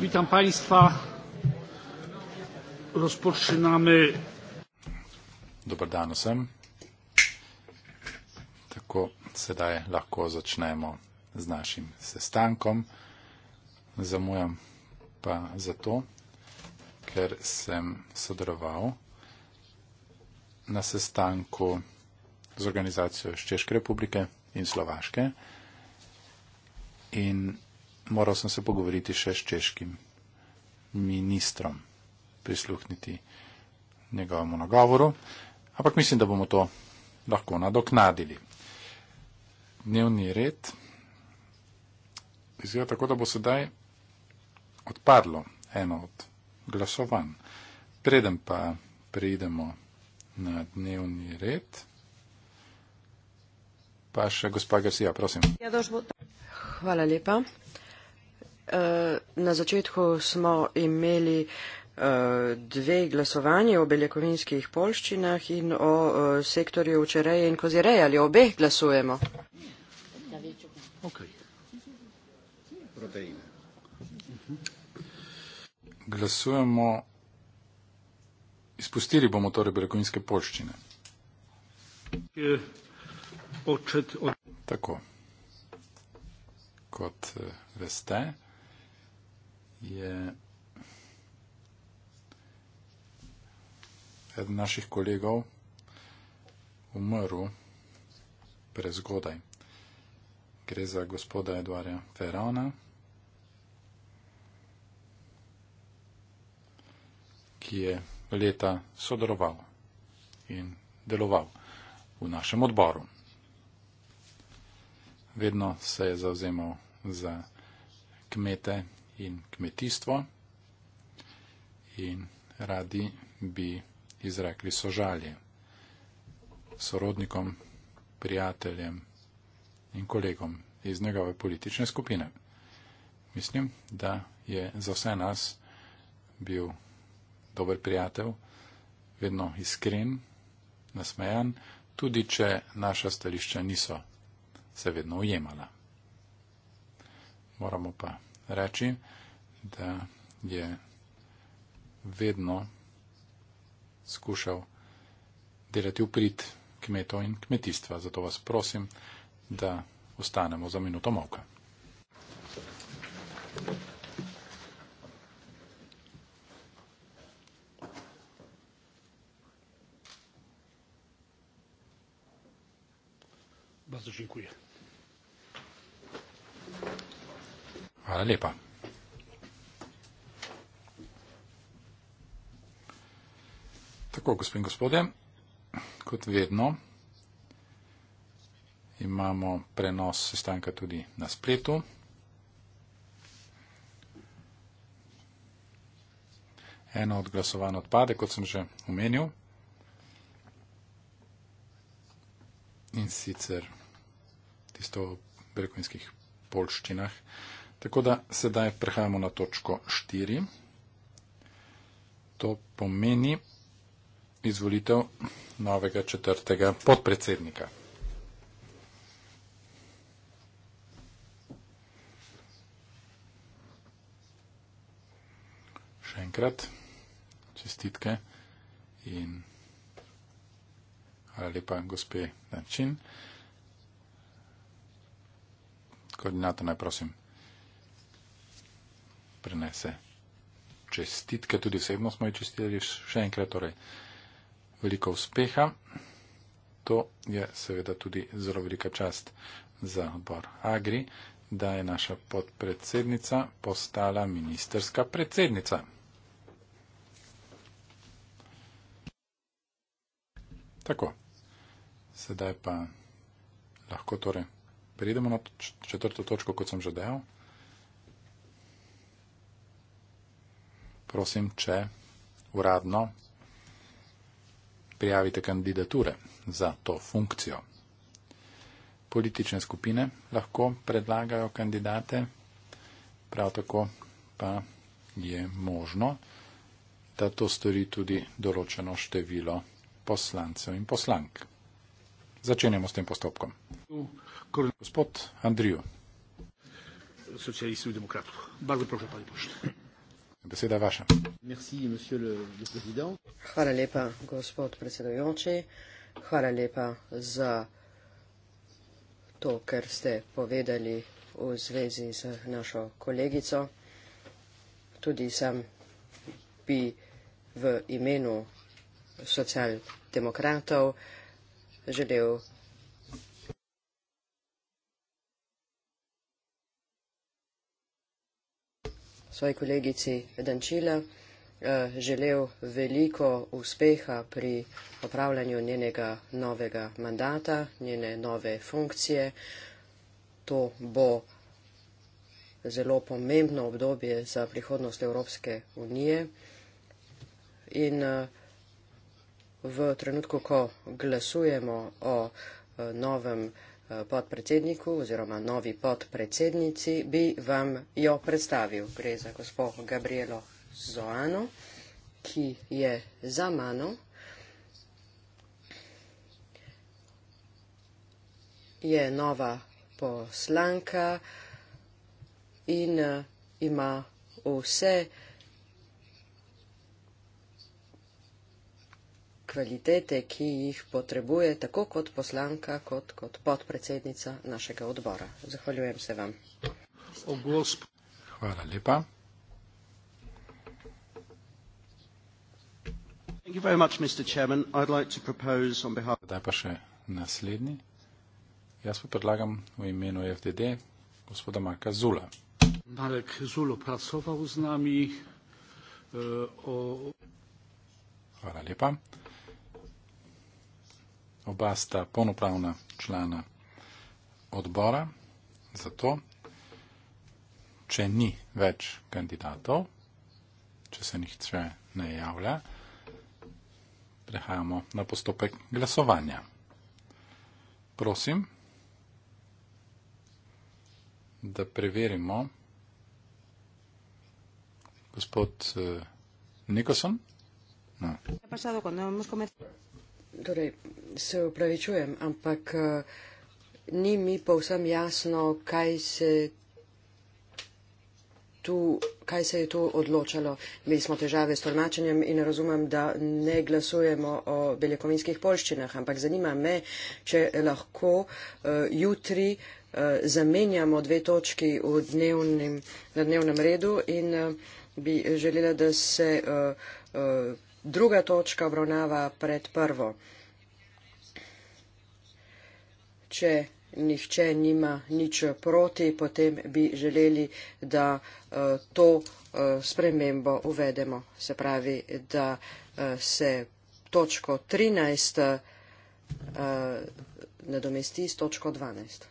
Witam państwa. Rozpoczynamy. Dobar dan vsem. Tako sedaj lahko začnemo z našim sestankom. Zamujam pa zato, ker sem sodeloval na sestanku z organizacijo Češke republike in Slovaške. In moral sem se pogovoriti še s češkim ministrom, prisluhniti njegovemu nagovoru, ampak mislim, da bomo to lahko nadoknadili. Dnevni red izgleda tako, da bo sedaj odpadlo eno od glasovanj. Preden pa preidemo na dnevni red, pa še gospa Garcia, prosim. Ja, Hvala lepa. Eh, na začetku smo imeli eh, dve glasovanje o beljakovinskih polščinah in o eh, sektorju včereje in kozireje. Ali obeh glasujemo? Okay. Glasujemo. Izpustili bomo torej beljakovinske polščine. Od... Tako. Kot veste, je eden naših kolegov umrl prezgodaj. Gre za gospoda Edvarja Ferona, ki je leta sodeloval in deloval v našem odboru. Vedno se je zauzemal za kmete, in kmetijstvo in radi bi izrekli sožalje sorodnikom, prijateljem in kolegom iz njegove politične skupine. Mislim, da je za vse nas bil dober prijatelj, vedno iskren, nasmejan, tudi če naša stališča niso se vedno ujemala. Moramo pa reči, da je vedno skušal delati uprit kmetov in kmetijstva. Zato vas prosim, da ostanemo za minuto molka. Bardzo dziękuję. Hvala lepa. Tako, gospod in gospode, kot vedno imamo prenos sestanka tudi na spletu. Eno od glasovanj odpade, kot sem že omenil. In sicer tisto o brekovinskih polščinah. Tako da sedaj prehajamo na točko 4. To pomeni izvolitev novega četrtega podpredsednika. Še enkrat čestitke in hvala lepa, gospe Način. Koordinata najprosim prenese. Čestitke, tudi osebno smo ji čestitili še enkrat, torej veliko uspeha. To je seveda tudi zelo velika čast za odbor Agri, da je naša podpredsednica postala ministerska predsednica. Tako, sedaj pa lahko torej pridemo na četrto točko, kot sem že dejal. prosim, če uradno prijavite kandidature za to funkcijo. Politične skupine lahko predlagajo kandidate, prav tako pa je možno, da to stori tudi določeno število poslancev in poslank. Začenjamo s tem postopkom. Gospod Andriju. Socialistov in demokratov. Bardzo proszę, panie pośle. Beseda vaša. Hvala lepa, gospod predsedujoči. Hvala lepa za to, kar ste povedali v zvezi z našo kolegico. Tudi sam bi v imenu socialdemokratov želel svoji kolegici Dančile eh, želel veliko uspeha pri opravljanju njenega novega mandata, njene nove funkcije. To bo zelo pomembno obdobje za prihodnost Evropske unije. In eh, v trenutku, ko glasujemo o eh, novem mandatu, Eh, podpredsedniku oziroma novi podpredsednici, bi vam jo predstavil. Gre za gospo Gabrielo Zoano, ki je za mano. Je nova poslanka in eh, ima vse. kvalitete, ki jih potrebuje tako kot poslanka, kot kot podpredsednica našega odbora. Zahvaljujem se vam. Hvala lepa. Zdaj pa še naslednji. Jaz pa predlagam v imenu FDD gospoda Marka Zula. Marek Zulo pracoval z nami. Uh, o... Hvala lepa oba sta polnopravna člana odbora, zato, če ni več kandidatov, če se nihče ne javlja, prehajamo na postopek glasovanja. Prosim, da preverimo gospod eh, Nikoson. No torej, se upravičujem, ampak eh, ni mi povsem jasno, kaj se, tu, kaj se je tu odločalo. Mi smo težave s tolmačenjem in razumem, da ne glasujemo o beljakovinskih polščinah, ampak zanima me, če lahko uh, jutri uh, zamenjamo dve točki v dnevnim, na dnevnem redu in uh, bi želela, da se. Uh, uh, Druga točka obravnava pred prvo. Če nihče nima nič proti, potem bi želeli, da eh, to eh, spremembo uvedemo. Se pravi, da eh, se točko 13 nadomesti s točko 12.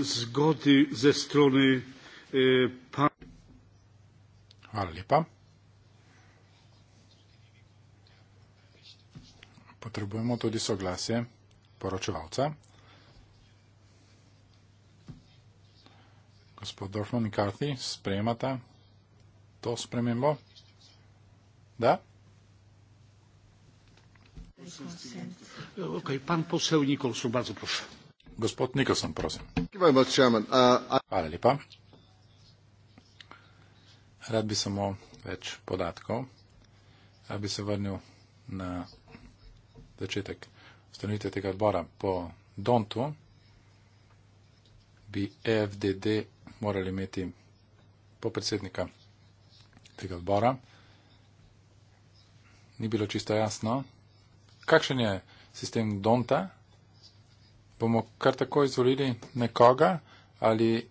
zgodi ze strani pa. Hvala lepa. Potrebujemo tudi soglasje poročevalca. Gospod Dorfman McCarthy, sprejemata to spremembo? Da? Ok, pan posel Nikolsu, bardzo proszę gospod nicholson prosim uh, hvala lepa rad bi samo več podatkov rad bi se vrnil na začetek ustanovitve tega odbora po dontu bi fdd morali imeti podpredsednika tega odbora ni bilo čisto jasno kakšen je sistem donta bomo kar tako izvolili nekoga ali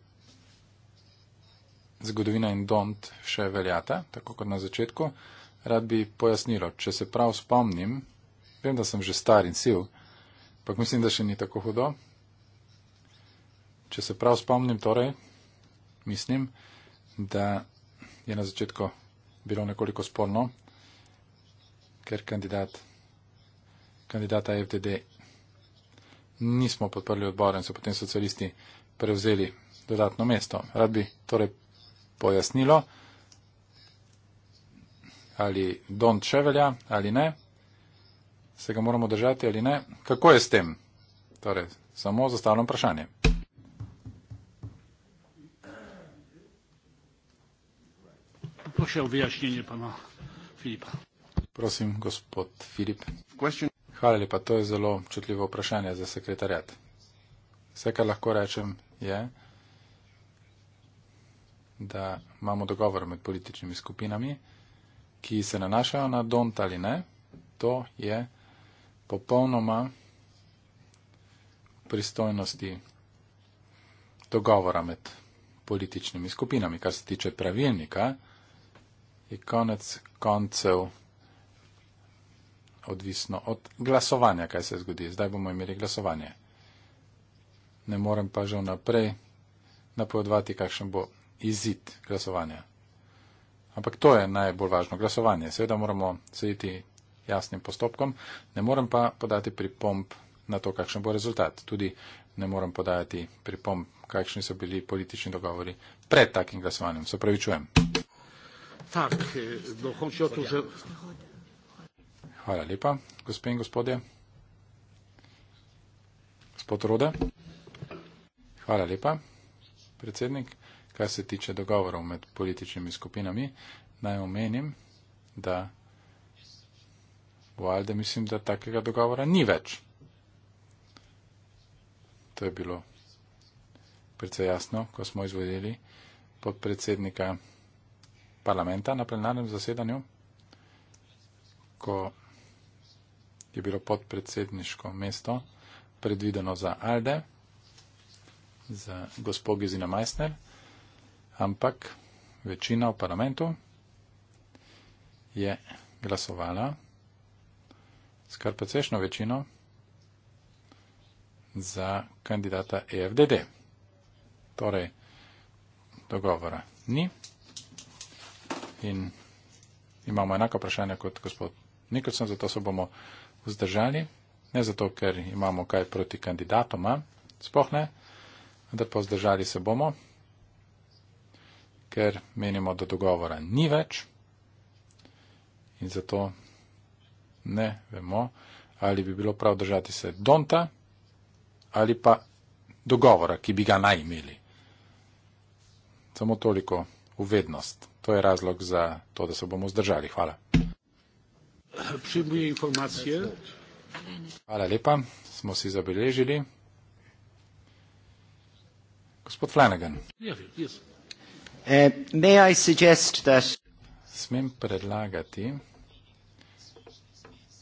zgodovina in domt še veljata, tako kot na začetku, rad bi pojasnilo, če se prav spomnim, vem, da sem že star in sil, pa mislim, da še ni tako hudo. Če se prav spomnim, torej, mislim, da je na začetku bilo nekoliko sporno, ker kandidat, kandidata FDD nismo podprli odbora in so potem socialisti prevzeli dodatno mesto. Rad bi torej pojasnilo, ali don še velja ali ne, se ga moramo držati ali ne. Kako je s tem? Torej, samo zastavljam vprašanje. Prosim, gospod Filip. Question. Hvala lepa, to je zelo občutljivo vprašanje za sekretarjat. Vse, kar lahko rečem, je, da imamo dogovor med političnimi skupinami, ki se nanašajo na Donta ali ne. To je popolnoma pristojnosti dogovora med političnimi skupinami. Kar se tiče pravilnika, je konec koncev odvisno od glasovanja, kaj se zgodi. Zdaj bomo imeli glasovanje. Ne morem pa že vnaprej napovedovati, kakšen bo izid glasovanja. Ampak to je najbolj važno glasovanje. Seveda moramo sediti jasnim postopkom, ne morem pa podati pripomp na to, kakšen bo rezultat. Tudi ne morem podati pripomp, kakšni so bili politični dogovori pred takim glasovanjem. Se pravi, čujem. Tak, eh, no, hočem, ja tu že. Hvala lepa, gospe in gospodje. Gospod Rode. Hvala lepa, predsednik. Kar se tiče dogovorov med političnimi skupinami, naj omenim, da v Alde mislim, da takega dogovora ni več. To je bilo predvsej jasno, ko smo izvedeli podpredsednika parlamenta na plenarnem zasedanju, ko je bilo podpredsedniško mesto predvideno za Alde, za gospod Gizina Meissner, ampak večina v parlamentu je glasovala s kar precejšno večino za kandidata EFDD. Torej, dogovora ni in imamo enako vprašanje kot gospod Nikolson, zato se bomo vzdržani, ne zato, ker imamo kaj proti kandidatoma, spoh ne, vendar pa vzdržali se bomo, ker menimo, da dogovora ni več in zato ne vemo, ali bi bilo prav držati se donta ali pa dogovora, ki bi ga naj imeli. Samo toliko uvednost. To je razlog za to, da se bomo vzdržali. Hvala. Primuje informacije. Hvala lepa, smo si zabeležili. Gospod Flanagan. Ja eh, Smem predlagati,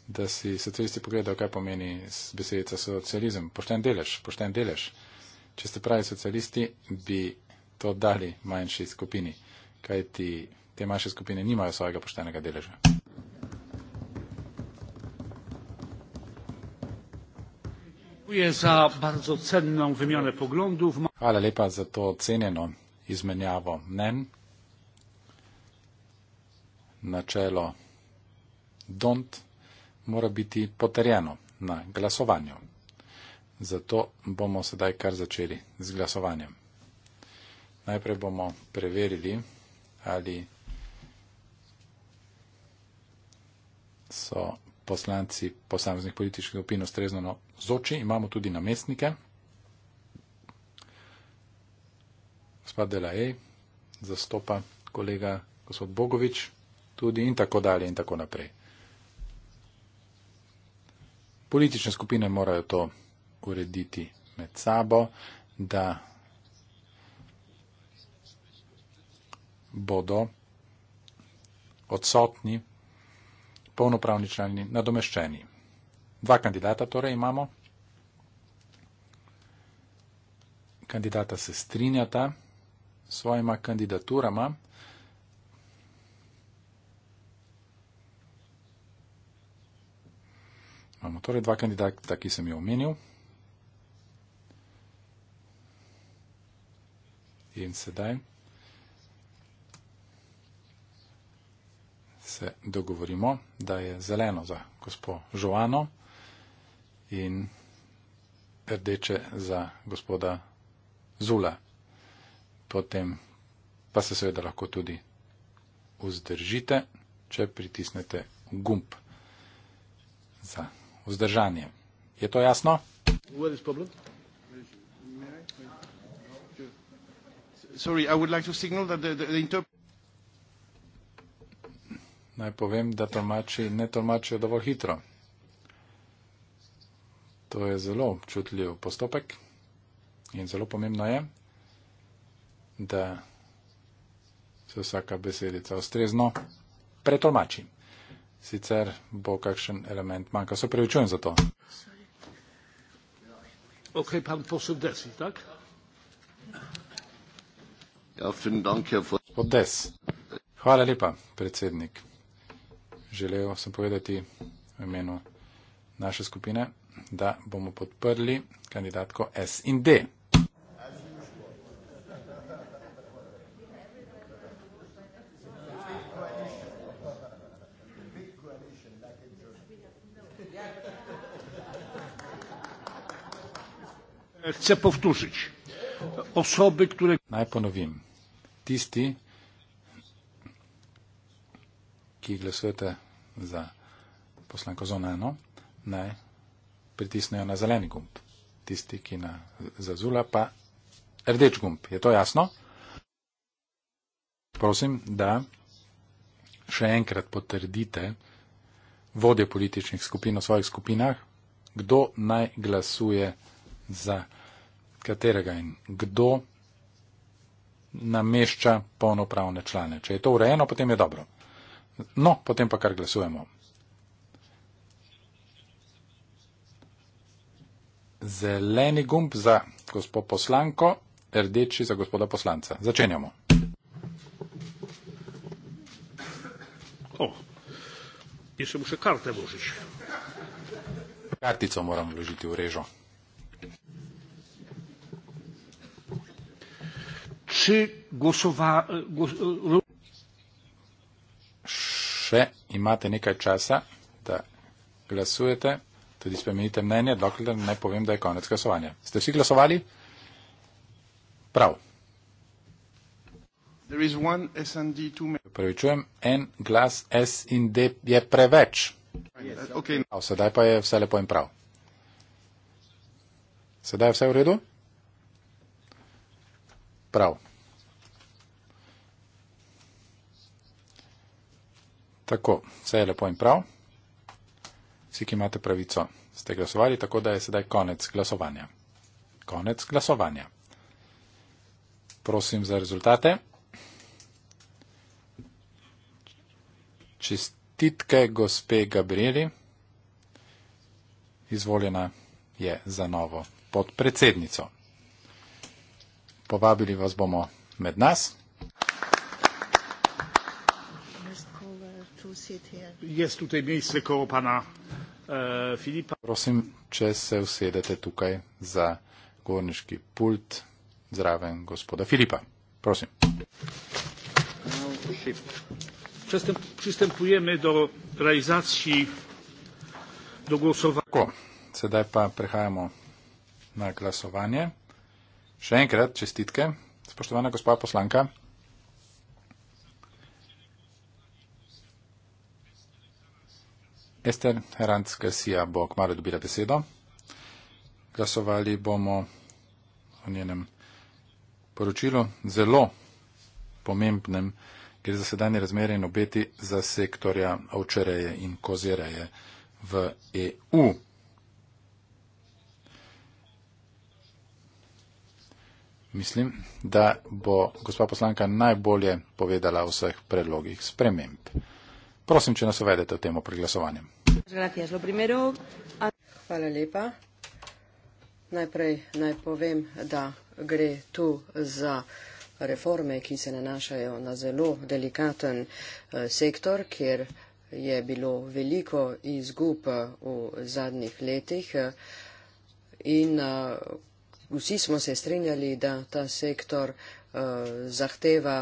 da si socialisti pogledajo, kaj pomeni besedica socializem. Pošten delež, pošten delež. Če ste pravi socialisti, bi to dali manjši skupini, kajti te manjše skupine nimajo svojega poštenega deleža. Hvala lepa za to ocenjeno izmenjavo mnen. Načelo don't mora biti potrjeno na glasovanju. Zato bomo sedaj kar začeli z glasovanjem. Najprej bomo preverili, ali so poslanci posameznih političnih skupin ustrezno zoči, imamo tudi namestnike. Gospod Delaje zastopa kolega gospod Bogovič tudi in tako dalje in tako naprej. Politične skupine morajo to urediti med sabo, da bodo odsotni polnopravni člani nadomeščeni. Dva kandidata torej imamo. Kandidata se strinjata s svojima kandidaturama. Imamo torej dva kandidata, ki sem jo omenil. In sedaj. se dogovorimo, da je zeleno za gospo Žovano in rdeče za gospoda Zula. Potem pa se seveda lahko tudi vzdržite, če pritisnete gumb za vzdržanje. Je to jasno? Sorry, I would like to signal that the, the, the interpreter naj povem, da tolmači ne tolmačijo dovolj hitro. To je zelo občutljiv postopek in zelo pomembno je, da se vsaka besedica ustrezno pretolmači. Sicer bo kakšen element manjka. Se prevečujem za to. Ok, pa posod desi, tak? Ja, vsem dank, ker... Od des. Hvala lepa, predsednik želel sem povedati v imenu naše skupine, da bomo podprli kandidatko S in D. Chcę powtórzyć. Osoby, które. Najponowim. Tisti, ki glasujete za poslanko zoneno, naj pritisnejo na zeleni gumb. Tisti, ki na zazula, pa rdeč gumb. Je to jasno? Prosim, da še enkrat potrdite vodje političnih skupin v svojih skupinah, kdo naj glasuje za katerega in kdo namešča polnopravne člane. Če je to urejeno, potem je dobro. No, potem pa kar glasujemo. Zeleni gumb za gospod poslanko, rdeči za gospoda poslanca. Začenjamo. Piše mu še karte, Božič. Kartico moram vložiti v režo. Če glasova... Gos, vse imate nekaj časa, da glasujete, tudi spremenite mnenje, dokler ne povem, da je konec glasovanja. Ste vsi glasovali? Prav. Prevečujem, en glas S in D je preveč. Sedaj pa je vse lepo in prav. Sedaj je vse v redu? Prav. Tako, vse je lepo in prav. Vsi, ki imate pravico, ste glasovali, tako da je sedaj konec glasovanja. Konec glasovanja. Prosim za rezultate. Čestitke gospe Gabrieli. Izvoljena je za novo podpredsednico. Povabili vas bomo med nas. Jaz tudi mislim, ko pa na eh, Filipa. Prosim, če se usedete tukaj za gorniški pult zraven gospoda Filipa. Prosim. Pristempujeme do realizaciji dogosova. Tako, sedaj pa prehajamo na glasovanje. Še enkrat čestitke, spoštovana gospoda poslanka. Ester Herant Garcia bo kmalo dobila besedo. Glasovali bomo o njenem poročilu, zelo pomembnem, ker za sedajne razmere in obeti za sektorja ovčereje in kozereje v EU. Mislim, da bo gospa poslanka najbolje povedala o vseh predlogih sprememb. Prosim, če nas uvedete v temo pri glasovanju. Hvala lepa. Najprej naj povem, da gre tu za reforme, ki se nanašajo na zelo delikaten eh, sektor, kjer je bilo veliko izgub eh, v zadnjih letih eh, in vsi smo se strinjali, da ta sektor zahteva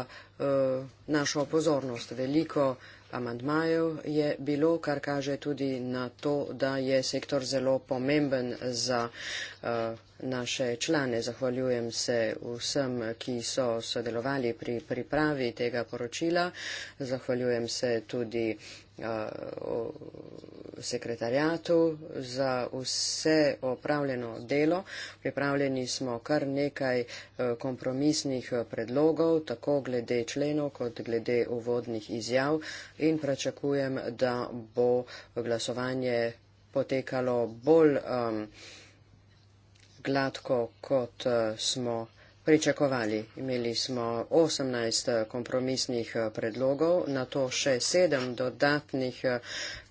našo pozornost. Veliko amandmajev je bilo, kar kaže tudi na to, da je sektor zelo pomemben za eh, naše člane. Zahvaljujem se vsem, ki so sodelovali pri pripravi tega poročila. Zahvaljujem se tudi uh, Eh, sekretarjatu za vse opravljeno delo. Pripravljeni smo kar nekaj eh, kompromisnih eh, predlogov, tako glede členov kot glede uvodnih izjav in pričakujem, da bo glasovanje potekalo bolj um, gladko, kot smo pričakovali. Imeli smo 18 eh, kompromisnih eh, predlogov, na to še 7 dodatnih eh,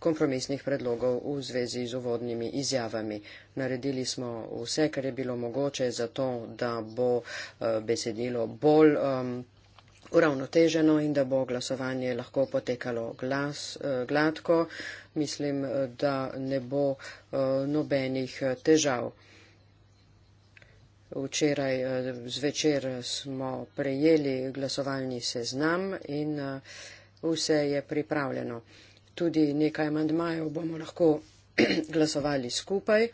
kompromisnih predlogov v zvezi z uvodnimi izjavami. Naredili smo vse, kar je bilo mogoče, zato da bo besedilo bolj. Um, uravnoteženo in da bo glasovanje lahko potekalo glas, gladko. Mislim, da ne bo nobenih težav. Včeraj eh, zvečer smo prejeli glasovalni seznam in eh, vse je pripravljeno. Tudi nekaj amandmajev bomo lahko glasovali skupaj.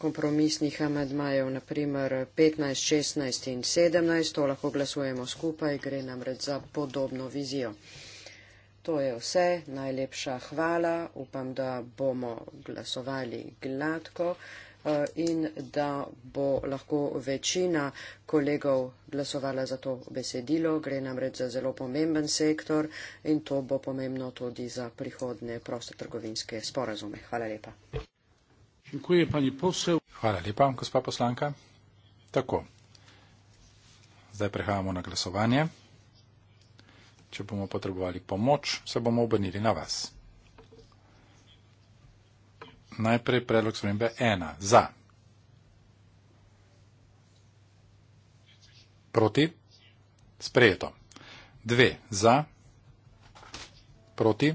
Kompromisnih amandmajev, naprimer 15, 16 in 17, to lahko glasujemo skupaj, gre namreč za podobno vizijo. To je vse, najlepša hvala, upam, da bomo glasovali gladko. Eh, in da bo lahko večina kolegov glasovala za to besedilo. Gre namreč za zelo pomemben sektor in to bo pomembno tudi za prihodne proste trgovinske sporazume. Hvala lepa. Hvala lepa, gospa poslanka. Tako. Zdaj prehajamo na glasovanje. Če bomo potrebovali pomoč, se bomo obrnili na vas. Najprej predlog spremembe ena. Za. Proti. Sprejeto. Dve. Za. Proti.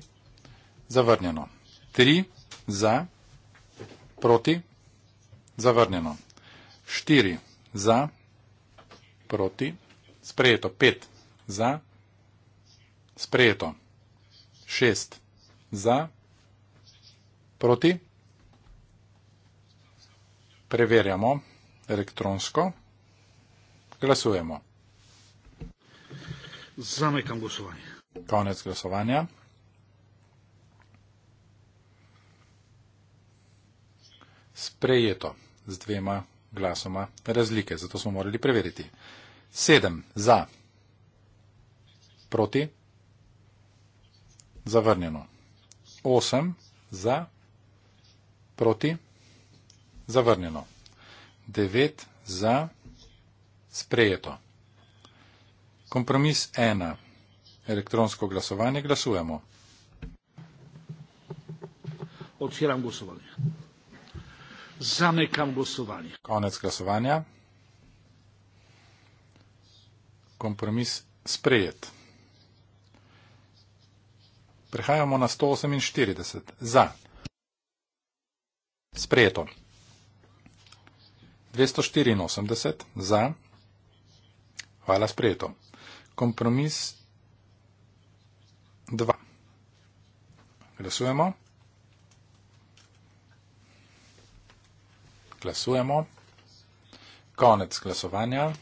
Zavrnjeno. Tri. Za. Proti. Zavrnjeno. Štiri. Za. Proti. Sprejeto. Pet. Za. Sprejeto. Šest. Za. Proti preverjamo elektronsko. Glasujemo. Zamekam glasovanje. Konec glasovanja. Sprejeto z dvema glasoma razlike, zato smo morali preveriti. Sedem za, proti, zavrnjeno. Osem za, proti, zavrnjeno zavrnjeno. 9 za sprejeto. Kompromis 1. Elektronsko glasovanje glasujemo. Odpiram glasovanje. Zamekam glasovanje. Konec glasovanja. Kompromis sprejet. Prehajamo na 148. Za. Sprejeto. 284 za. Hvala sprejeto. Kompromis 2. Glasujemo. Glasujemo. Konec glasovanja.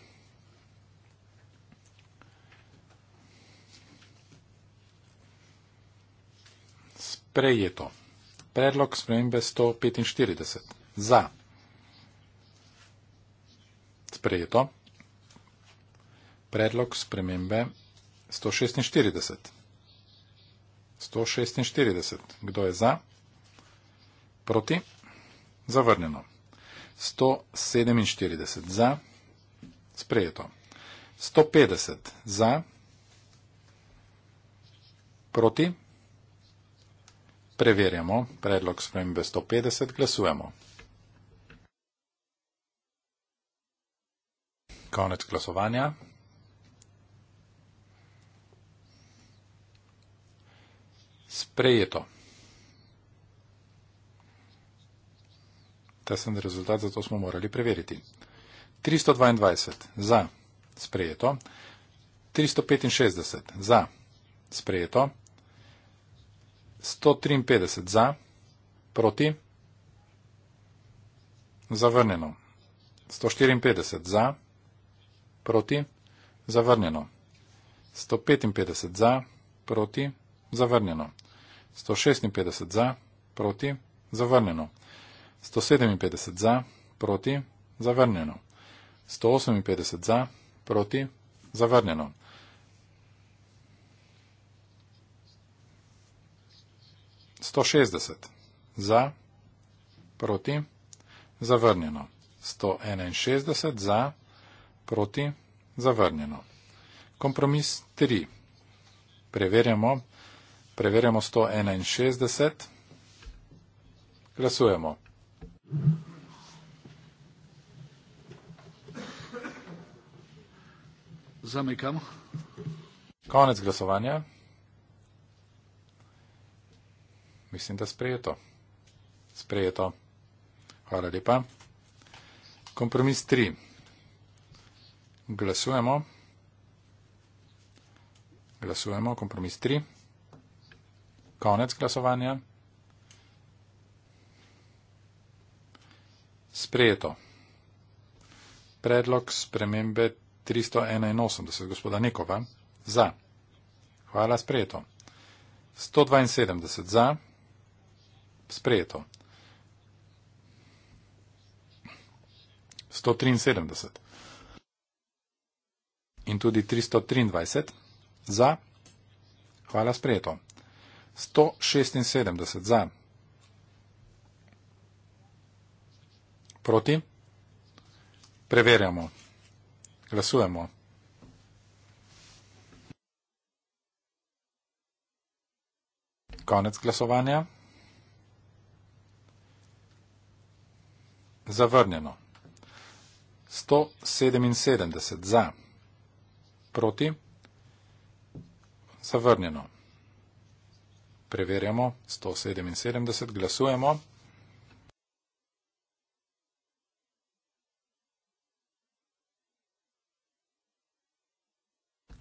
Sprejeto. Predlog spremembe 145. Za. Sprejeto. Predlog spremembe 146. 146. Kdo je za? Proti? Zavrnjeno. 147 za. Sprejeto. 150 za. Proti? Preverjamo. Predlog spremembe 150. Glasujemo. konec glasovanja. Sprejeto. Tesen rezultat, zato smo morali preveriti. 322 za sprejeto, 365 za sprejeto, 153 za, proti, zavrnjeno, 154 za, proti, zavrnjeno. 155 za, proti, zavrnjeno. 156 za, proti, zavrnjeno. 157 za, proti, zavrnjeno. 158 za, proti, zavrnjeno. Sto šestdeset za, proti, zavrnjeno. Sto enainšestdeset za, proti proti zavrnjeno. Kompromis 3. Preverjamo. Preverjamo 161. Glasujemo. Zamekamo. Konec glasovanja. Mislim, da sprejeto. Sprejeto. Hvala lepa. Kompromis 3. Glasujemo. Glasujemo. Kompromis 3. Konec glasovanja. Sprejeto. Predlog spremembe 381 gospoda Nekova za. Hvala, sprejeto. 172 za. Sprejeto. 173 in tudi 323 za, hvala sprejeto. 176 za, proti, preverjamo, glasujemo. Konec glasovanja. Zavrnjeno. 177 za proti. Zavrnjeno. Preverjamo. 177. Glasujemo.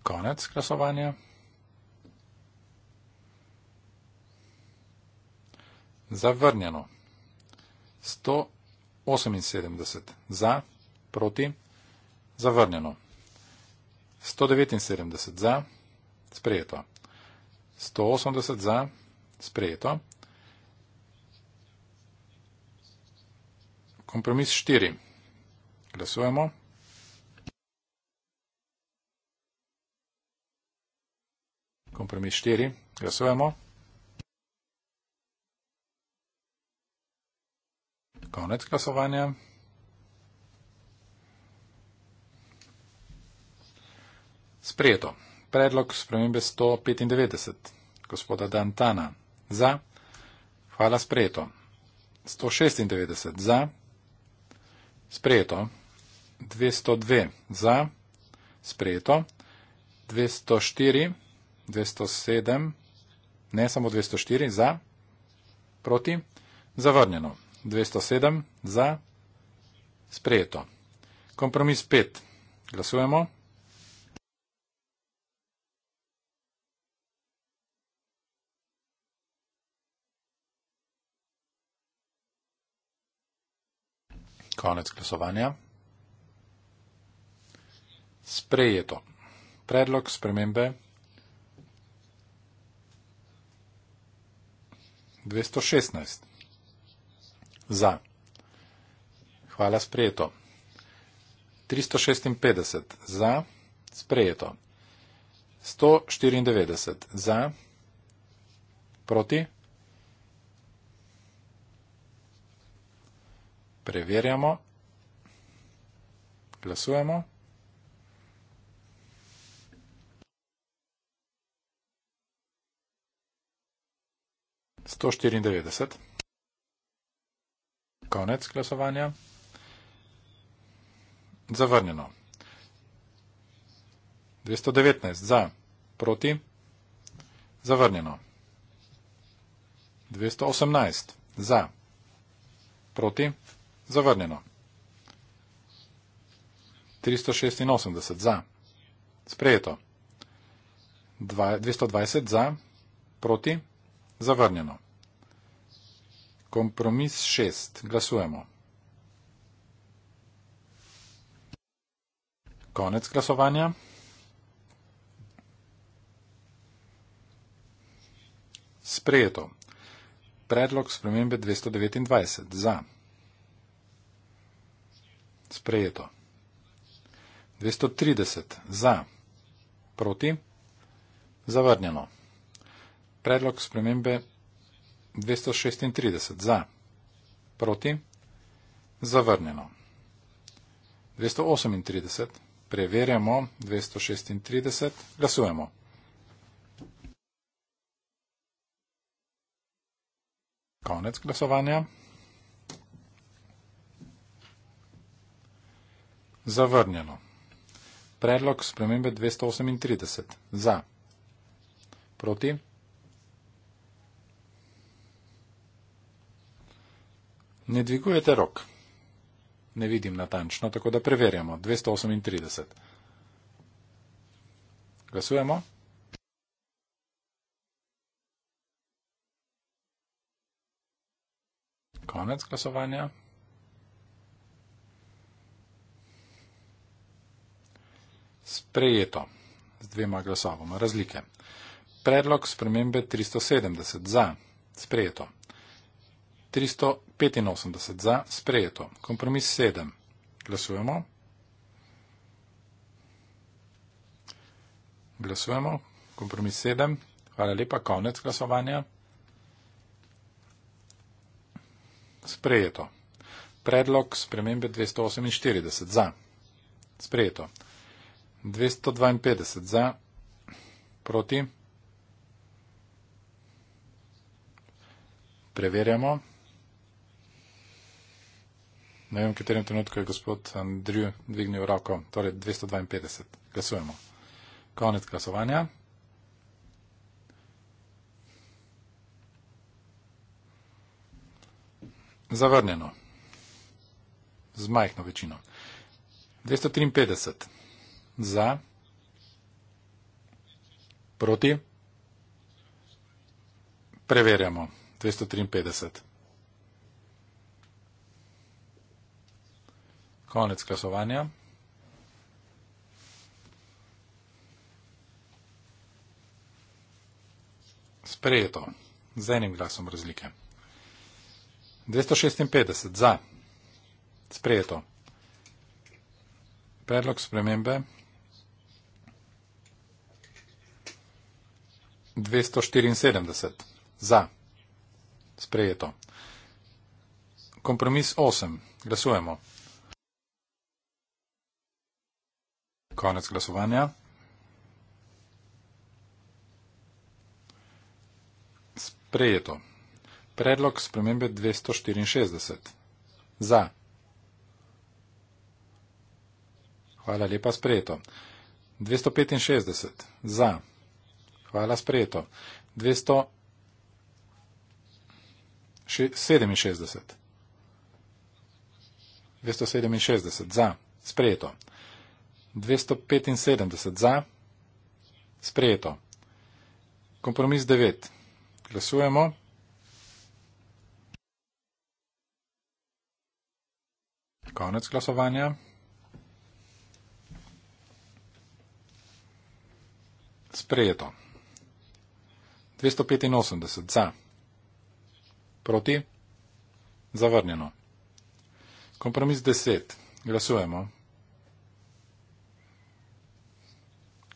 Konec glasovanja. Zavrnjeno. 178. Za. Proti. Zavrnjeno. 179 za, sprejeto. 180 za, sprejeto. Kompromis 4. Glasujemo. Kompromis 4. Glasujemo. Konec glasovanja. Sprejeto. Predlog spremembe 195. Gospoda Dantana. Za. Hvala sprejeto. 196. Za. Sprejeto. 202. Za. Sprejeto. 204. 207. Ne samo 204. Za. Proti. Zavrnjeno. 207. Za. Sprejeto. Kompromis 5. Glasujemo. konec glasovanja. Sprejeto. Predlog spremembe 216. Za. Hvala, sprejeto. 356. Za. Sprejeto. 194. Za. Proti. Preverjamo. Glasujemo. Sto štiriindevetdeset. Konec glasovanja. Zavrnjeno. Dvesto devetnajst za, proti. Zavrnjeno. Dvesto osemnajst za, proti. Zavrnjeno. 386 za. Sprejeto. 220 za. Proti. Zavrnjeno. Kompromis 6. Glasujemo. Konec glasovanja. Sprejeto. Predlog spremembe 229 za. Sprejeto. 230. Za. Proti. Zavrnjeno. Predlog spremembe 236. Za. Proti. Zavrnjeno. 238. Preverjamo. 236. Glasujemo. Konec glasovanja. Zavrnjeno. Predlog spremembe 238. Za. Proti. Ne dvigujete rok. Ne vidim natančno, tako da preverjamo. 238. Glasujemo. Konec glasovanja. sprejeto z dvema glasovoma razlike. Predlog spremembe 370 za sprejeto. 385 za sprejeto. Kompromis 7. Glasujemo. Glasujemo. Kompromis 7. Hvala lepa. Konec glasovanja. Sprejeto. Predlog spremembe 248 za. Sprejeto. 252 za, proti. Preverjamo. Ne vem, v katerem trenutku je gospod Andriju dvignil roko, torej 252. Glasujemo. Konec glasovanja. Zavrnjeno. Z majhno večino. 253 za, proti, preverjamo, 253. Konec glasovanja. Sprejeto, z enim glasom razlike. 256 za. Sprejeto. Predlog spremembe 274 za. Sprejeto. Kompromis 8. Glasujemo. Konec glasovanja. Sprejeto. Predlog spremembe 264. Za. Hvala lepa, sprejeto. 265. Za. Hvala, sprejeto. 267. 267 za, sprejeto. 275 za, sprejeto. Kompromis 9. Glasujemo. Konec glasovanja. Sprejeto. 285 za. Proti? Zavrnjeno. Kompromis 10. Glasujemo.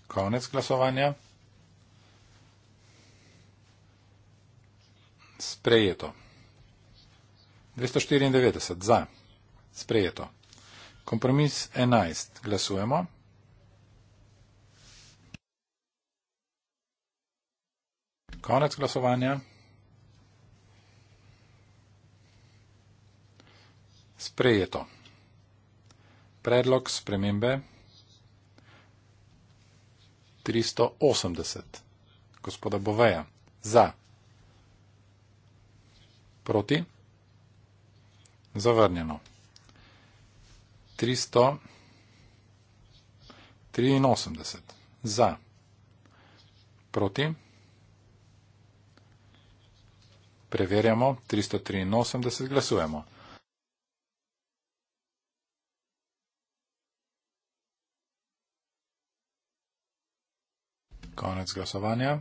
Konec glasovanja. Sprejeto. 294 za. Sprejeto. Kompromis 11. Glasujemo. Konec glasovanja. Sprejeto. Predlog spremembe 380. Gospoda Boveja. Za. Proti. Zavrnjeno. 383. Za. Proti. Preverjamo, 383 glasujemo. Konec glasovanja.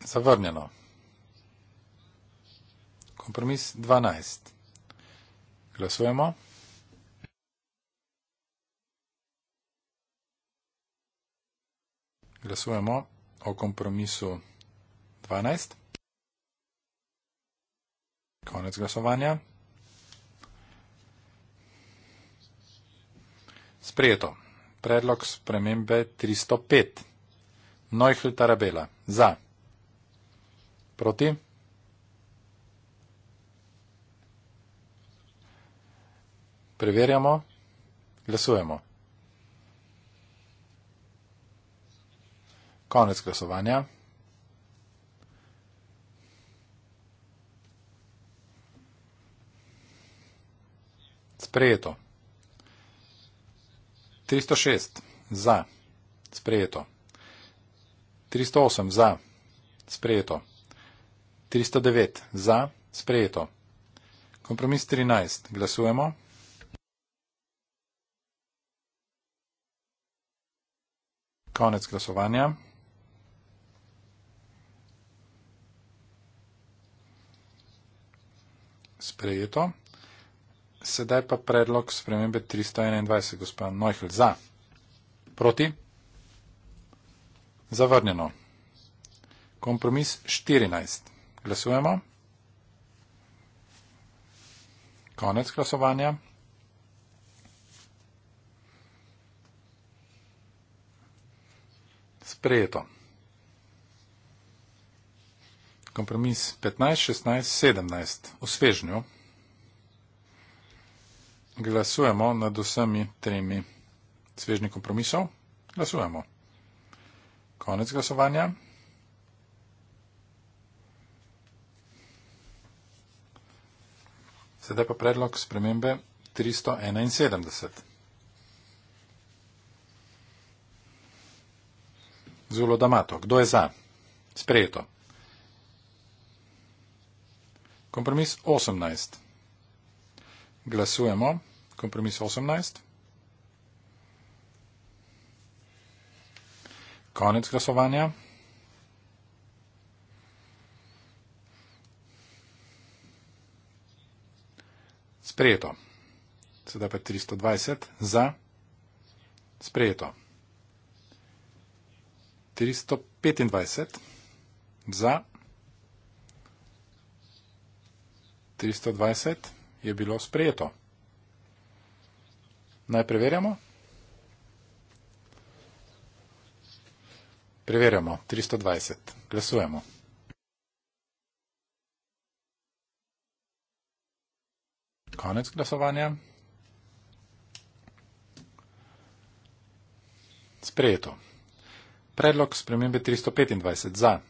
Zavrnjeno. Kompromis 12. Glasujemo. Glasujemo o kompromisu 12. Konec glasovanja. Sprejeto. Predlog spremembe 305. Neuhl Tarabela. Za. Proti. Preverjamo. Glasujemo. konec glasovanja. Sprejeto. 306 za. Sprejeto. 308 za. Sprejeto. 309 za. Sprejeto. Kompromis 13. Glasujemo. Konec glasovanja. sprejeto. Sedaj pa predlog spremembe 321, gospod Neuhl, za. Proti? Zavrnjeno. Kompromis 14. Glasujemo. Konec glasovanja. Sprejeto kompromis 15, 16, 17 v svežnju. Glasujemo nad vsemi tremi svežnji kompromisov. Glasujemo. Konec glasovanja. Sedaj pa predlog spremembe 371. Zulo D'Amato, kdo je za? Sprejeto. Kompromis 18. Glasujemo. Kompromis 18. Konec glasovanja. Sprejeto. Sedaj pa 320 za. Sprejeto. 325 za. 320 je bilo sprejeto. Naj preverjamo. Preverjamo 320. Glasujemo. Konec glasovanja. Sprejeto. Predlog spremembe 325 za.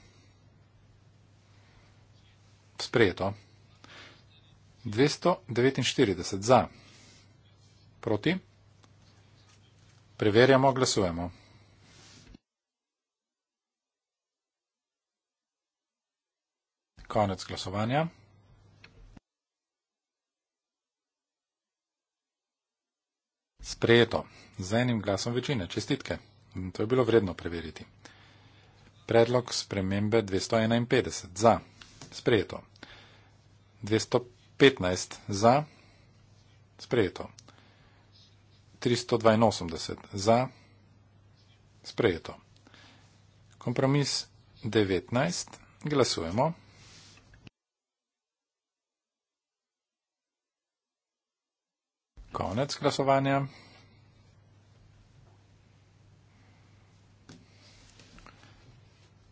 Sprejeto. 249 za. Proti? Preverjamo, glasujemo. Konec glasovanja. Sprejeto. Z enim glasom večine. Čestitke. To je bilo vredno preveriti. Predlog spremembe 251. Za. Sprejeto. 250. 15 za, sprejeto. 382 za, sprejeto. Kompromis 19, glasujemo. Konec glasovanja.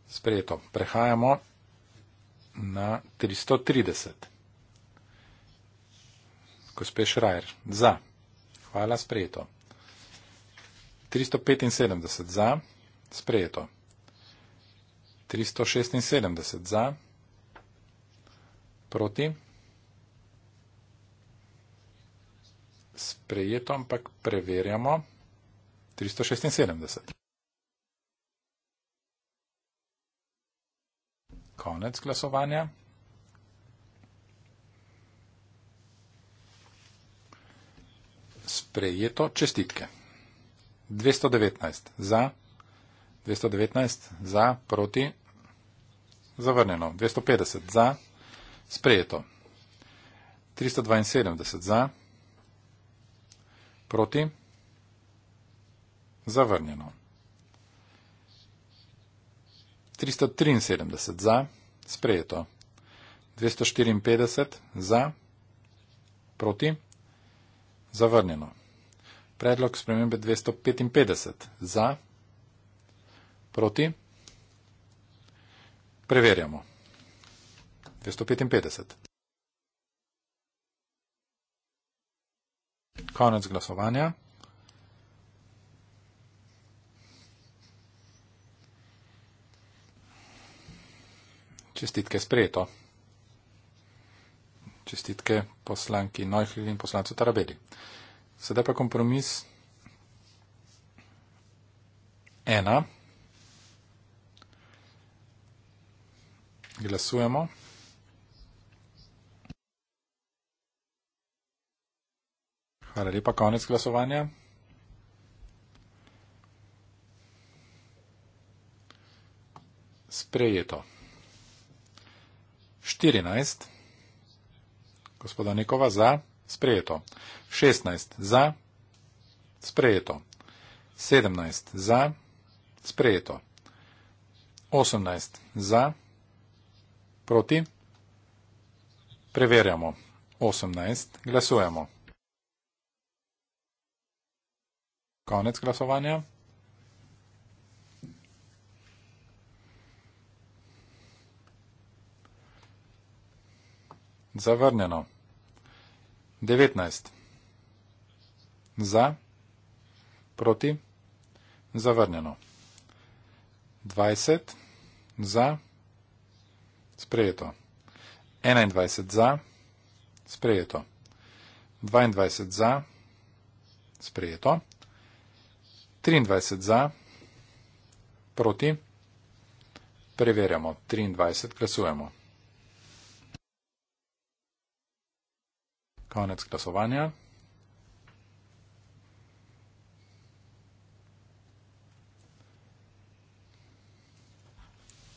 Sprejeto. Prehajamo na 330. Gospe Šrajer, za. Hvala, sprejeto. 375 za, sprejeto. 376 za, proti. Sprejeto, ampak preverjamo. 376. Konec glasovanja. sprejeto čestitke. 219 za, 219 za, proti, zavrnjeno. 250 za, sprejeto. 372 za, proti, zavrnjeno. 373 za, sprejeto. 254 za, proti, Zavrnjeno. Predlog spremembe 255. Za. Proti. Preverjamo. 255. Konec glasovanja. Čestitke sprejeto čestitke poslanki Neuhl in poslancu Tarabeli. Sedaj pa kompromis ena. Glasujemo. Hvala lepa, konec glasovanja. Sprejeto. 14. Gospoda Nikova za. Sprejeto. 16 za. Sprejeto. 17 za. Sprejeto. 18 za. Proti. Preverjamo. 18. Glasujemo. Konec glasovanja. Zavrnjeno. 19. Za, proti, zavrnjeno. 20. Za, sprejeto. 21. Za, sprejeto. 22. Za, sprejeto. 23. Za, proti, preverjamo. 23. Glasujemo. Konec glasovanja.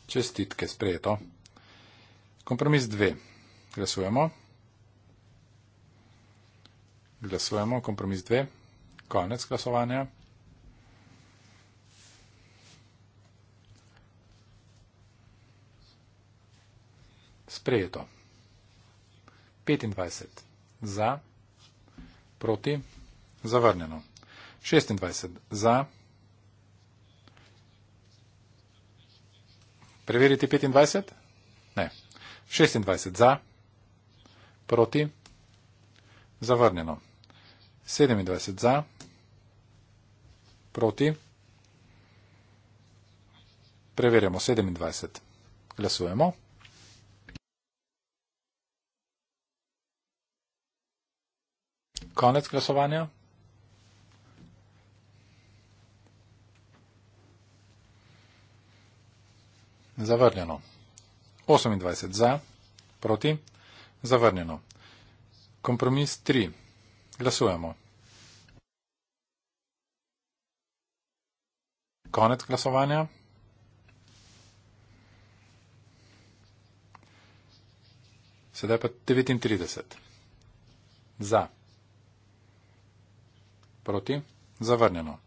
Čestitke, sprejeto. Kompromis 2. Glasujemo. Glasujemo, kompromis 2. Konec glasovanja. Sprejeto. 25. Za. Proti. Zavrnjeno. 26. Za. Preveriti 25. Ne. 26. Za. Proti. Zavrnjeno. 27. Za. Proti. Preverjamo 27. Glasujemo. Konec glasovanja. Zavrnjeno. 28 za, proti. Zavrnjeno. Kompromis 3. Glasujemo. Konec glasovanja. Sedaj pa 39. Za proti, zavrnjeno.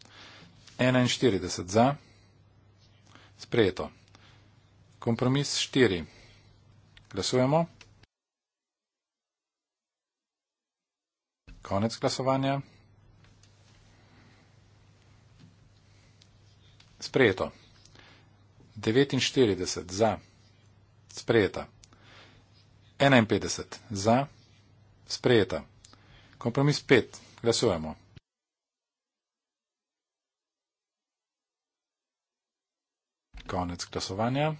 41 za, sprejeto. Kompromis 4. Glasujemo. Konec glasovanja. Sprejeto. 49 za, sprejeta. 51 za, sprejeta. Kompromis 5. Glasujemo. konec glasovanja.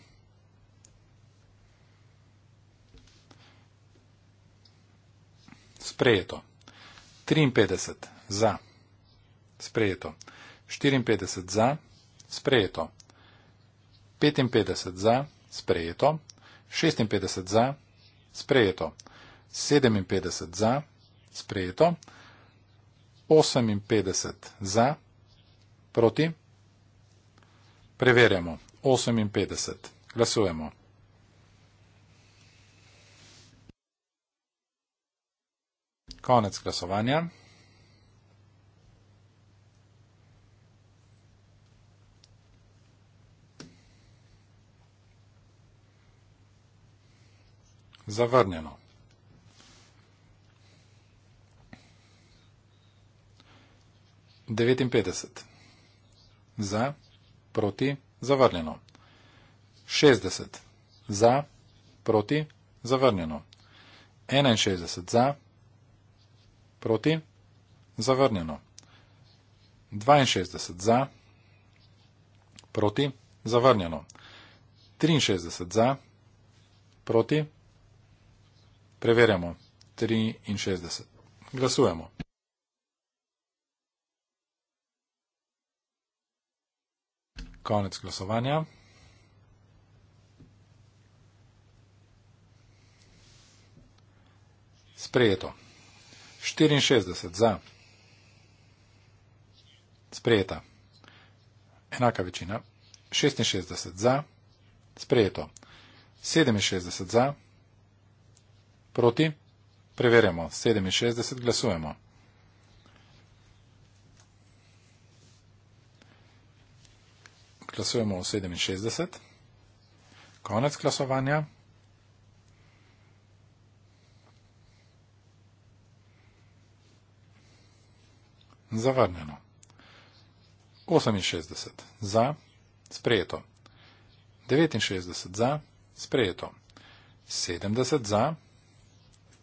Sprejeto. 53 za. Sprejeto. 54 za. Sprejeto. 55 za. Sprejeto. 56 za. Sprejeto. 57 za. Sprejeto. 58 za. Proti. Preverjamo. 58. Glasujemo. Konec glasovanja. Zavrnjeno. Devetinpetdeset. Za, proti zavrnjeno. 60 za, proti, zavrnjeno. 61 za, proti, zavrnjeno. 62 za, proti, zavrnjeno. 63 za, proti, preverjamo. 63. Glasujemo. konec glasovanja. Sprejeto. 64 za. Sprejeta. Enaka večina. 66 za. Sprejeto. 67 za. Proti. Preverjamo. 67 glasujemo. glasujemo o 67. Konec glasovanja. Zavrnjeno. 68 za, sprejeto. 69 za, sprejeto. 70 za,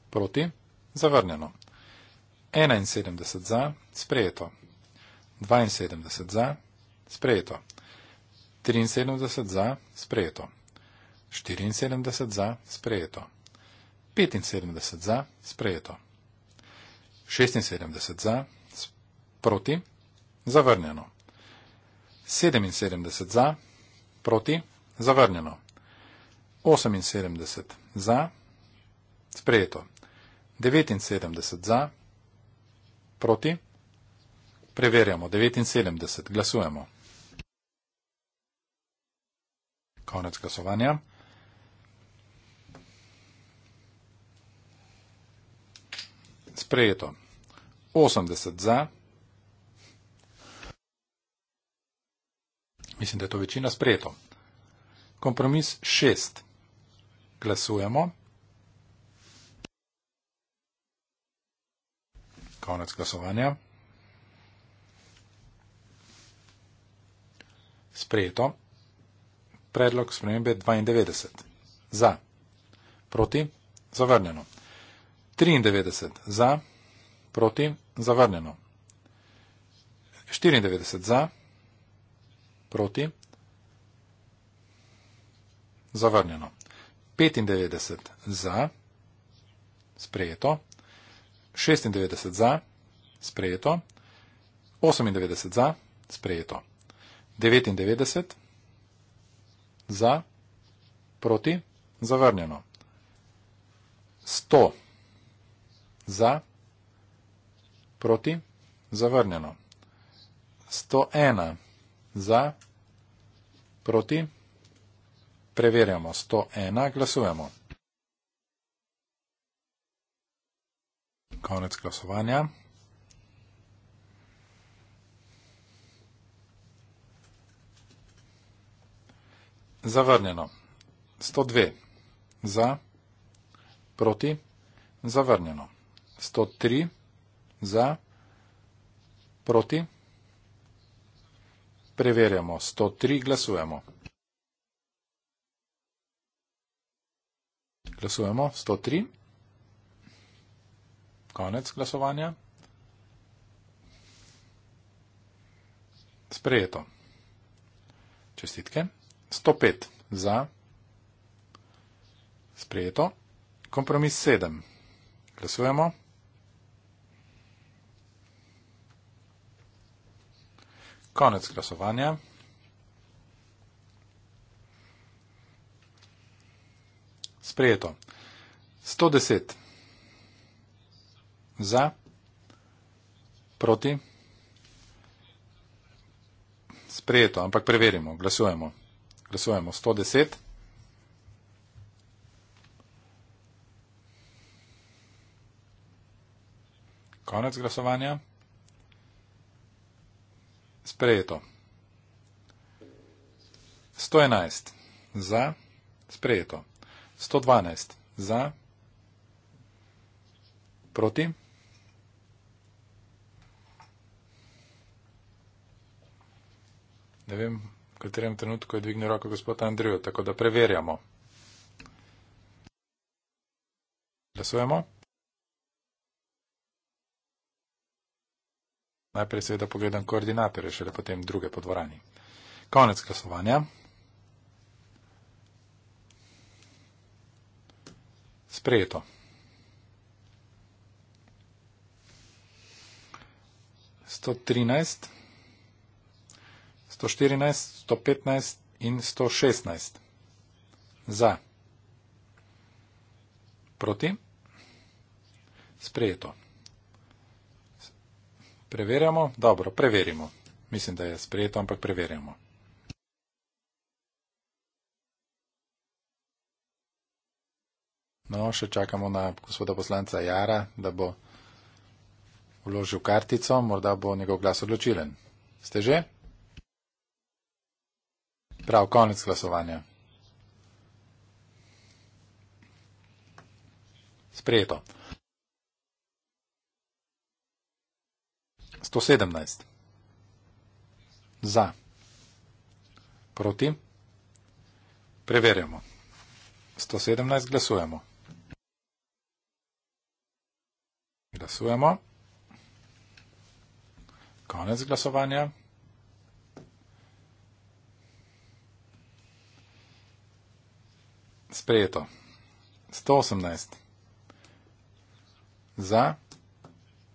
proti, zavrnjeno. 71 za, sprejeto. 72 za, sprejeto. 73 za, sprejeto. 74 za, sprejeto. 75 za, sprejeto. 76 za, proti, zavrnjeno. 77 za, proti, zavrnjeno. 78 za, sprejeto. 79 za, proti, preverjamo. 79 glasujemo. konec glasovanja. Sprejeto. 80 za. Mislim, da je to večina sprejeto. Kompromis 6. Glasujemo. Konec glasovanja. Sprejeto predlog spremembe 92. Za. Proti. Zavrnjeno. 93. Za. Proti. Zavrnjeno. 94. Za. Proti. Zavrnjeno. 95. Za. Sprejeto. 96. Za. Sprejeto. 98. Za. Sprejeto. 99. Za za, proti, zavrnjeno. 100 za, proti, zavrnjeno. 101 za, proti, preverjamo. 101 glasujemo. Konec glasovanja. zavrnjeno. 102 za, proti, zavrnjeno. 103 za, proti, preverjamo. 103 glasujemo. Glasujemo 103. Konec glasovanja. Sprejeto. Čestitke. 105 za, sprejeto. Kompromis 7. Glasujemo. Konec glasovanja. Sprejeto. 110 za, proti. Sprejeto, ampak preverimo. Glasujemo. Glasujemo 110. Konec glasovanja. Sprejeto. 111 za. Sprejeto. 112 za. Proti. Ne vem, v katerem trenutku je dvignil roko gospod Andrijo, tako da preverjamo. Glasujemo. Najprej seveda pogledam koordinatorje, šele potem druge po dvorani. Konec glasovanja. Sprejeto. 113. 114, 115 in 116. Za. Proti. Sprejeto. Preverjamo. Dobro, preverimo. Mislim, da je sprejeto, ampak preverjamo. No, še čakamo na gospoda poslanca Jara, da bo vložil kartico, morda bo njegov glas odločilen. Ste že? Prav, konec glasovanja. Sprejeto. 117. Za. Proti. Preverjamo. 117 glasujemo. Glasujemo. Konec glasovanja. sprejeto. 118 za,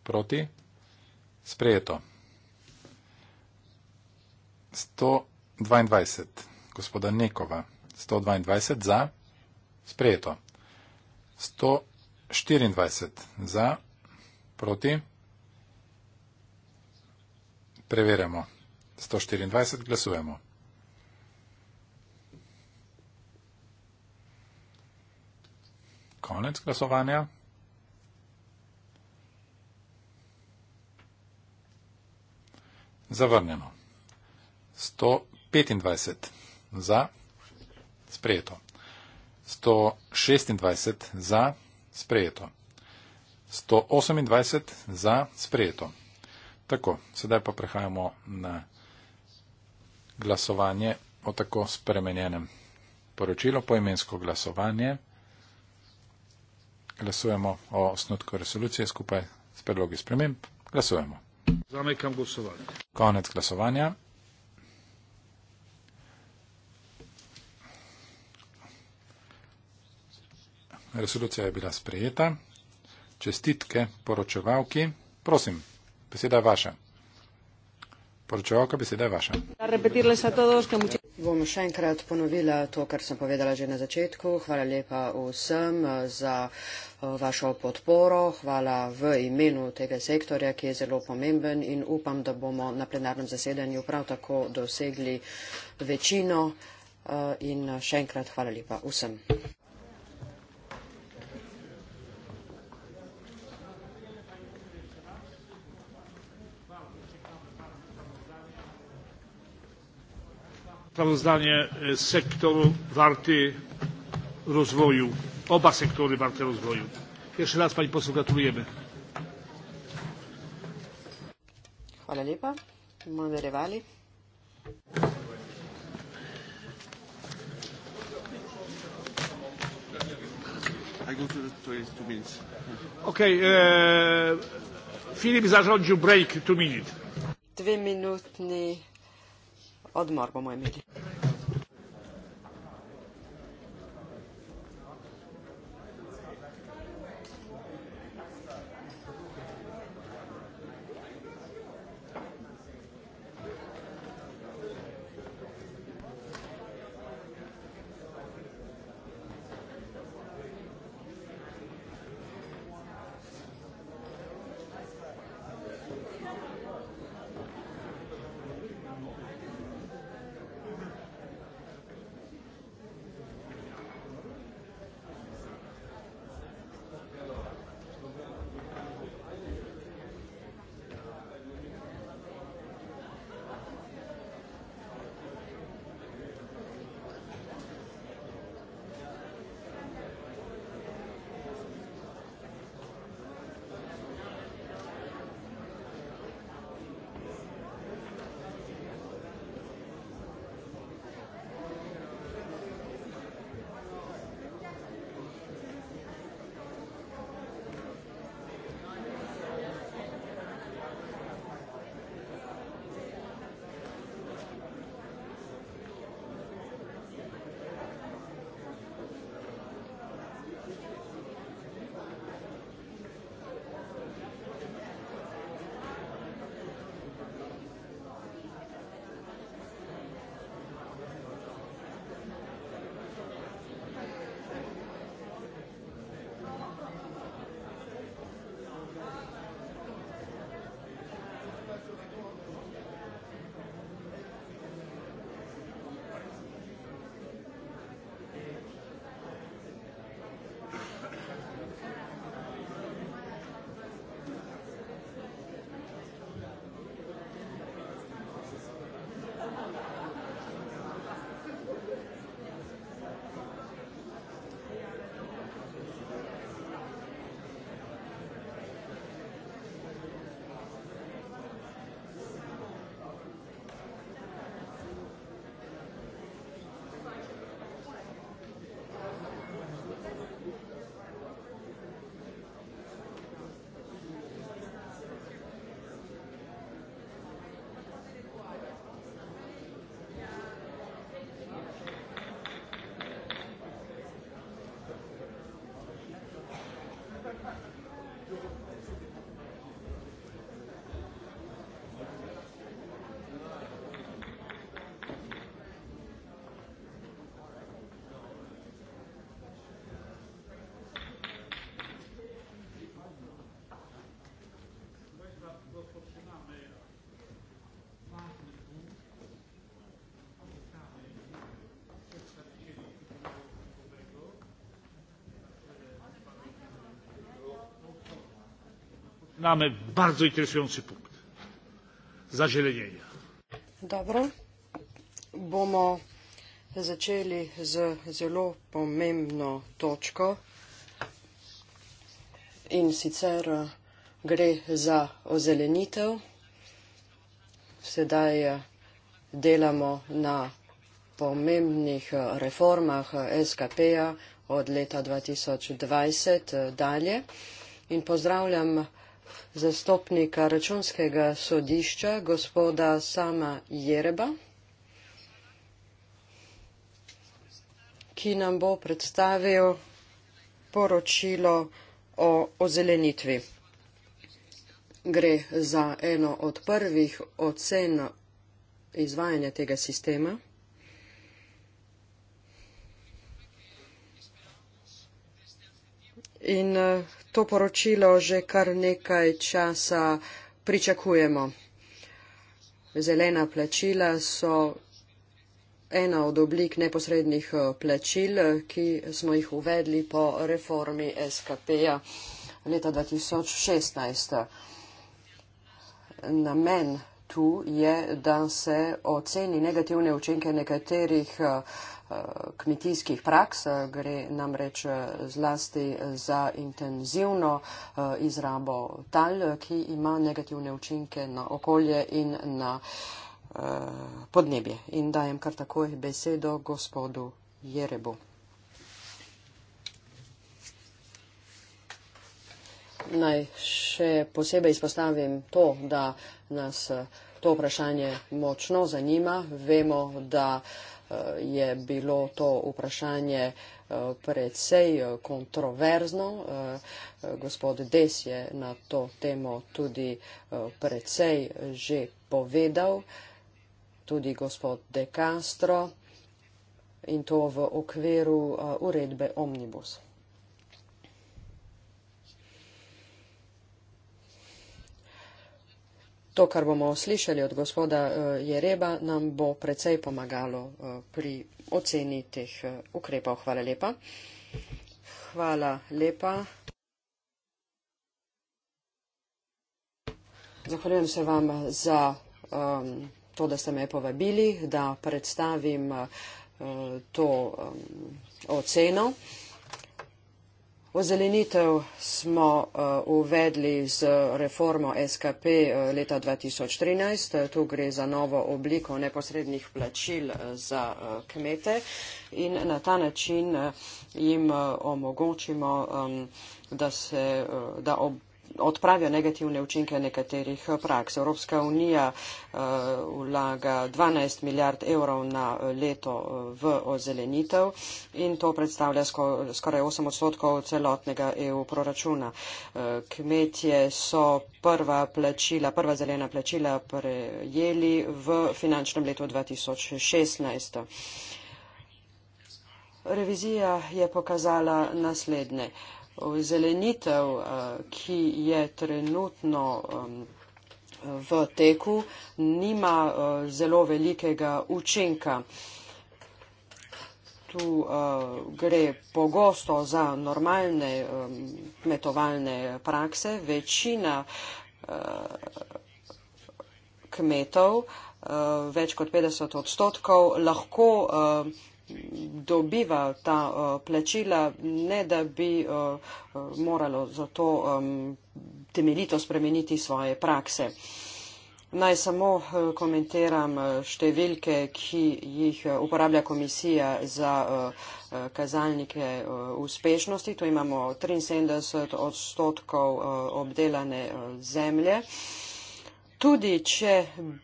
proti, sprejeto. 122, gospoda Nekova, 122 za, sprejeto. 124 za, proti, preverjamo. 124 glasujemo. konec glasovanja. Zavrnjeno. 125 za, sprejeto. 126 za, sprejeto. 128 za, sprejeto. Tako, sedaj pa prehajamo na glasovanje o tako spremenjenem poročilu, poimensko glasovanje glasujemo o osnutku resolucije skupaj s predlogi sprememb. Glasujemo. Zamekam glasovanje. Konec glasovanja. Resolucija je bila sprejeta. Čestitke poročevalki. Prosim, beseda je vaša. Poročevalka, beseda je vaša bom še enkrat ponovila to, kar sem povedala že na začetku. Hvala lepa vsem eh, za eh, vašo podporo, hvala v imenu tega sektorja, ki je zelo pomemben in upam, da bomo na plenarnem zasedanju prav tako dosegli večino. Eh, in še enkrat hvala lepa vsem. sprawozdanie e, sektoru warty rozwoju. Oba sektory warte rozwoju. Jeszcze raz Pani poseł gratulujemy. Hvala lepa. Bomo nadaljevali. Ok, e, Filip zarządził break two minute. Dve minutni odmor bomo imeli. mamy bardzo interesujący punkt zazielenienia. Dobro, bomo začeli z zelo pomembno točko in sicer eh, gre za ozelenitev. Sedaj eh, delamo na pomembnih eh, reformah SKP-ja od leta 2020 dalje in pozdravljam zastopnika računskega sodišča, gospoda Sama Jereba, ki nam bo predstavil poročilo o ozelenitvi. Gre za eno od prvih ocen izvajanja tega sistema. In eh, to poročilo že kar nekaj časa pričakujemo. Zelena plačila so ena od oblik neposrednih eh, plačil, ki smo jih uvedli po reformi SKP-ja leta 2016. Namen tu je, da se oceni negativne učinke nekaterih uh, Eh, kmetijskih praks, eh, gre namreč eh, zlasti za intenzivno izrabo tal, ki ima negativne učinke na okolje in na podnebje. In dajem kar takoj besedo gospodu Jerebu. Naj še posebej izpostavim to, da nas to vprašanje močno zanima. Vemo, da uh, je bilo to vprašanje eh, predvsej eh, kontroverzno. Eh, gospod Des je na to temo tudi predvsej že povedal, tudi gospod De Castro in to v okviru uredbe Omnibus. To, kar bomo slišali od gospoda eh, Jereba, nam bo precej pomagalo eh, pri oceni teh eh, ukrepov. Hvala lepa. Hvala lepa. Zahvaljujem se vam za um, to, da ste me povabili, da predstavim uh, to um, oceno. Ozelenitev smo eh, uvedli z reformo SKP eh, leta 2013. Tu gre za novo obliko neposrednih plačil eh, za kmete in na ta način jim omogočimo, da, se, da ob odpravijo negativne učinke nekaterih praks. Evropska unija eh, vlaga 12 milijard evrov na eh, leto eh, v ozelenitev in to predstavlja skoraj 8 odstotkov celotnega EU proračuna. Kmetje so prva, plačila, prva zelena plačila prejeli v finančnem letu 2016. Revizija je pokazala naslednje zelenitev, eh, ki je trenutno v teku, nima eh, zelo velikega učinka. Tu eh, gre pogosto za normalne kmetovalne prakse. Večina kmetov, več kot 50 odstotkov, lahko dobiva ta uh, plačila, ne da bi uh, moralo za to um, temeljito spremeniti svoje prakse. Naj samo komentiram številke, ki jih uporablja komisija za kazalnike uspešnosti. Tu imamo 73 odstotkov obdelane zemlje. Tudi, če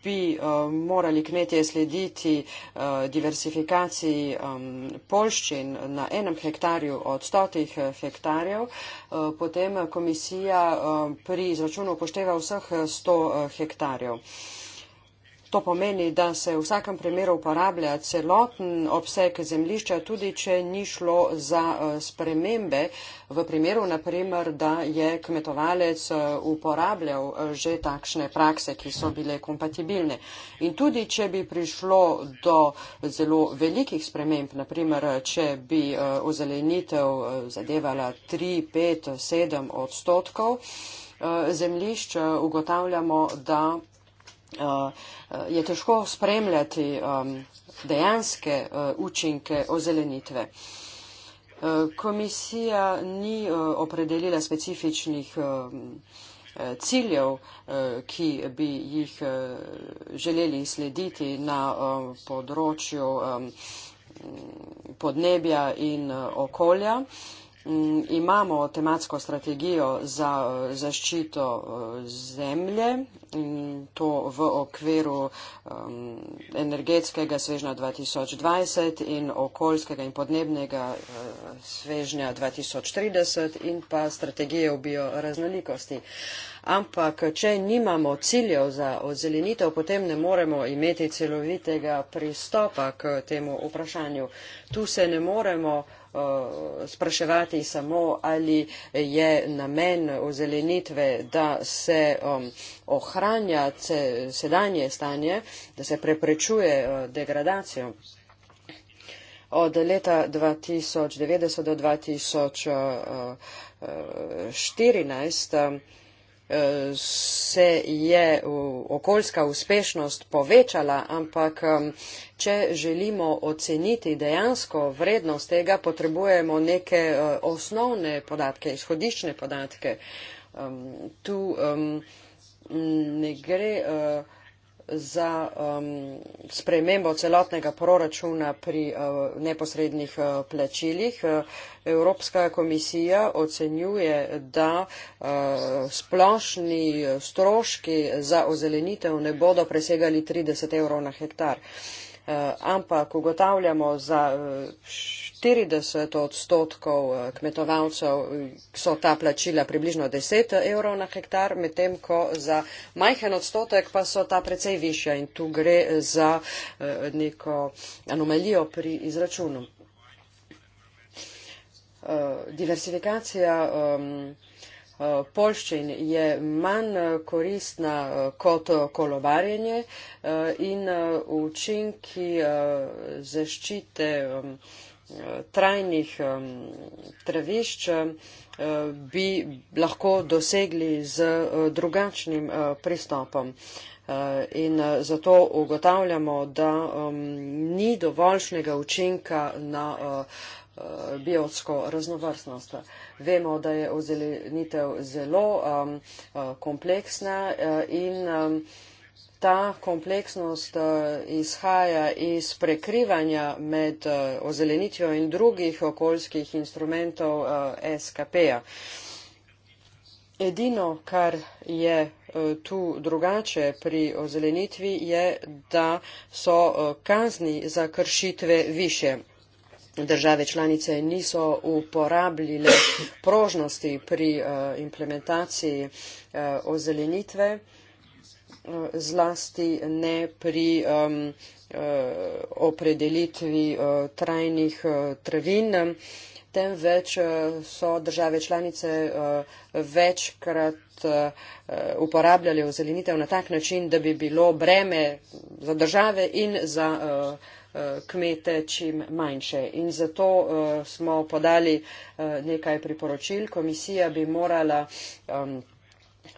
bi uh, morali kmetje slediti uh, diversifikaciji um, polščin na enem hektarju od stotih eh, hektarjev, uh, potem komisija uh, pri izračunu upošteva vseh sto hektarjev. Uh, To pomeni, da se v vsakem primeru uporablja celoten obseg zemlišča, tudi če ni šlo za eh, spremembe v primeru, naprimer, da je kmetovalec eh, uporabljal eh, že takšne prakse, ki so bile kompatibilne. In tudi, če bi prišlo do zelo velikih sprememb, naprimer, če bi ozelenitev zadevala 3, 5, 7 odstotkov, zemlišč ugotavljamo, da Eh, je težko spremljati um, dejanske uh, učinke ozelenitve. Eh, komisija ni opredelila specifičnih ciljev, ki bi jih želeli slediti na področju podnebja in okolja. Mm, imamo tematsko strategijo za eh, zaščito eh, zemlje in to v okviru um, energetskega svežnja 2020 in okoljskega in podnebnega uh, svežnja 2030 in pa strategije v bioraznolikosti. Ampak, če nimamo ciljev za odzelenitev, potem ne moremo imeti celovitega pristopa k temu vprašanju. Tu se ne moremo Eh, spraševati samo, ali je namen ozelenitve, da se um, ohranja sedanje stanje, da se preprečuje eh, degradacijo. Od leta 2090 do 2014 se je okoljska uspešnost povečala, ampak um, če želimo oceniti dejansko vrednost tega, potrebujemo neke uh, osnovne podatke, izhodiščne podatke. Um, tu um, ne gre uh, za um, spremembo celotnega proračuna pri uh, neposrednih uh, plačilih. Uh, Evropska komisija ocenjuje, da uh, splošni stroški za ozelenitev ne bodo presegali 30 evrov na hektar. Uh, ampak ugotavljamo za. Uh, 40 odstotkov eh, kmetovalcev eh, so ta plačila približno 10 evrov na hektar, medtem ko za majhen odstotek pa so ta precej višja in tu gre za eh, neko anomalijo pri izračunu. Diversifikacija polščin je manj koristna kot kolobarjenje in učinki zaščite trajnih travišč bi lahko dosegli z e, drugačnim e, pristopom. E, in zato ugotavljamo, da ni dovoljšnega učinka na biotsko raznovrstnost. Vemo, da je ozelenitev zelo kompleksna in ta kompleksnost eh, izhaja iz prekrivanja med eh, ozelenitvijo in drugih okoljskih instrumentov eh, SKP-ja. Edino, kar je tu drugače pri ozelenitvi, je, da so kazni za kršitve više. Države članice niso uporabljile prožnosti pri implementaciji ozelenitve. Eh, zlasti ne pri um, opredelitvi uh, trajnih uh, travin, temveč uh, so države članice uh, večkrat uh, uporabljali ozelenitev na tak način, da bi bilo breme za države in za uh, kmete čim manjše. In zato uh, smo podali uh, nekaj priporočil. Komisija bi morala um,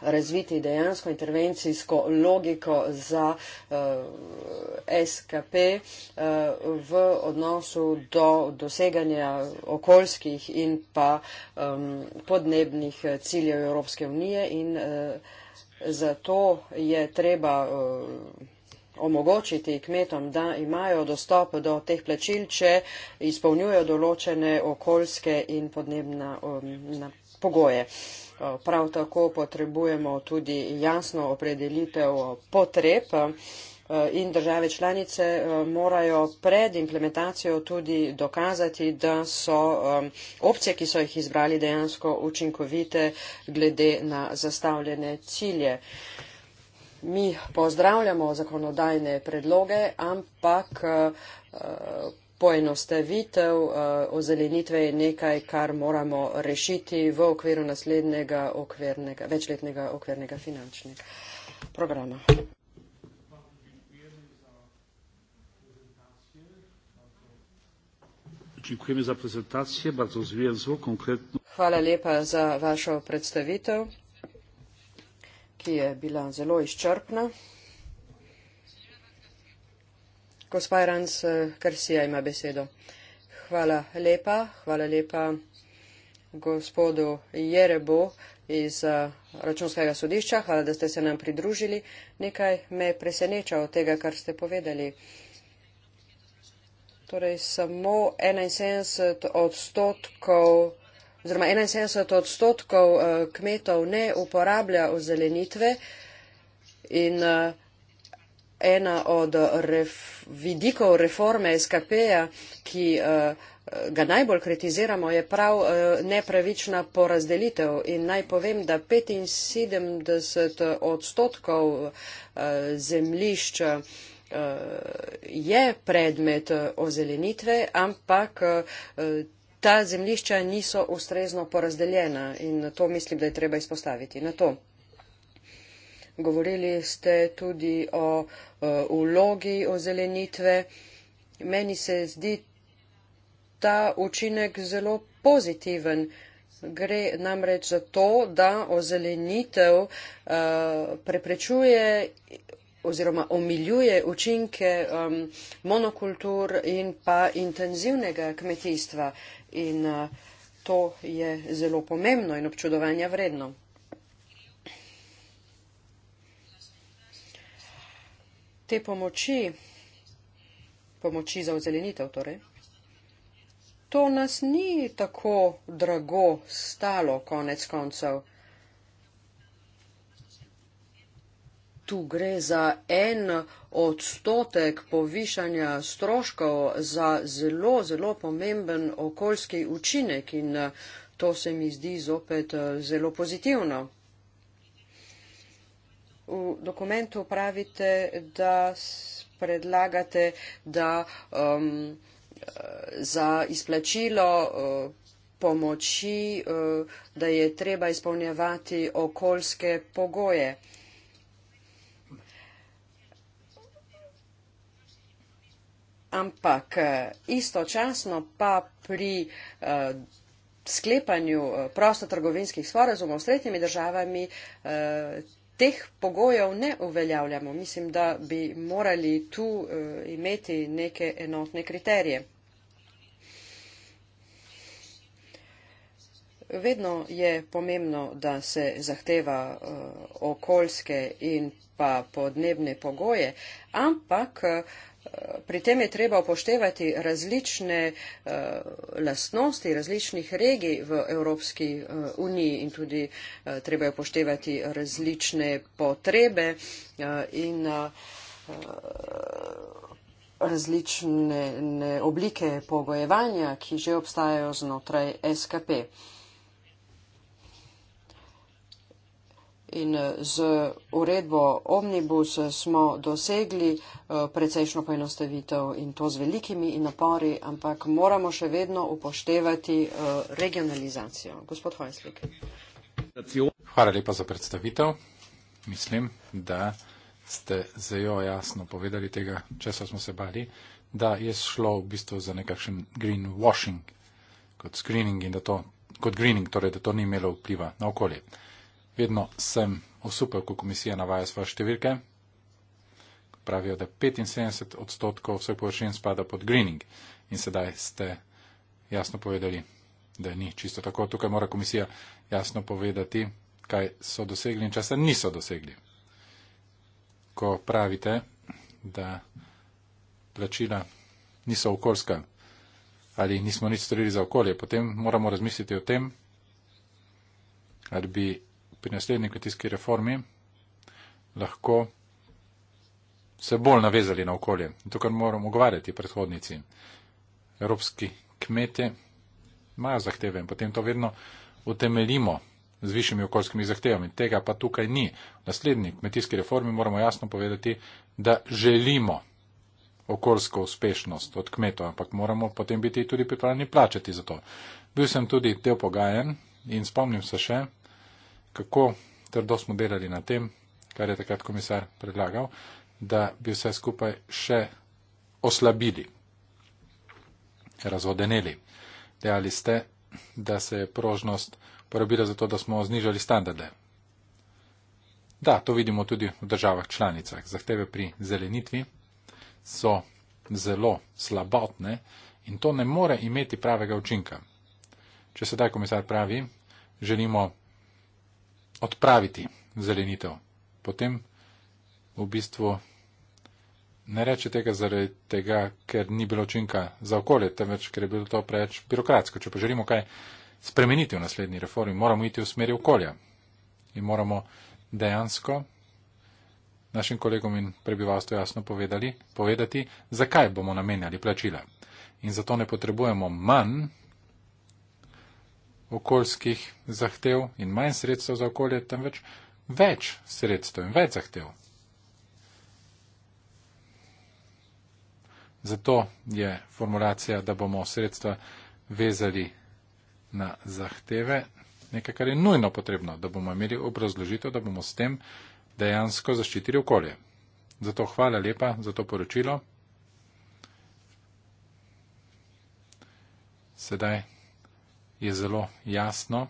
razviti dejansko intervencijsko logiko za uh, eh, SKP uh, eh, v odnosu do doseganja okoljskih in pa um, podnebnih ciljev Evropske unije in uh, zato je treba uh, omogočiti kmetom, da imajo dostop do teh plačil, če izpolnjujejo določene okoljske in podnebne um, pogoje. Uh, Prav tako potrebujemo tudi jasno opredelitev potreb eh, in države članice eh, morajo pred implementacijo tudi dokazati, da so eh, opcije, ki so jih izbrali, dejansko učinkovite glede na zastavljene cilje. Mi pozdravljamo zakonodajne predloge, ampak poenostavitev, eh, ozelenitve je nekaj, kar moramo rešiti v okviru naslednjega okvernega, večletnega okvirnega finančnega programa. Hvala lepa za vašo predstavitev, ki je bila zelo izčrpna. Gospa Rans Krsija eh, ima besedo. Hvala lepa, hvala lepa gospodu Jerebo iz eh, računskega sodišča. Hvala, da ste se nam pridružili. Nekaj me preseneča od tega, kar ste povedali. Torej, samo 71 odstotkov, oziroma 71 odstotkov eh, kmetov ne uporablja ozelenitve in ena od ref, vidikov reforme SKP-ja, ki uh, ga najbolj kritiziramo, je prav uh, nepravična porazdelitev. In naj povem, da 75 odstotkov uh, eh, zemlišč uh, je predmet ozelenitve, ampak. Uh, Ta zemlišča niso ustrezno porazdeljena in to mislim, da je treba izpostaviti. Na to Govorili ste tudi o e, vlogi ozelenitve. Meni se zdi ta učinek zelo pozitiven. Gre namreč za to, da ozelenitev e, preprečuje oziroma omiljuje učinke um, monokultur in pa intenzivnega kmetijstva. In uh, to je zelo pomembno in občudovanja vredno. te pomoči, pomoči za ozelenitev, torej, to nas ni tako drago stalo, konec koncev. Tu gre za en odstotek povišanja stroškov za zelo, zelo pomemben okoljski učinek in eh, to se mi zdi zopet eh, zelo pozitivno v dokumentu pravite, da predlagate, da um, za izplačilo uh, pomoči, uh, da je treba izpolnjevati okoljske pogoje. Ampak uh, istočasno pa pri. Uh, sklepanju uh, prostotrgovinskih sporazumov s tretjimi državami uh, teh pogojev ne uveljavljamo. Mislim, da bi morali tu uh, imeti neke enotne kriterije. Vedno je pomembno, da se zahteva uh, okoljske in pa podnebne pogoje, ampak uh, Pri tem je treba upoštevati različne eh, lastnosti različnih regij v Evropski eh, uniji in tudi eh, treba je upoštevati različne potrebe in različne oblike pogojevanja, ki že obstajajo znotraj SKP. in eh, z uredbo Omnibus eh, smo dosegli eh, precejšno poenostavitev in to z velikimi in napori, ampak moramo še vedno upoštevati regionalizacijo. Gospod Hojslik. Hvala lepa za predstavitev. Mislim, da ste zelo jasno povedali tega, če smo se bali, da je šlo v bistvu za nekakšen greenwashing kot screening in da to, kot greening, torej da to ni imelo vpliva na okolje vedno sem osupel, ko komisija navaja svoje številke. Pravijo, da 75 odstotkov vseh površin spada pod greening. In sedaj ste jasno povedali, da ni čisto tako. Tukaj mora komisija jasno povedati, kaj so dosegli in česa niso dosegli. Ko pravite, da plačila niso okoljska ali nismo nič storili za okolje, potem moramo razmisliti o tem, ali bi pri naslednji kmetijski reformi lahko se bolj navezali na okolje. In to, kar moramo ogovarjati predhodnici. Evropski kmete imajo zahteve in potem to vedno utemeljimo z višjimi okoljskimi zahtevami. Tega pa tukaj ni. V naslednji kmetijski reformi moramo jasno povedati, da želimo okoljsko uspešnost od kmetov, ampak moramo potem biti tudi pripravljeni plačati za to. Bil sem tudi del pogajen in spomnim se še, kako trdo smo delali na tem, kar je takrat komisar predlagal, da bi vse skupaj še oslabili, razvodeneli. Dejali ste, da se je prožnost porabila zato, da smo znižali standarde. Da, to vidimo tudi v državah članicah. Zahteve pri zelenitvi so zelo slabotne in to ne more imeti pravega učinka. Če sedaj komisar pravi, želimo odpraviti zelenitev. Potem v bistvu ne reče tega zaradi tega, ker ni bilo učinka za okolje, temveč ker je bilo to preveč birokratsko. Če pa želimo kaj spremeniti v naslednji reformi, moramo iti v smeri okolja in moramo dejansko našim kolegom in prebivalstvu jasno povedali, povedati, zakaj bomo namenjali plačila. In zato ne potrebujemo manj okoljskih zahtev in manj sredstev za okolje, temveč več sredstev in več zahtev. Zato je formulacija, da bomo sredstva vezali na zahteve, nekaj, kar je nujno potrebno, da bomo imeli obrazložitev, da bomo s tem dejansko zaščitili okolje. Zato hvala lepa za to poročilo. Sedaj je zelo jasno.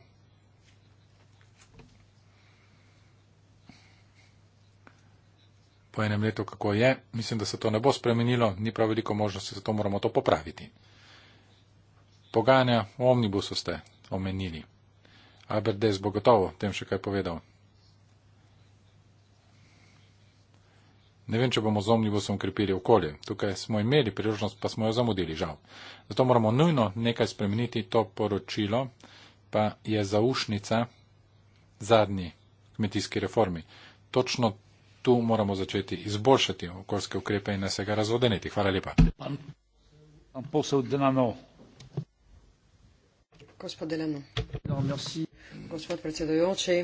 Po enem letu, kako je, mislim, da se to ne bo spremenilo, ni prav veliko možnosti, zato moramo to popraviti. Pogajanja v omnibusu ste omenili. Albert Dez bo gotovo tem še kaj povedal. Ne vem, če bomo z omnibusom krepili okolje. Tukaj smo imeli priložnost, pa smo jo zamudili, žal. Zato moramo nujno nekaj spremeniti. To poročilo pa je zaušnica zadnji kmetijski reformi. Točno tu moramo začeti izboljšati okoljske ukrepe in se ga razvodeniti. Hvala lepa. Ja, Gospod predsedujoči.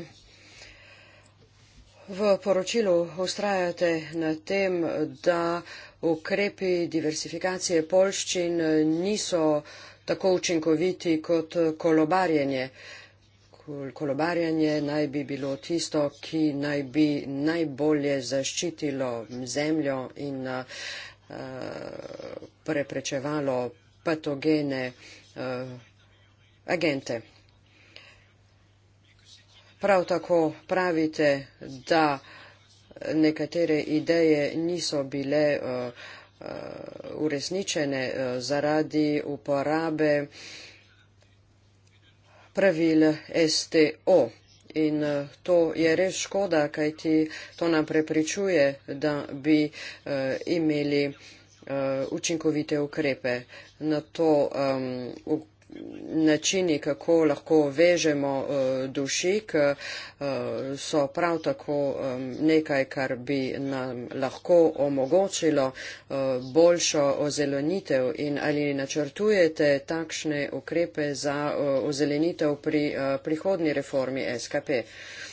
V poročilu ustrajate na tem, da ukrepi diversifikacije polščin niso tako učinkoviti kot kolobarjenje. Kolobarjanje naj bi bilo tisto, ki naj bi najbolje zaščitilo zemljo in uh, preprečevalo patogene uh, agente. Prav tako pravite, da nekatere ideje niso bile eh, eh, uresničene eh, zaradi uporabe pravil STO. In to je res škoda, kajti to nam prepričuje, da bi imeli učinkovite ukrepe. Na to um, načini, kako lahko vežemo uh, dušik, uh, so prav tako um, nekaj, kar bi nam lahko omogočilo uh, boljšo ozelenitev in ali načrtujete takšne ukrepe za uh, ozelenitev pri uh, prihodni reformi SKP. Uh,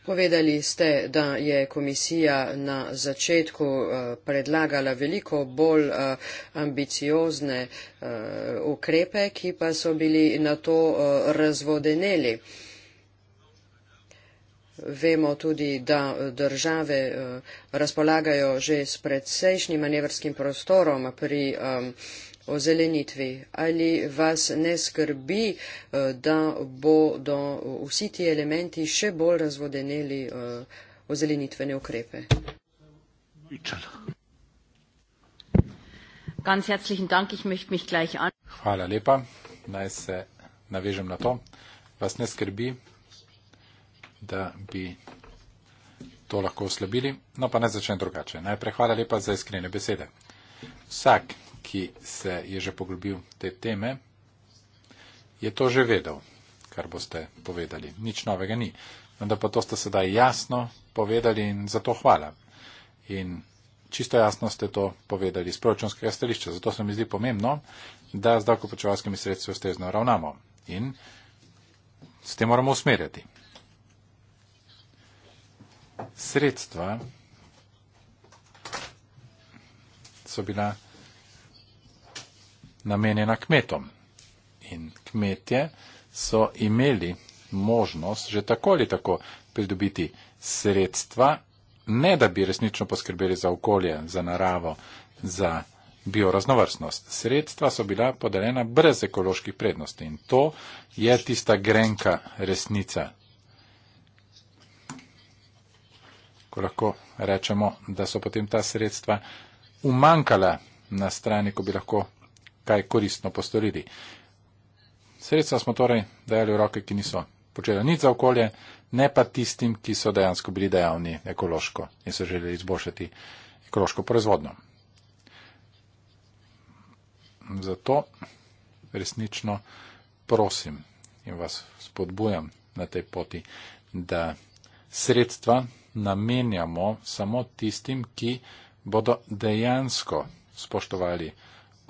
Povedali ste, da je komisija na začetku eh, predlagala veliko bolj eh, ambiciozne eh, ukrepe, ki pa so bili na to razvodeneli. Vemo tudi, da države razpolagajo že s predsejšnjim manevrskim prostorom pri um, o zelenitvi. Ali vas ne skrbi, eh, da bodo vsi ti elementi še bolj razvodeneli eh, o zelenitvene ukrepe? Hvala lepa. Naj se navežem na to. Vas ne skrbi, da bi to lahko oslabili. No pa naj začnem drugače. Najprej hvala lepa za iskrene besede. Vsak, ki se je že poglobil te teme, je to že vedel, kar boste povedali. Nič novega ni. Vendar pa to ste sedaj jasno povedali in za to hvala. In čisto jasno ste to povedali iz proračunskega stališča. Zato se mi zdi pomembno, da z davkopočevalskimi sredstvi ustrezno ravnamo. In s tem moramo usmerjati. Sredstva so bila namenjena kmetom. In kmetje so imeli možnost že tako ali tako pridobiti sredstva, ne da bi resnično poskrbeli za okolje, za naravo, za bioraznovrstnost. Sredstva so bila podeljena brez ekoloških prednosti in to je tista grenka resnica. Ko lahko rečemo, da so potem ta sredstva umankala na strani, ko bi lahko kaj koristno postoriti. Sredstva smo torej dajali v roke, ki niso počela nič za okolje, ne pa tistim, ki so dejansko bili dejavni ekološko in so želeli izboljšati ekološko proizvodno. Zato resnično prosim in vas spodbujam na tej poti, da sredstva namenjamo samo tistim, ki bodo dejansko spoštovali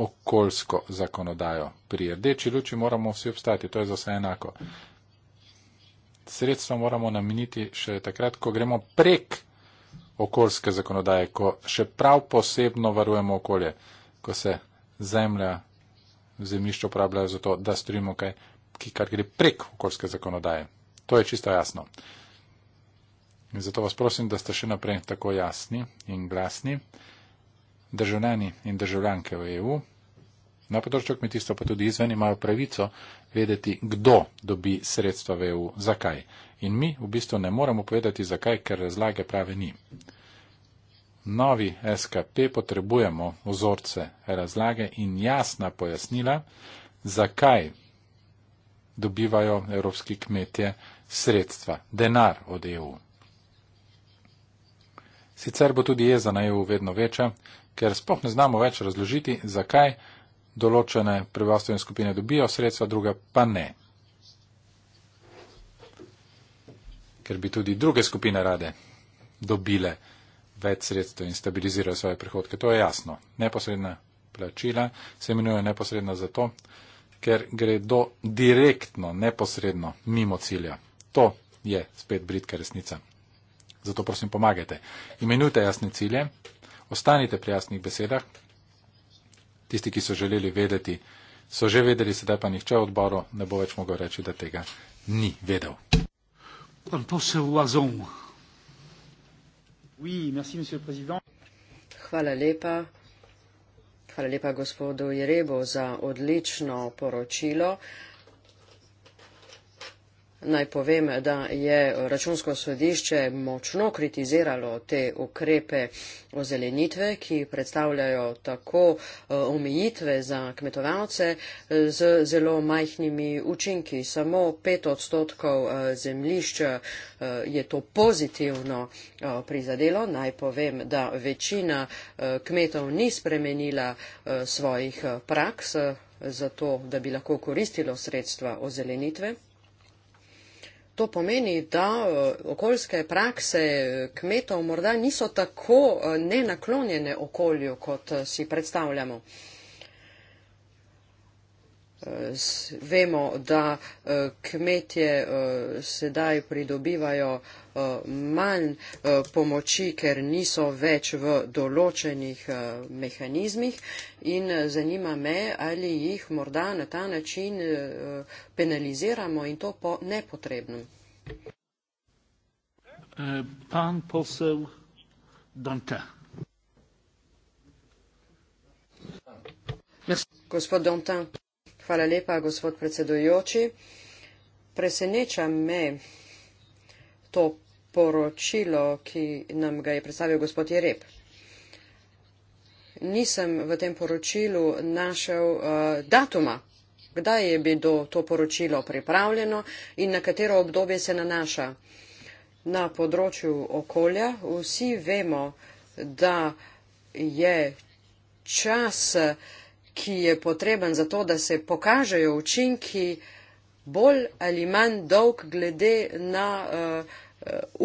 okoljsko zakonodajo. Pri rdeči luči moramo vsi obstati, to je za vse enako. Sredstva moramo nameniti še takrat, ko gremo prek okoljske zakonodaje, ko še prav posebno varujemo okolje, ko se zemlja, zemljišče uporabljajo za to, da storimo kaj, ki kar gre prek okoljske zakonodaje. To je čisto jasno. In zato vas prosim, da ste še naprej tako jasni in glasni državljani in državljanke v EU, na področju kmetijstva pa tudi izven, imajo pravico vedeti, kdo dobi sredstva v EU, zakaj. In mi v bistvu ne moremo povedati, zakaj, ker razlage prave ni. Novi SKP potrebujemo vzorce razlage in jasna pojasnila, zakaj dobivajo evropski kmetje sredstva, denar od EU. Sicer bo tudi jeza na EU vedno večja, ker sploh ne znamo več razložiti, zakaj določene prebivalstvene skupine dobijo sredstva, druge pa ne. Ker bi tudi druge skupine rade dobile več sredstev in stabilizirale svoje prihodke. To je jasno. Neposredna plačila se imenujejo neposredna zato, ker gre do direktno, neposredno, mimo cilja. To je spet britka resnica. Zato prosim, pomagajte. Imenujte jasne cilje. Ostanite pri jasnih besedah. Tisti, ki so želeli vedeti, so že vedeli, sedaj pa nihče v odboru ne bo več mogel reči, da tega ni vedel. Hvala lepa. Hvala lepa gospodu Jerebo za odlično poročilo. Naj povem, da je računsko sodišče močno kritiziralo te ukrepe ozelenitve, ki predstavljajo tako eh, omejitve za kmetovalce eh, z zelo majhnimi učinki. Samo pet odstotkov eh, zemlišča je to pozitivno prizadelo. Naj povem, da večina kmetov ni spremenila svojih praks zato, da bi lahko koristilo sredstva ozelenitve to pomeni, da eh, okoljske prakse eh, kmetov morda niso tako eh, nenaklonjene okolju, kot si predstavljamo. Eh, vemo, da eh, kmetje eh, sedaj pridobivajo manj pomoči, ker niso več v določenih mehanizmih in zanima me, ali jih morda na ta način penaliziramo in to po nepotrebnem. Pan posel Dante. Gospod Dantin. Hvala lepa, gospod predsedujoči. Preseneča me to poročilo, ki nam ga je predstavil gospod Jereb. Nisem v tem poročilu našel uh, datuma, kdaj je bilo to poročilo pripravljeno in na katero obdobje se nanaša. Na področju okolja vsi vemo, da je čas uh, ki je potreben za to, da se pokažejo učinki bolj ali manj dolg glede na uh, uh,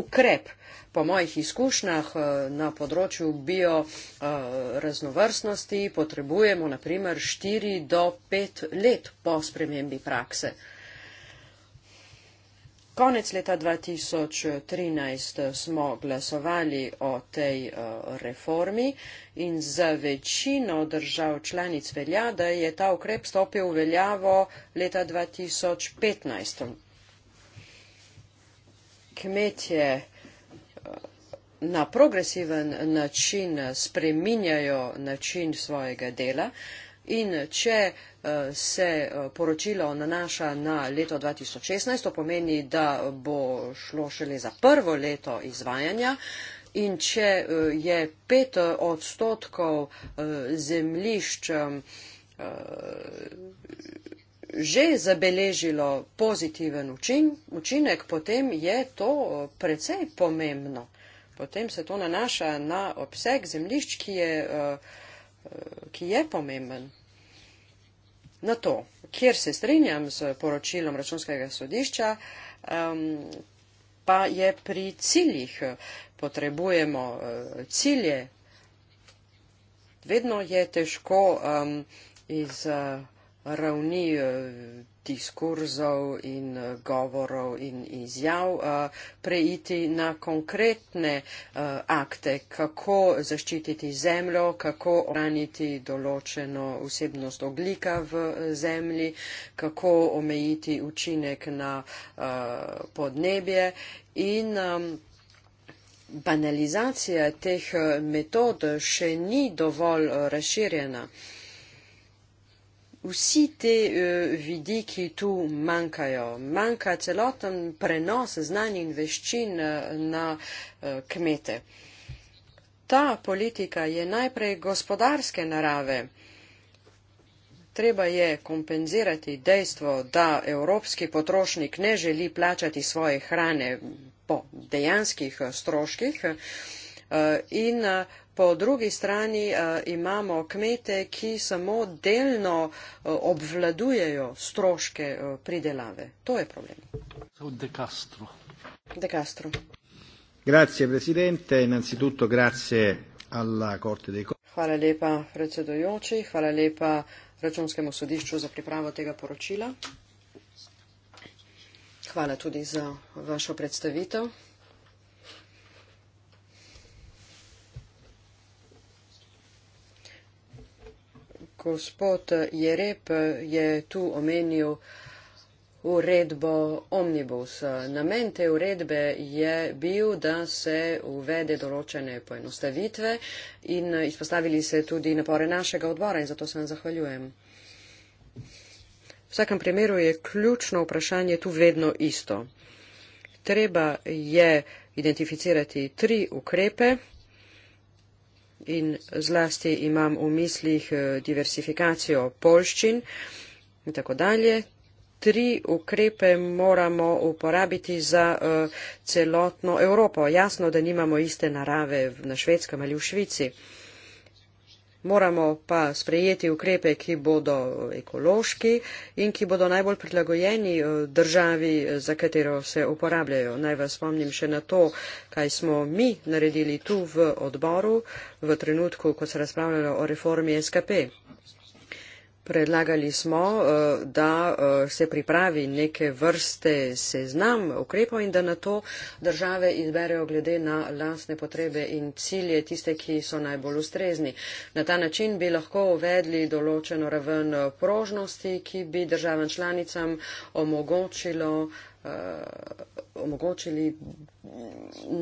ukrep. Po mojih izkušnjah eh, na področju bioraznovrstnosti eh, potrebujemo naprimer 4 do 5 let po spremembi prakse. Konec leta 2013 smo glasovali o tej eh, reformi in za večino držav članic velja, da je ta ukrep stopil v veljavo leta 2015. Kmetje eh, na progresiven način spreminjajo način svojega dela. In če eh, se eh, poročilo nanaša na leto 2016, to pomeni, da bo šlo šele za prvo leto izvajanja. In če eh, je pet odstotkov zemlišč že zabeležilo pozitiven učinek, potem je to precej pomembno. Potem se to nanaša na obseg zemlišč, ki je uh, ki je pomemben. Na to, kjer se strinjam z poročilom računskega sodišča, um, pa je pri ciljih potrebujemo uh, cilje. Vedno je težko um, iz uh, ravni eh, diskurzov in eh, govorov in izjav, eh, preiti na konkretne akte, kako zaščititi zemljo, kako ohraniti določeno vsebnost oglika v zemlji, kako omejiti učinek na podnebje in banalizacija teh metod še ni dovolj razširjena. Vsi te eh, vidiki tu manjkajo. Manjka celoten prenos znanj in veščin eh, na eh, kmete. Ta politika je najprej gospodarske narave. Treba je kompenzirati dejstvo, da evropski potrošnik ne želi plačati svoje hrane po dejanskih stroških in Po drugi strani uh, imamo kmete, ki samo delno uh, obvladujejo stroške uh, pridelave. To je problem. De Castro. De Castro. Grazie, hvala lepa predsedujoči, hvala lepa računskemu sodišču za pripravo tega poročila. Hvala tudi za vašo predstavitev. gospod Jerep je tu omenil uredbo omnibus. Namen te uredbe je bil, da se uvede določene poenostavitve in izpostavili se tudi napore našega odbora in zato se vam zahvaljujem. V vsakem primeru je ključno vprašanje tu vedno isto. Treba je identificirati tri ukrepe, in zlasti imam v mislih eh, diversifikacijo polščin in tako dalje. Tri ukrepe moramo uporabiti za uh, celotno Evropo. Jasno, da nimamo iste narave na švedskem ali v Švici. Moramo pa sprejeti ukrepe, ki bodo ekološki in ki bodo najbolj prilagojeni eh, državi, eh, za katero se uporabljajo. Naj vas spomnim še na to, kaj smo mi naredili tu v odboru v trenutku, ko se razpravljalo o reformi SKP. Predlagali smo, eh, da eh, se pripravi neke vrste seznam ukrepov in da na to države izberejo glede na lastne potrebe in cilje tiste, ki so najbolj ustrezni. Na ta način bi lahko uvedli določeno raven prožnosti, ki bi državam članicam omogočilo Eh, omogočili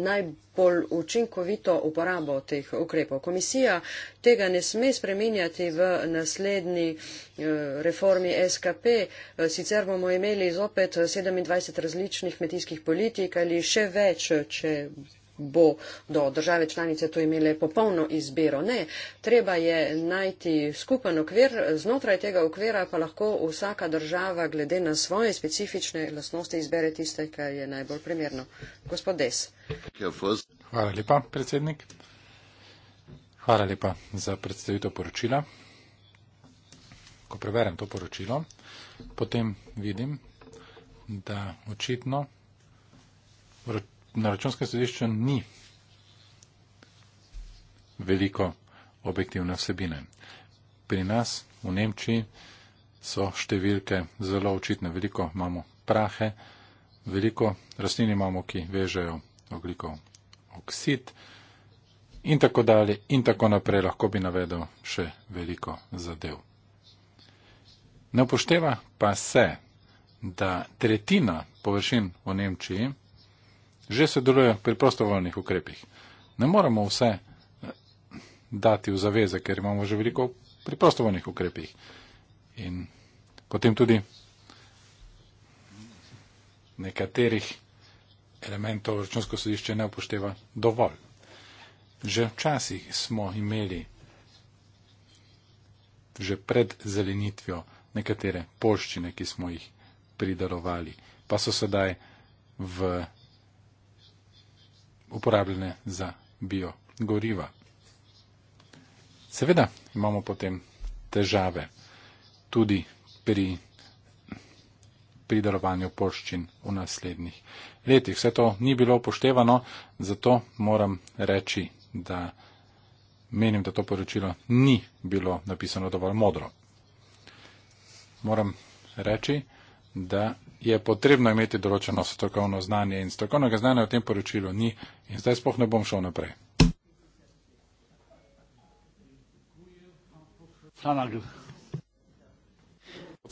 najbolj učinkovito uporabo teh ukrepov. Komisija tega ne sme spreminjati v naslednji eh, reformi SKP, eh, sicer bomo imeli zopet 27 različnih kmetijskih politik ali še več, če bo do države članice to imele popolno izbiro. Ne, treba je najti skupen okvir, znotraj tega okvira pa lahko vsaka država glede na svoje specifične lasnosti izbere tiste, kar je najbolj primerno. Gospod Des. Hvala lepa, predsednik. Hvala lepa za predstavitev poročila. Ko preverjam to poročilo, potem vidim, da očitno na računskem sodišču ni veliko objektivne vsebine. Pri nas v Nemčiji so številke zelo očitne. Veliko imamo prahe, veliko rastlin imamo, ki vežejo oglikov oksid in tako dalje in tako naprej. Lahko bi navedel še veliko zadev. Ne upošteva pa se, da tretjina površin v Nemčiji že sodelujejo pri prostovoljnih ukrepih. Ne moramo vse eh, dati v zaveze, ker imamo že veliko pri prostovoljnih ukrepih. In potem tudi nekaterih elementov računsko sodišče ne upošteva dovolj. Že včasih smo imeli, že pred zelenitvijo, nekatere poščine, ki smo jih pridarovali, pa so sedaj v uporabljene za biogoriva. Seveda imamo potem težave tudi pri pridelovanju poščin v naslednjih letih. Vse to ni bilo upoštevano, zato moram reči, da menim, da to poročilo ni bilo napisano dovolj modro. Moram reči, da je potrebno imeti določeno strokovno znanje in strokovnega znanja v tem poročilu ni in zdaj spoh ne bom šel naprej.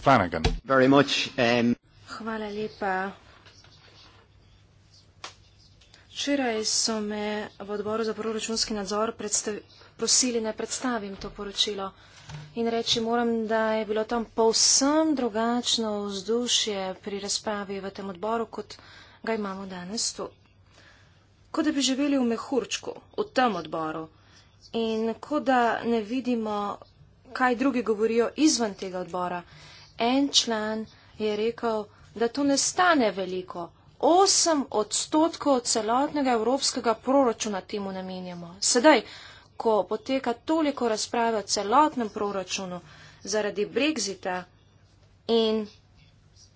Flanagan. Um, Hvala lepa. Včeraj so me v odboru za proračunski nadzor prosili, ne predstavim to poročilo. In reči moram, da je bilo tam povsem drugačno vzdušje pri razpravi v tem odboru, kot ga imamo danes tu. Kot da bi živeli v mehurčku, v tem odboru. In kot da ne vidimo, kaj drugi govorijo izven tega odbora. En član je rekel, da to ne stane veliko. 8 odstotkov celotnega evropskega proračuna temu namenjamo. Sedaj, ko poteka toliko razprave o celotnem proračunu zaradi Brexita in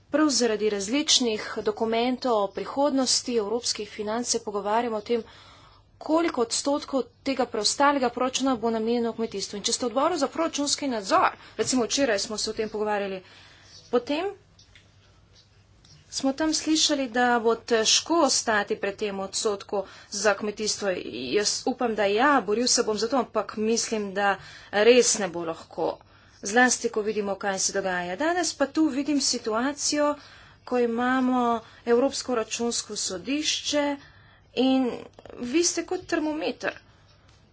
prav zaradi različnih dokumentov o prihodnosti evropskih financ, se pogovarjamo o tem, koliko odstotkov tega preostalega proračuna bo namenjeno kmetijstvu. In če ste odboru za proračunski nadzor, recimo včeraj smo se o tem pogovarjali, potem smo tam slišali, da bo težko ostati pred tem odsotku za kmetijstvo. Jaz upam, da ja, boril se bom za to, ampak mislim, da res ne bo lahko. Zlasti, ko vidimo, kaj se dogaja. Danes pa tu vidim situacijo, ko imamo Evropsko računsko sodišče in vi ste kot termometer.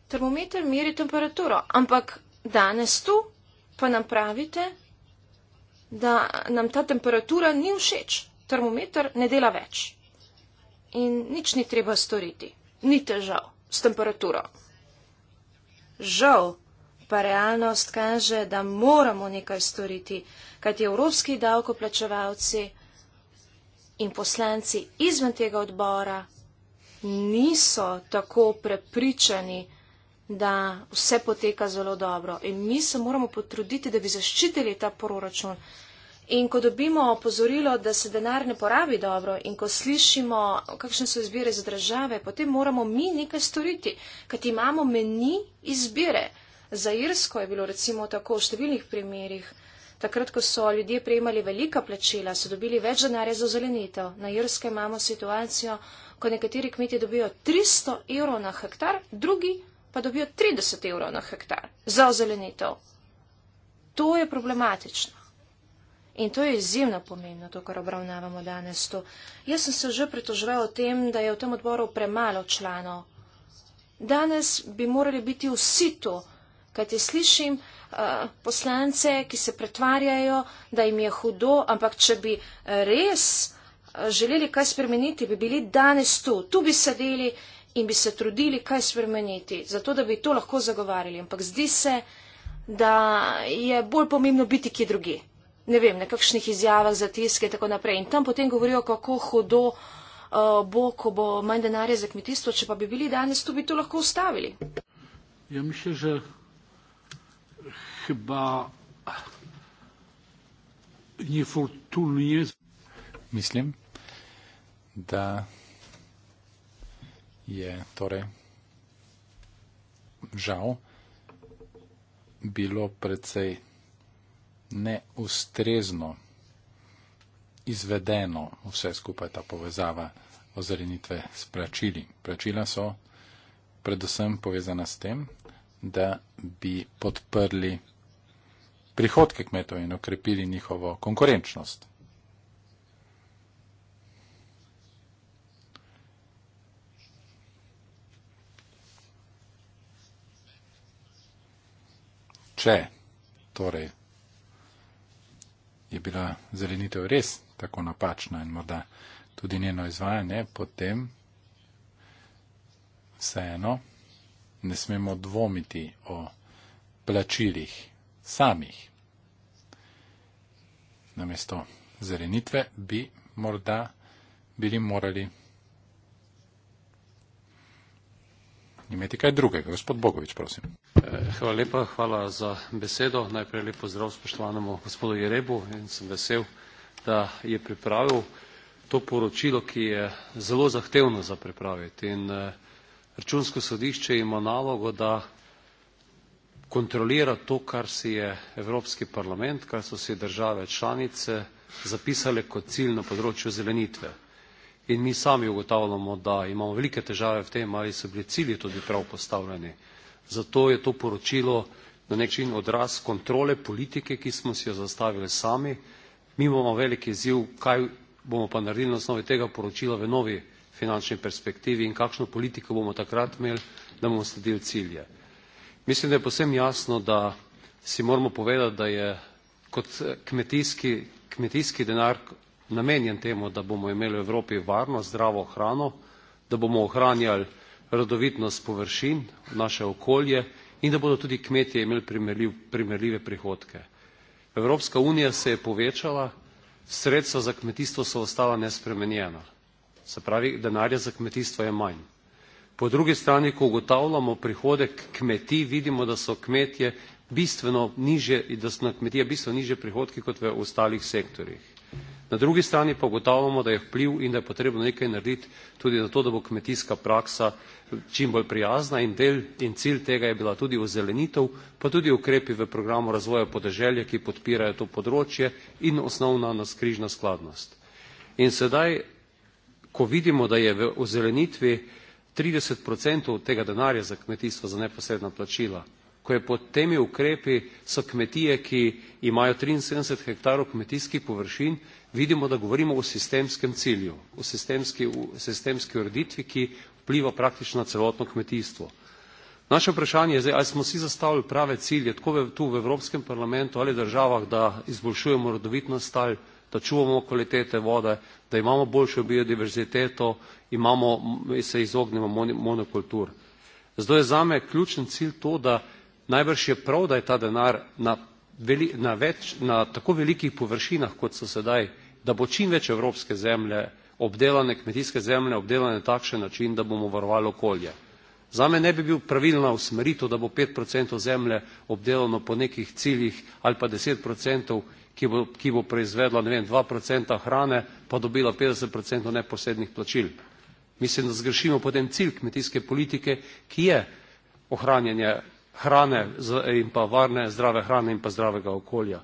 Termometer meri temperaturo, ampak danes tu pa nam pravite, da nam ta temperatura ni všeč termometer ne dela več. In nič ni treba storiti, ni težav s temperaturo. Žal pa realnost kaže, da moramo nekaj storiti, kajti evropski davkoplačevalci in poslanci izven tega odbora niso tako prepričani, da vse poteka zelo dobro. In mi se moramo potruditi, da bi zaščitili ta proračun, In ko dobimo opozorilo, da se denar ne porabi dobro in ko slišimo, kakšne so izbire za države, potem moramo mi nekaj storiti, kajti imamo meni izbire. Za Irsko je bilo recimo tako v številnih primerjih. Takrat, ko so ljudje prejemali velika plačila, so dobili več denarja za zelenitev. Na Irske imamo situacijo, ko nekateri kmeti dobijo 300 evrov na hektar, drugi pa dobijo 30 evrov na hektar za zelenitev. To je problematično. In to je izjemno pomembno, to, kar obravnavamo danes. To. Jaz sem se že pritoževal o tem, da je v tem odboru premalo članov. Danes bi morali biti vsi tu, kajti slišim uh, poslance, ki se pretvarjajo, da jim je hudo, ampak če bi eh, res eh, želeli kaj spremeniti, bi bili danes tu. Tu bi sedeli in bi se trudili kaj spremeniti, zato da bi to lahko zagovarjali. Ampak zdi se, da je bolj pomembno biti kje drugi ne vem, na kakšnih izjavah za tiske in tako naprej. In tam potem govorijo, kako hudo eh, bo, ko bo manj denarja za kmetijstvo, če pa bi bili danes, tu bi to lahko ustavili. Ja, mislim, že hba nefortunije. Mislim, da je torej žal bilo predvsej neustrezno izvedeno vse skupaj ta povezava ozrenitve s plačili. Plačila so predvsem povezana s tem, da bi podprli prihodke kmetov in okrepili njihovo konkurenčnost. Če torej je bila zelenitev res tako napačna in morda tudi njeno izvajanje, potem vseeno ne smemo dvomiti o plačilih samih. Namesto zelenitve bi morda bili morali imeti kaj drugega. Gospod Bogovič, prosim. Hvala lepa, hvala za besedo. Najprej lep pozdrav spoštovanemu gospodu Jerebu in sem vesel, da je pripravil to poročilo, ki je zelo zahtevno za pripraviti. In eh, računsko sodišče ima nalogo, da kontrolira to, kar si je Evropski parlament, kar so si države članice zapisale kot cilj na področju zelenitve. In mi sami ugotavljamo, da imamo velike težave v tem, ali so bili cilji tudi prav postavljeni zato je to poročilo na nek način odraz kontrole politike, ki smo si jo zastavili sami. Mi imamo veliki izziv, kaj bomo pa naredili na osnovi tega poročila v novi finančni perspektivi in kakšno politiko bomo takrat imeli, da bomo sledili cilje. Mislim, da je posem jasno, da si moramo povedati, da je kot eh, kmetijski, kmetijski denar namenjen temu, da bomo imeli v Evropi varno, zdravo hrano, da bomo ohranjali rodovitnost površin, naše okolje in da bodo tudi kmetje imeli primerljiv, primerljive prihodke. Evropska unija se je povečala, sredstva za kmetijstvo so ostala nespremenjena. Se pravi, denarja za kmetijstvo je manj. Po drugi strani, ko ugotavljamo prihodek kmeti, vidimo, da so kmetje bistveno nižje, da so na kmetije bistveno nižje prihodki kot v ostalih sektorjih na drugi strani pa ugotavljamo da je vpliv in da je potrebno nekaj narediti tudi zato da bo kmetijska praksa eh, čim bolj prijazna in del in cilj tega je bila tudi ozelenitev pa tudi ukrepi v programu razvoja podeželja ki podpirajo to področje in osnovna navzkrižna skladnost. in sedaj ko vidimo da je v ozelenitvi trideset procentov tega denarja za kmetijstvo za neposredna plačila ko je pod temi ukrepi so kmetije ki imajo triinsedemdeset hektarov kmetijskih površin vidimo, da govorimo o sistemskem cilju, o sistemski, sistemski ureditvi, ki vpliva praktično na celotno kmetijstvo. Naše vprašanje je zdaj, ali smo si zastavili prave cilje, tako tu v Evropskem parlamentu ali državah, da izboljšujemo rodovitno stalj, da čuvamo kvalitete vode, da imamo boljšo biodiverziteto, imamo, se izognemo monokultur. Zato je zame ključen cilj to, da najbrž je prav, da je ta denar na, veli, na, več, na tako velikih površinah, kot so sedaj da bo čim več evropske zemlje obdelane kmetijske zemlje obdelane na takšen način, da bomo varovali okolje. Zame ne bi bil pravilna usmeritev, da bo 5% zemlje obdelano po nekih ciljih ali pa 10%, ki bo, ki bo proizvedla ne vem, 2% hrane, pa dobila 50% neposrednih plačil. Mislim, da zgrešimo potem cilj kmetijske politike, ki je ohranjanje hrane in pa varne zdrave hrane in pa zdravega okolja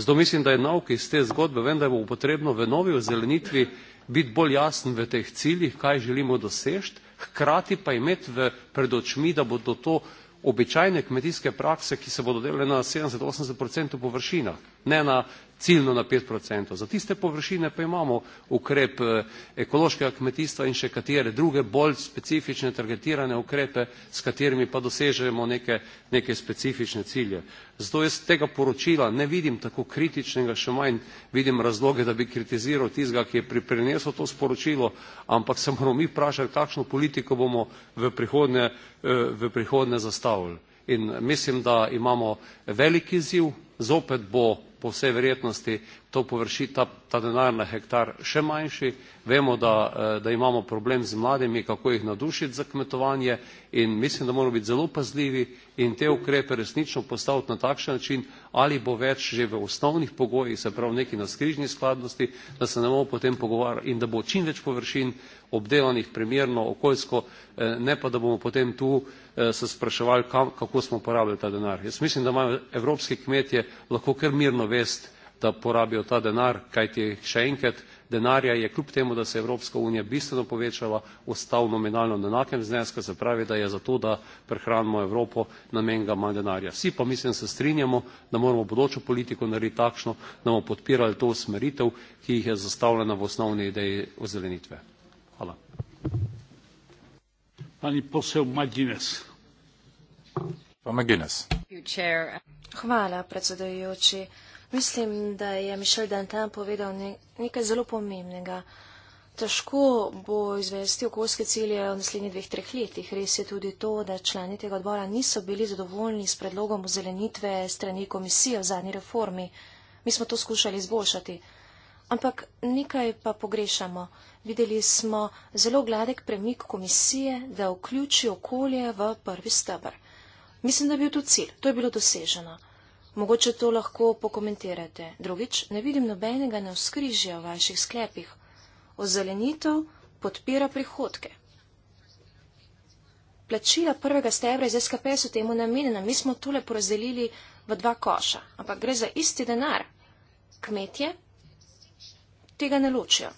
zato mislim da je nauk iz te zgodbe vendar bo potrebno v novi ozelenitvi biti bolj jasen v teh ciljih kaj želimo doseči hkrati pa imeti v pred očmi da bodo to običajne kmetijske prakse ki se bodo delale na sedemdeset osemdeset površinah ne na ciljno na pet za tiste površine pa imamo ukrep eh, ekološkega kmetijstva in še katere druge bolj specifične targetirane ukrepe s katerimi pa dosežemo neke, neke specifične cilje zato jaz tega poročila ne vidim tako kritičnega še manj vidim razloge da bi kritiziral tistega ki je prinesel to sporočilo ampak se moramo mi vprašati kakšno politiko bomo v prihodnje, eh, v prihodnje zastavili in mislim da imamo velik izziv zopet bo po vsej verjetnosti to površi, ta, ta denar na hektar še manjši. Vemo, da, eh, da imamo problem z mladimi, kako jih nadušiti za kmetovanje in mislim, da moramo biti zelo pazljivi in te ukrepe resnično postaviti na takšen način, ali bo več že v osnovnih pogojih, se pravi neki na skrižni skladnosti, da se ne bomo potem pogovarjali in da bo čim več površin obdelanih primerno, okoljsko, eh, ne pa da bomo potem tu eh, se spraševali, kam, kako smo porabili ta denar. Jaz mislim, da imajo evropski kmetje lahko kar mirno vest da porabijo ta denar kajti še enkrat denarja je kljub temu da se je evropska unija bistveno povečala ostal nominalno na enakem znesku se pravi da je za to da prehranimo evropo namen ga manj denarja vsi pa mislim se strinjamo da moramo bodočo politiko narediti takšno da bomo podpirali to usmeritev ki jih je zastavljena v osnovni ideji ozelenitve hvala Pani posel Magines. Pa Magines. Hvala, predsedujoči. Mislim, da je Mišel Dantan povedal nekaj zelo pomembnega. Težko bo izvesti okoljske cilje v naslednjih dveh, treh letih. Res je tudi to, da člani tega odbora niso bili zadovoljni s predlogom ozelenitve strani komisije v zadnji reformi. Mi smo to skušali izboljšati. Ampak nekaj pa pogrešamo. Videli smo zelo gladek premik komisije, da vključi okolje v prvi stebr. Mislim, da je bil to cilj, to je bilo doseženo. Mogoče to lahko pokomentirate. Drugič, ne vidim nobenega ne vzkrižja v vaših sklepih. Ozelenitev podpira prihodke. Plačila prvega stebra iz SKP so temu namenjena. Mi smo tole porazdelili v dva koša, ampak gre za isti denar. Kmetje tega ne ločijo.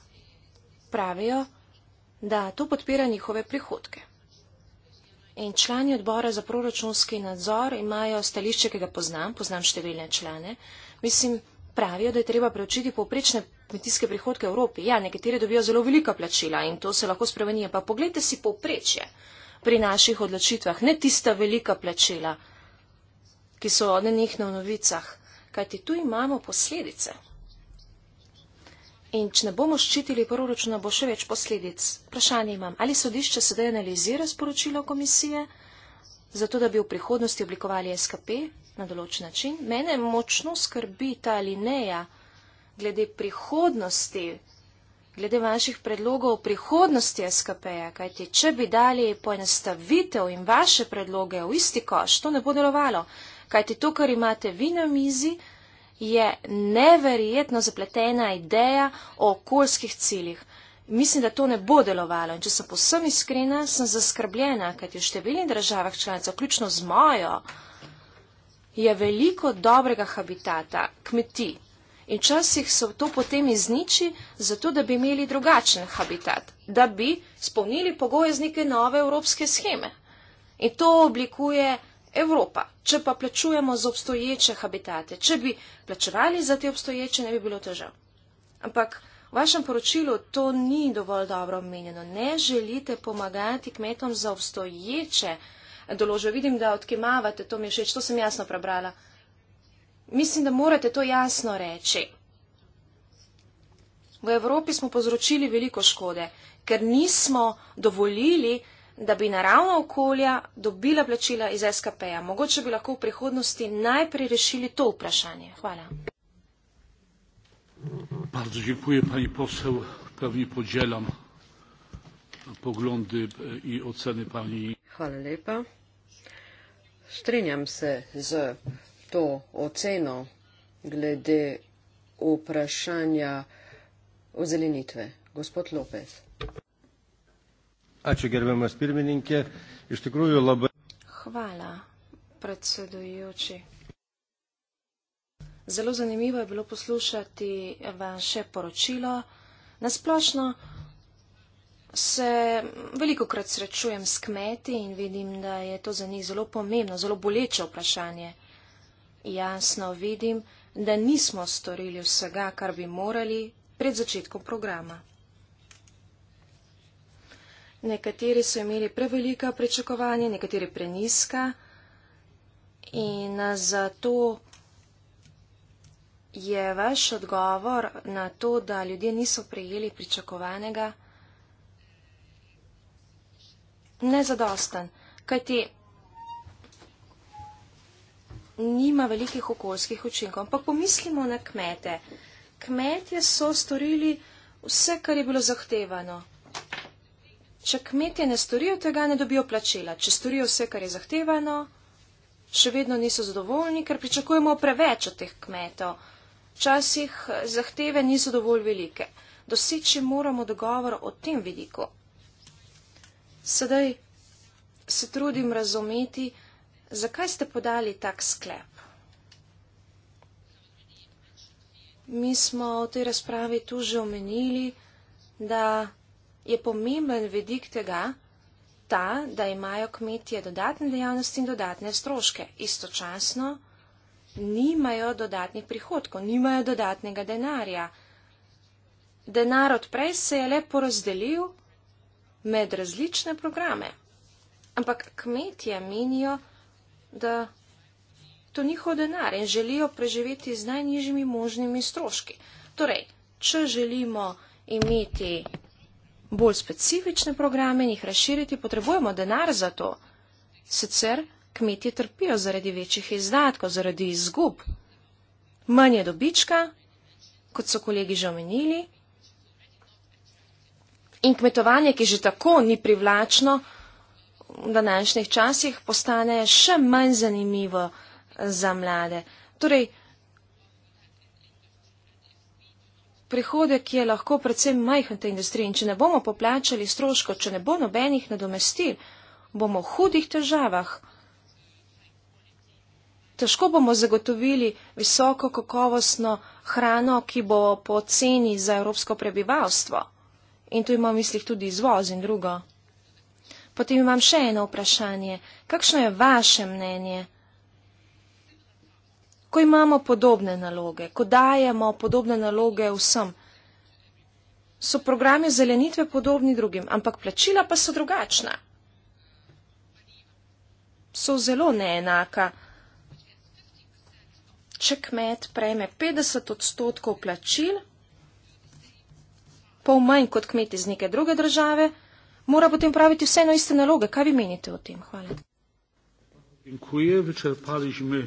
Pravijo, da to podpira njihove prihodke. In člani odbora za proračunski nadzor imajo stališče, ki ga poznam, poznam številne člane. Mislim, pravijo, da je treba preučiti povprečne kmetijske prihodke v Evropi. Ja, nekateri dobijo zelo velika plačila in to se lahko spremeni. Pa pogledajte si povprečje pri naših odločitvah, ne tista velika plačila, ki so od njih na novicah, kajti tu imamo posledice. In če ne bomo ščitili proračuna, bo še več posledic. Vprašanje imam, ali sodišče sedaj analizira sporočilo komisije, zato da bi v prihodnosti oblikovali SKP na določen način. Mene močno skrbi ta linija glede prihodnosti, glede vaših predlogov prihodnosti SKP-ja, kajti če bi dali poenostavitev in vaše predloge v isti koš, to ne bo delovalo, kajti to, kar imate vi na mizi, je neverjetno zapletena ideja o okoljskih ciljih. Mislim, da to ne bo delovalo in če sem posem iskrena, sem zaskrbljena, kajti v številnih državah članicah, vključno z mojo, je veliko dobrega habitata, kmetij. In včasih se to potem izniči, zato da bi imeli drugačen habitat, da bi spolnili pogoje z neke nove evropske scheme. In to oblikuje Evropa, če pa plačujemo za obstoječe habitate, če bi plačevali za te obstoječe, ne bi bilo težav. Ampak v vašem poročilu to ni dovolj dobro omenjeno. Ne želite pomagati kmetom za obstoječe določbe. Vidim, da odkimavate, to mi je všeč, to sem jasno prebrala. Mislim, da morate to jasno reči. V Evropi smo povzročili veliko škode, ker nismo dovolili, da bi naravna okolja dobila plačila iz SKP-ja. Mogoče bi lahko v prihodnosti najprej rešili to vprašanje. Hvala. Bardzo dziękuję pani poseł. W pełni podzielam poglądy i oceny pani. Hvala lepa. Strinjam se z to oceno glede vprašanja ozelenitve. Gospod Lopez. Ačiū gerbiamas pirmininkė, iš tikrųjų labai. Hvala, predsedujoči. Zelo zanimivo je bilo poslušati vaše poročilo. Nasplošno se veliko krat srečujem s kmeti in vidim, da je to za njih zelo pomembno, zelo boleče vprašanje. Jasno vidim, da nismo storili vsega, kar bi morali pred začetkom programa. Nekateri so imeli prevelika pričakovanja, nekateri preniska in eh, zato je vaš odgovor na to, da ljudje niso prejeli pričakovanega, nezadosten, kajti nima velikih okoljskih učinkov. Ampak pomislimo na kmete. Kmetje so storili vse, kar je bilo zahtevano če kmetje ne storijo tega, ne dobijo plačila. Če storijo vse, kar je zahtevano, še vedno niso zadovoljni, ker pričakujemo preveč od teh kmetov. Včasih zahteve niso dovolj velike. Doseči moramo dogovor o tem vidiku. Sedaj se trudim razumeti, zakaj ste podali tak sklep. Mi smo v tej razpravi tu že omenili, da je pomemben vedik tega ta, da imajo kmetije dodatne dejavnosti in dodatne stroške. Istočasno nimajo dodatnih prihodkov, nimajo dodatnega denarja. Denar od prej se je le porazdelil med različne programe. Ampak kmetije menijo, da to njihov denar in želijo preživeti z najnižjimi možnimi stroški. Torej, če želimo imeti bolj specifične programe in jih razširiti, potrebujemo denar za to. Sicer kmetje trpijo zaradi večjih izdatkov, zaradi izgub. Manj je dobička, kot so kolegi že omenili. In kmetovanje, ki že tako ni privlačno, v današnjih časih postane še manj zanimivo za mlade. Torej, prihodek je lahko predvsem majhen tej industriji in če ne bomo poplačali stroško, če ne bo nobenih nadomestil, bomo v hudih težavah. Težko bomo zagotovili visoko kakovostno hrano, ki bo po ceni za evropsko prebivalstvo. In tu imam v mislih tudi izvoz in drugo. Potem imam še eno vprašanje. Kakšno je vaše mnenje? ko imamo podobne naloge, ko dajemo podobne naloge vsem. So programe zelenitve podobni drugim, ampak plačila pa so drugačna. So zelo neenaka. Če kmet prejme 50 odstotkov plačil, pol manj kot kmet iz neke druge države, mora potem praviti vseeno iste naloge. Kaj vi menite o tem? Hvala. In ko je večer pališ me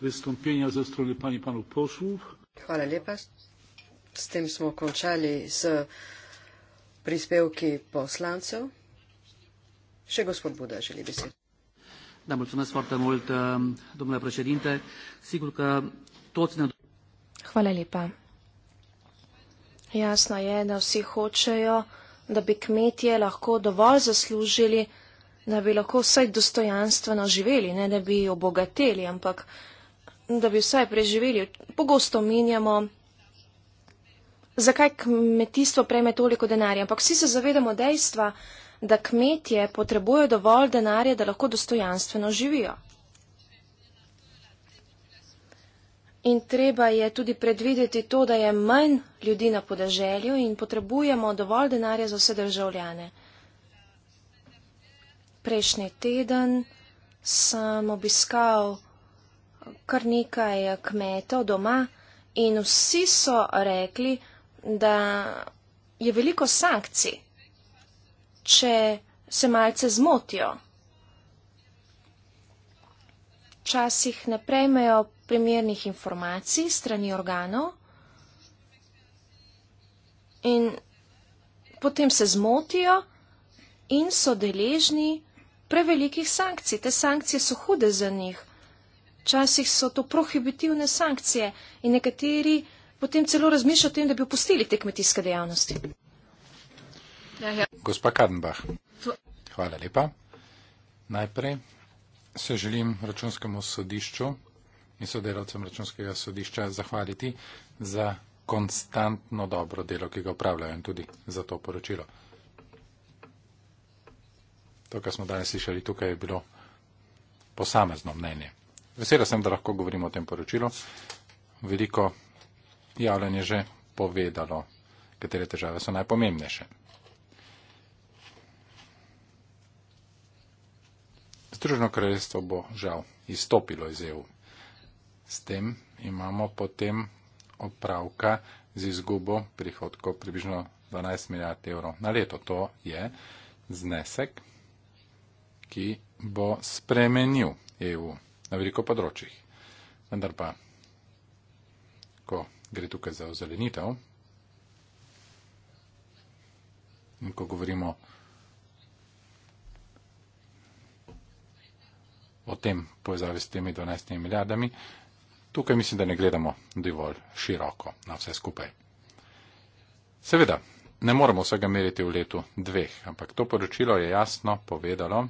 wystąpienia ze strony pani panów posłów. Z tym smo končali z prispevki poslancov. Še gospod Buda želi besedo. Da, mulțumesc foarte mult, um, domnule președinte. Sigur că toți ne... Hvala lepa. Jasno je, da vsi hočejo, da bi kmetje lahko dovolj zaslužili, da bi lahko vsaj dostojanstveno živeli, ne da bi obogateli, ampak da bi vsaj preživeli. Pogosto menjamo, zakaj kmetijstvo prejme toliko denarja, ampak vsi se zavedamo dejstva, da kmetje potrebujejo dovolj denarja, da lahko dostojanstveno živijo. In treba je tudi predvideti to, da je manj ljudi na podeželju in potrebujemo dovolj denarja za vse državljane. Prejšnji teden sem obiskal kar nekaj kmetov doma in vsi so rekli, da je veliko sankcij, če se malce zmotijo. Včasih ne prejmejo primernih informacij strani organov in potem se zmotijo in so deležni prevelikih sankcij. Te sankcije so hude za njih. Včasih so to prohibitivne sankcije in nekateri potem celo razmišljajo o tem, da bi opustili te kmetijske dejavnosti. Ja, ja. Gospa Kardenbach, hvala lepa. Najprej se želim računskemu sodišču in sodelavcem računskega sodišča zahvaliti za konstantno dobro delo, ki ga upravljajo in tudi za to poročilo. To, kar smo danes slišali tukaj, je bilo posamezno mnenje. Vesela sem, da lahko govorimo o tem poročilu. Veliko javljanje že povedalo, katere težave so najpomembnejše. Združeno kraljestvo bo žal izstopilo iz EU. S tem imamo potem opravka z izgubo prihodkov približno 12 milijard evrov na leto. To je znesek, ki bo spremenil EU na veliko področjih. Vendar pa, ko gre tukaj za ozelenitev in ko govorimo o tem povezavi s temi 12 milijardami, tukaj mislim, da ne gledamo dovolj široko na vse skupaj. Seveda, ne moramo vsega meriti v letu dveh, ampak to poročilo je jasno povedalo,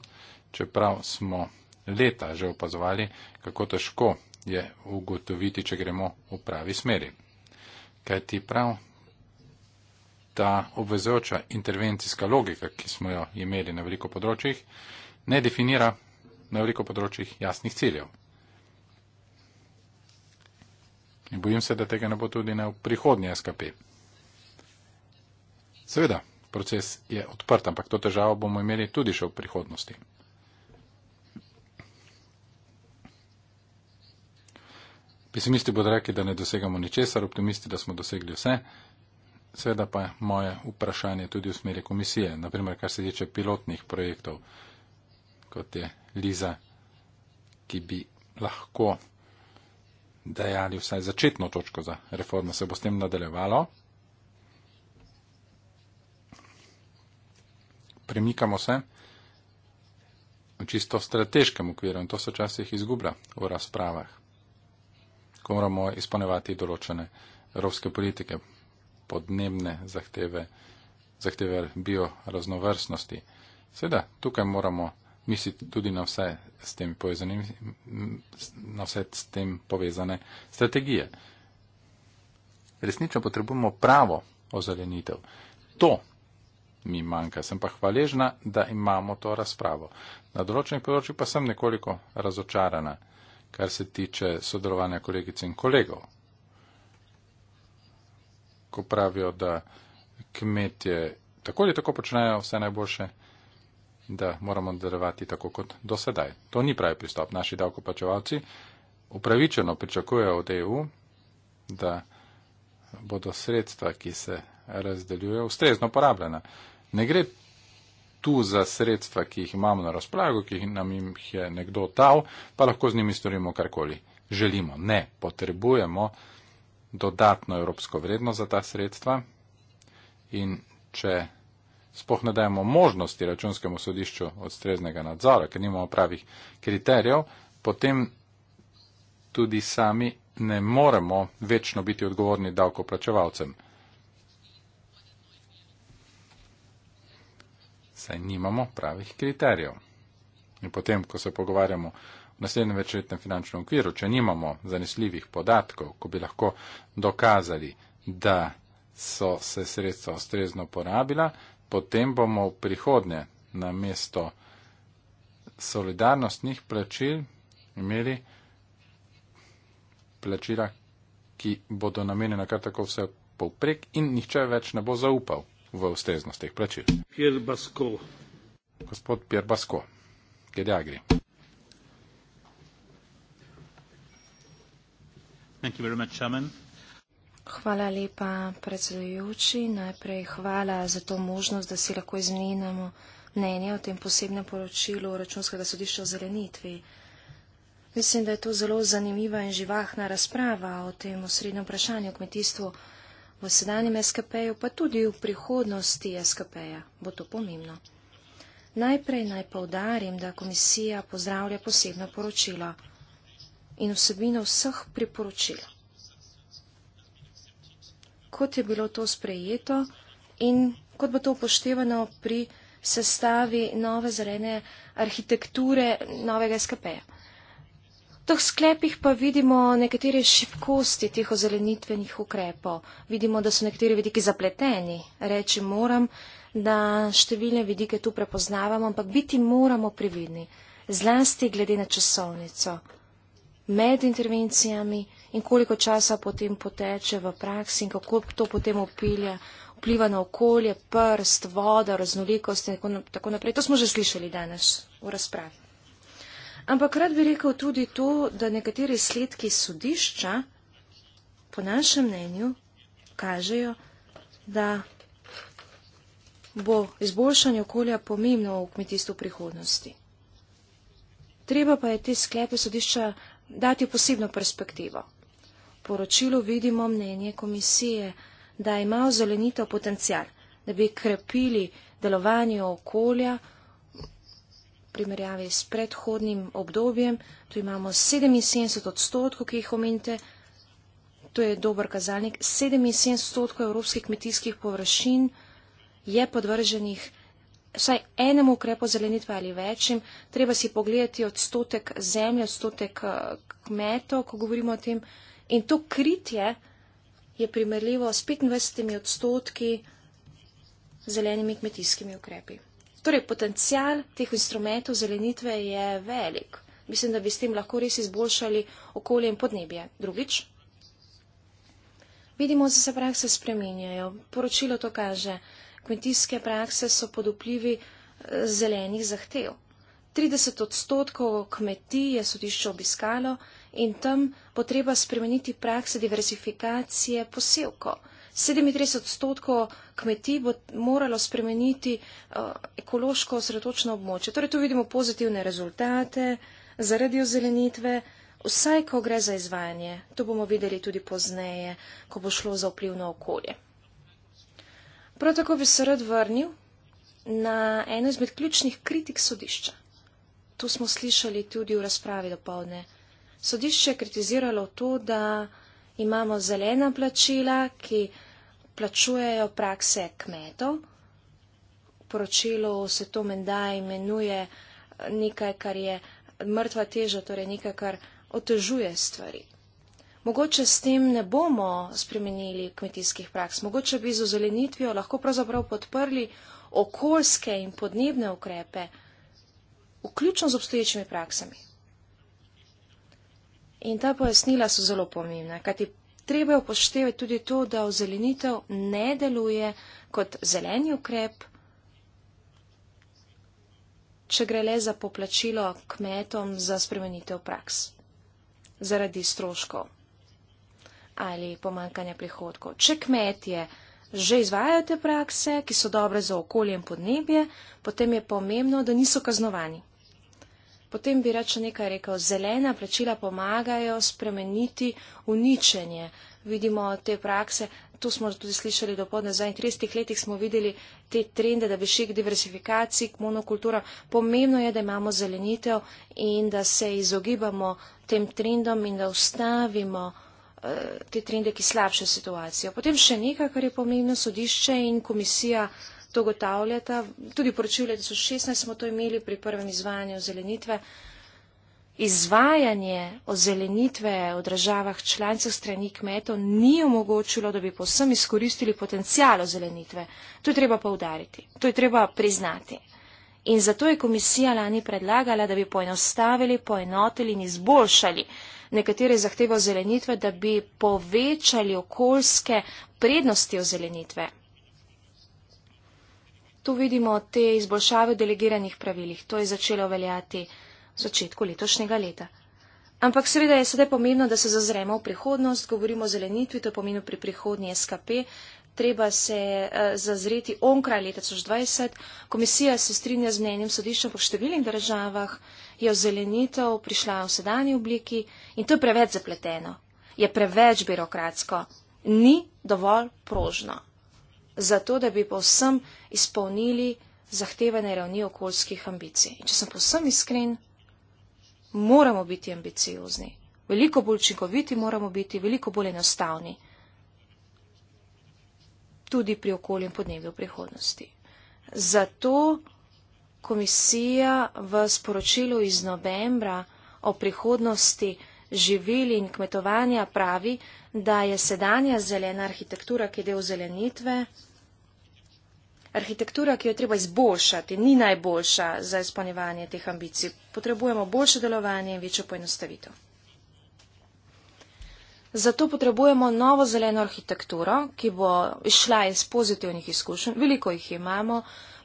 čeprav smo leta že opazovali, kako težko je ugotoviti, če gremo v pravi smeri. Kaj ti prav ta obvezojoča intervencijska logika, ki smo jo imeli na veliko področjih, ne definira na veliko področjih jasnih ciljev. In bojim se, da tega ne bo tudi na prihodnje SKP. Seveda, proces je odprt, ampak to težavo bomo imeli tudi še v prihodnosti. Pesimisti bodo rekli, da ne dosegamo ničesar, optimisti, da smo dosegli vse. Seveda pa je moje vprašanje tudi v smeri komisije, naprimer, kar se tiče pilotnih projektov, kot je Liza, ki bi lahko dajali vsaj začetno točko za reformo. Se bo s tem nadaljevalo? Premikamo se v čisto strateškem okviru in to se včasih izgublja v razpravah ko moramo izpolnevati določene evropske politike, podnebne zahteve, zahteve bioraznovrstnosti. Seveda, tukaj moramo misliti tudi na vse s tem, povezanim, na vse s tem povezane strategije. Resnično potrebujemo pravo ozelenitev. To mi manjka. Sem pa hvaležna, da imamo to razpravo. Na določenih področjih pa sem nekoliko razočarana kar se tiče sodelovanja kolegic in kolegov. Ko pravijo, da kmetje tako ali tako počnejo vse najboljše, da moramo delovati tako kot do sedaj. To ni pravi pristop. Naši davkoplačevalci upravičeno pričakujejo od EU, da bodo sredstva, ki se razdeljujejo, ustrezno porabljena. Ne gre tu za sredstva, ki jih imamo na razpolago, ki nam jih je nekdo dal, pa lahko z njimi storimo karkoli želimo. Ne, potrebujemo dodatno evropsko vrednost za ta sredstva in če spoh ne dajemo možnosti računskemu sodišču od streznega nadzora, ker nimamo pravih kriterijev, potem tudi sami ne moremo večno biti odgovorni davkoplačevalcem. saj nimamo pravih kriterijev. In potem, ko se pogovarjamo v naslednjem večletnem finančnem okviru, če nimamo zanesljivih podatkov, ko bi lahko dokazali, da so se sredstva ustrezno porabila, potem bomo v prihodnje na mesto solidarnostnih plačil imeli plačila, ki bodo namenjena kar tako vse povprek in nihče več ne bo zaupal v ustreznost teh plačil. Gospod Pierbasko, kje gre? Hvala lepa, predsedujoči. Najprej hvala za to možnost, da si lahko izmenjamo mnenje o tem posebnem poročilu računskega sodišča o zelenitvi. Mislim, da je to zelo zanimiva in živahna razprava o tem osrednjem vprašanju o kmetijstvu v sedanjem SKP-ju, pa tudi v prihodnosti SKP-ja, bo to pomembno. Najprej naj povdarim, da komisija pozdravlja posebno poročilo in vsebino vseh priporočil. Kot je bilo to sprejeto in kot bo to upoštevano pri sestavi nove zelene arhitekture novega SKP-ja teh sklepih pa vidimo nekatere šibkosti teh ozelenitvenih ukrepov. Vidimo, da so nekateri vidiki zapleteni. Reči moram, da številne vidike tu prepoznavamo, ampak biti moramo previdni. Zlasti glede na časovnico. Med intervencijami in koliko časa potem poteče v praksi in kako to potem upilja, vpliva na okolje, prst, voda, raznolikost in tako naprej. To smo že slišali danes v razpravi. Ampak rad bi rekel tudi to, da nekateri sledki sodišča, po našem mnenju, kažejo, da bo izboljšanje okolja pomembno v kmetijstvu prihodnosti. Treba pa je te sklepe sodišča dati v posebno perspektivo. V poročilu vidimo mnenje komisije, da ima ozelenitev potencial, da bi krepili delovanje okolja, primerjavi s predhodnim obdobjem. Tu imamo 77 odstotkov, ki jih omenite. To je dober kazalnik. 77 odstotkov evropskih kmetijskih površin je podvrženih vsaj enemu ukrepu zelenitve ali večjim. Treba si pogledati odstotek zemlje, odstotek eh, kmetov, ko govorimo o tem. In to kritje je primerljivo s 25 odstotki zelenimi kmetijskimi ukrepi. Torej, potencial teh instrumentov zelenitve je velik. Mislim, da bi s tem lahko res izboljšali okolje in podnebje. Drugič. Vidimo, da se prakse spreminjajo. Poročilo to kaže. Kmetijske prakse so pod vplivi eh, zelenih zahtev. 30 odstotkov kmetij je sodišče obiskalo in tam potreba spremeniti prakse diversifikacije posevkov. 37 odstotkov kmetij bo moralo spremeniti uh, ekološko osredotočno območje. Torej tu vidimo pozitivne rezultate zaradi ozelenitve, vsaj ko gre za izvajanje. To bomo videli tudi pozneje, ko bo šlo za vpliv na okolje. Prav tako bi se rad vrnil na eno izmed ključnih kritik sodišča. To smo slišali tudi v razpravi do povdne. Sodišče je kritiziralo to, da imamo zelena plačila, ki plačujejo prakse kmetov. V poročilu se to menda imenuje eh, nekaj, kar je mrtva teža, torej nekaj, kar otežuje stvari. Mogoče s tem ne bomo spremenili kmetijskih praks, mogoče bi z ozelenitvijo lahko pravzaprav podprli okoljske in podnebne ukrepe, vključno z obstoječimi praksami. In ta pojasnila so zelo pomembna, kajti Treba je upoštevati tudi to, da ozelenitev ne deluje kot zeleni ukrep, če gre le za poplačilo kmetom za spremenitev praks zaradi stroškov ali pomankanja prihodkov. Če kmetje že izvajajo te prakse, ki so dobre za okolje in podnebje, potem je pomembno, da niso kaznovani. Potem bi rad še nekaj rekel. Zelena plačila pomagajo spremeniti uničenje. Vidimo te prakse, to smo tudi slišali do podne, za 30 letih smo videli te trende, da bi šli k diversifikaciji, k monokulturo. Pomembno je, da imamo zelenitev in da se izogibamo tem trendom in da ustavimo eh, te trende, ki slabše situacijo. Potem še nekaj, kar je pomembno, sodišče in komisija to gotavljata. Tudi poročil leta 2016 smo to imeli pri prvem izvajanju ozelenitve. Izvajanje ozelenitve v državah članicah strani kmetov ni omogočilo, da bi posem izkoristili potencijal ozelenitve. To je treba povdariti, to je treba priznati. In zato je komisija lani predlagala, da bi poenostavili, poenotili in izboljšali nekatere zahteve ozelenitve, da bi povečali okoljske prednosti ozelenitve tu vidimo te izboljšave v delegiranih pravilih. To je začelo veljati v začetku letošnjega leta. Ampak seveda je sedaj pomembno, da se zazremo v prihodnost, govorimo o zelenitvi, to je pomembno pri prihodnji SKP. Treba se eh, zazreti onkraj leta 2020. Komisija se strinja z mnenjem sodišča po številnih državah, je ozelenitev prišla v sedanji obliki in to je preveč zapleteno, je preveč birokratsko, ni dovolj prožno zato, da bi povsem izpolnili zahtevane ravni okoljskih ambicij. In če sem povsem iskren, moramo biti ambiciozni, veliko bolj učinkoviti moramo biti, veliko bolj enostavni, tudi pri okolju in podnebju prihodnosti. Zato komisija v sporočilu iz novembra o prihodnosti živili in kmetovanja pravi, da je sedanja zelena arhitektura, ki je del zelenitve, arhitektura, ki jo treba izboljšati, ni najboljša za izpolnjevanje teh ambicij. Potrebujemo boljše delovanje in večjo poenostavitev. Zato potrebujemo novo zeleno arhitekturo, ki bo išla iz pozitivnih izkušenj. Veliko jih imamo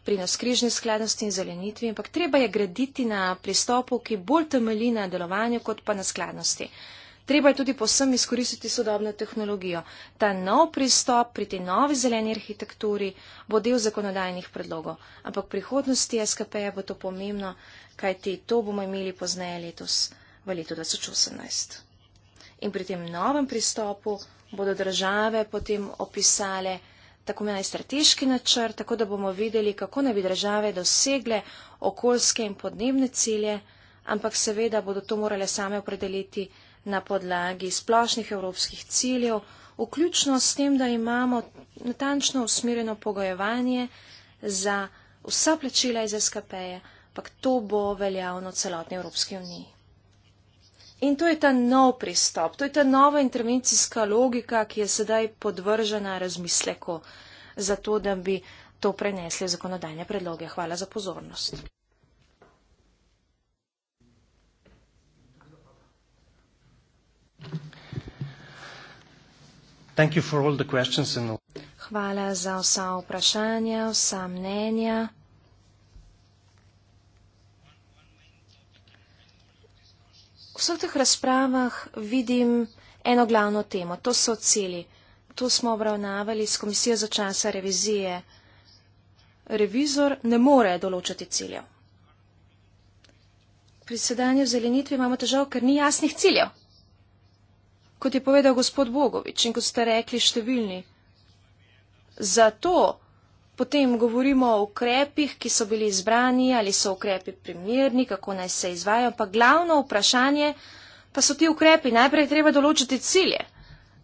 pri nas križni skladnosti in zelenitvi, ampak treba je graditi na pristopu, ki bolj temelji na delovanju kot pa na skladnosti treba je tudi posem izkoristiti sodobno tehnologijo. Ta nov pristop pri tej novi zeleni arhitekturi bo del zakonodajnih predlogov. Ampak prihodnosti SKP-ja bo to pomembno, kajti to bomo imeli pozneje letos v letu 2018. In pri tem novem pristopu bodo države potem opisale tako imenovani strateški načrt, tako da bomo videli, kako naj bi države dosegle okoljske in podnebne cilje, ampak seveda bodo to morale same opredeliti na podlagi splošnih evropskih ciljev, vključno s tem, da imamo natančno usmerjeno pogojevanje za vsa plačila iz SKP-je, pa to bo veljavno celotni Evropski uniji. In to je ta nov pristop, to je ta nova intervencijska logika, ki je sedaj podvržena razmisleku za to, da bi to prenesli v zakonodajne predloge. Hvala za pozornost. Hvala za vsa vprašanja, vsa mnenja. V vseh teh razpravah vidim eno glavno temo, to so cili. To smo obravnavali s Komisijo za časa revizije. Revizor ne more določati ciljev. Pri sedanju zelenitvi imamo težav, ker ni jasnih ciljev kot je povedal gospod Bogovič in kot ste rekli številni. Zato potem govorimo o ukrepih, ki so bili izbrani ali so ukrepi primerni, kako naj se izvajo, pa glavno vprašanje pa so ti ukrepi. Najprej treba določiti cilje.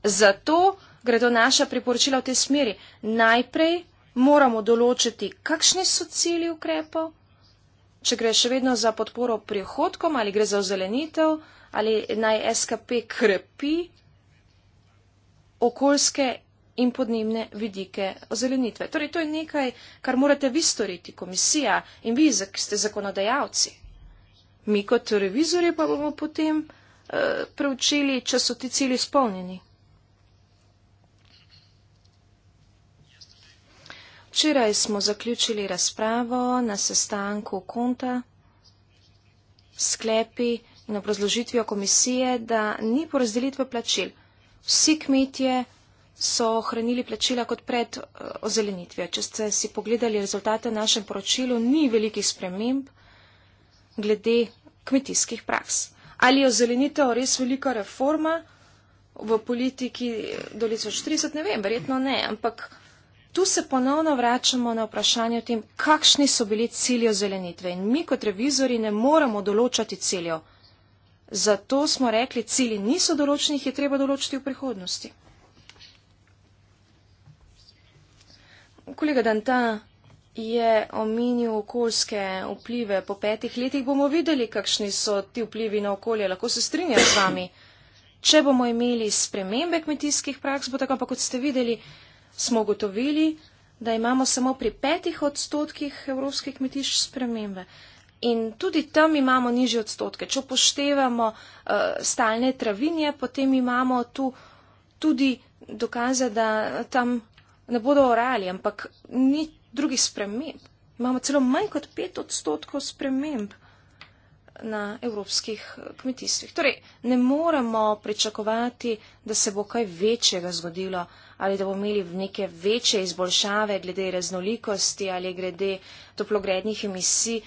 Zato gredo naša priporočila v tej smeri. Najprej moramo določiti, kakšni so cilji ukrepov, če gre še vedno za podporo prihodkom ali gre za ozelenitev ali naj SKP krepi okoljske in podnebne vidike ozelenitve. Torej, to je nekaj, kar morate vi storiti, komisija in vi, ki ste zakonodajalci. Mi kot revizori pa bomo potem uh, preučili, če so ti cilji spolnjeni. Včeraj smo zaključili razpravo na sestanku konta. Sklepi in obrazložitvijo komisije, da ni porazdelitve plačil. Vsi kmetje so ohranili plačila kot pred eh, ozelenitvijo. Če ste si pogledali rezultate našem poročilu, ni velikih sprememb glede kmetijskih praks. Ali je ozelenitev res velika reforma v politiki do leta 2030, ne vem, verjetno ne, ampak tu se ponovno vračamo na vprašanje o tem, kakšni so bili cilji ozelenitve. In mi kot revizori ne moramo določati ciljev. Zato smo rekli, cili niso določeni, jih je treba določiti v prihodnosti. Kolega Danta je omenil okoljske vplive. Po petih letih bomo videli, kakšni so ti vplivi na okolje. Lahko se strinjam z vami. Če bomo imeli spremembe kmetijskih praks, bo tako, ampak kot ste videli, smo ugotovili, da imamo samo pri petih odstotkih evropskih kmetišč spremembe. In tudi tam imamo nižje odstotke. Če upoštevamo uh, stalne travinje, potem imamo tu tudi dokaze, da tam ne bodo orali, ampak ni drugih sprememb. Imamo celo manj kot pet odstotkov sprememb na evropskih eh, kmetijstvih. Torej, ne moremo pričakovati, da se bo kaj večjega zgodilo ali da bomo imeli neke večje izboljšave glede raznolikosti ali glede toplogrednih emisij. Uh,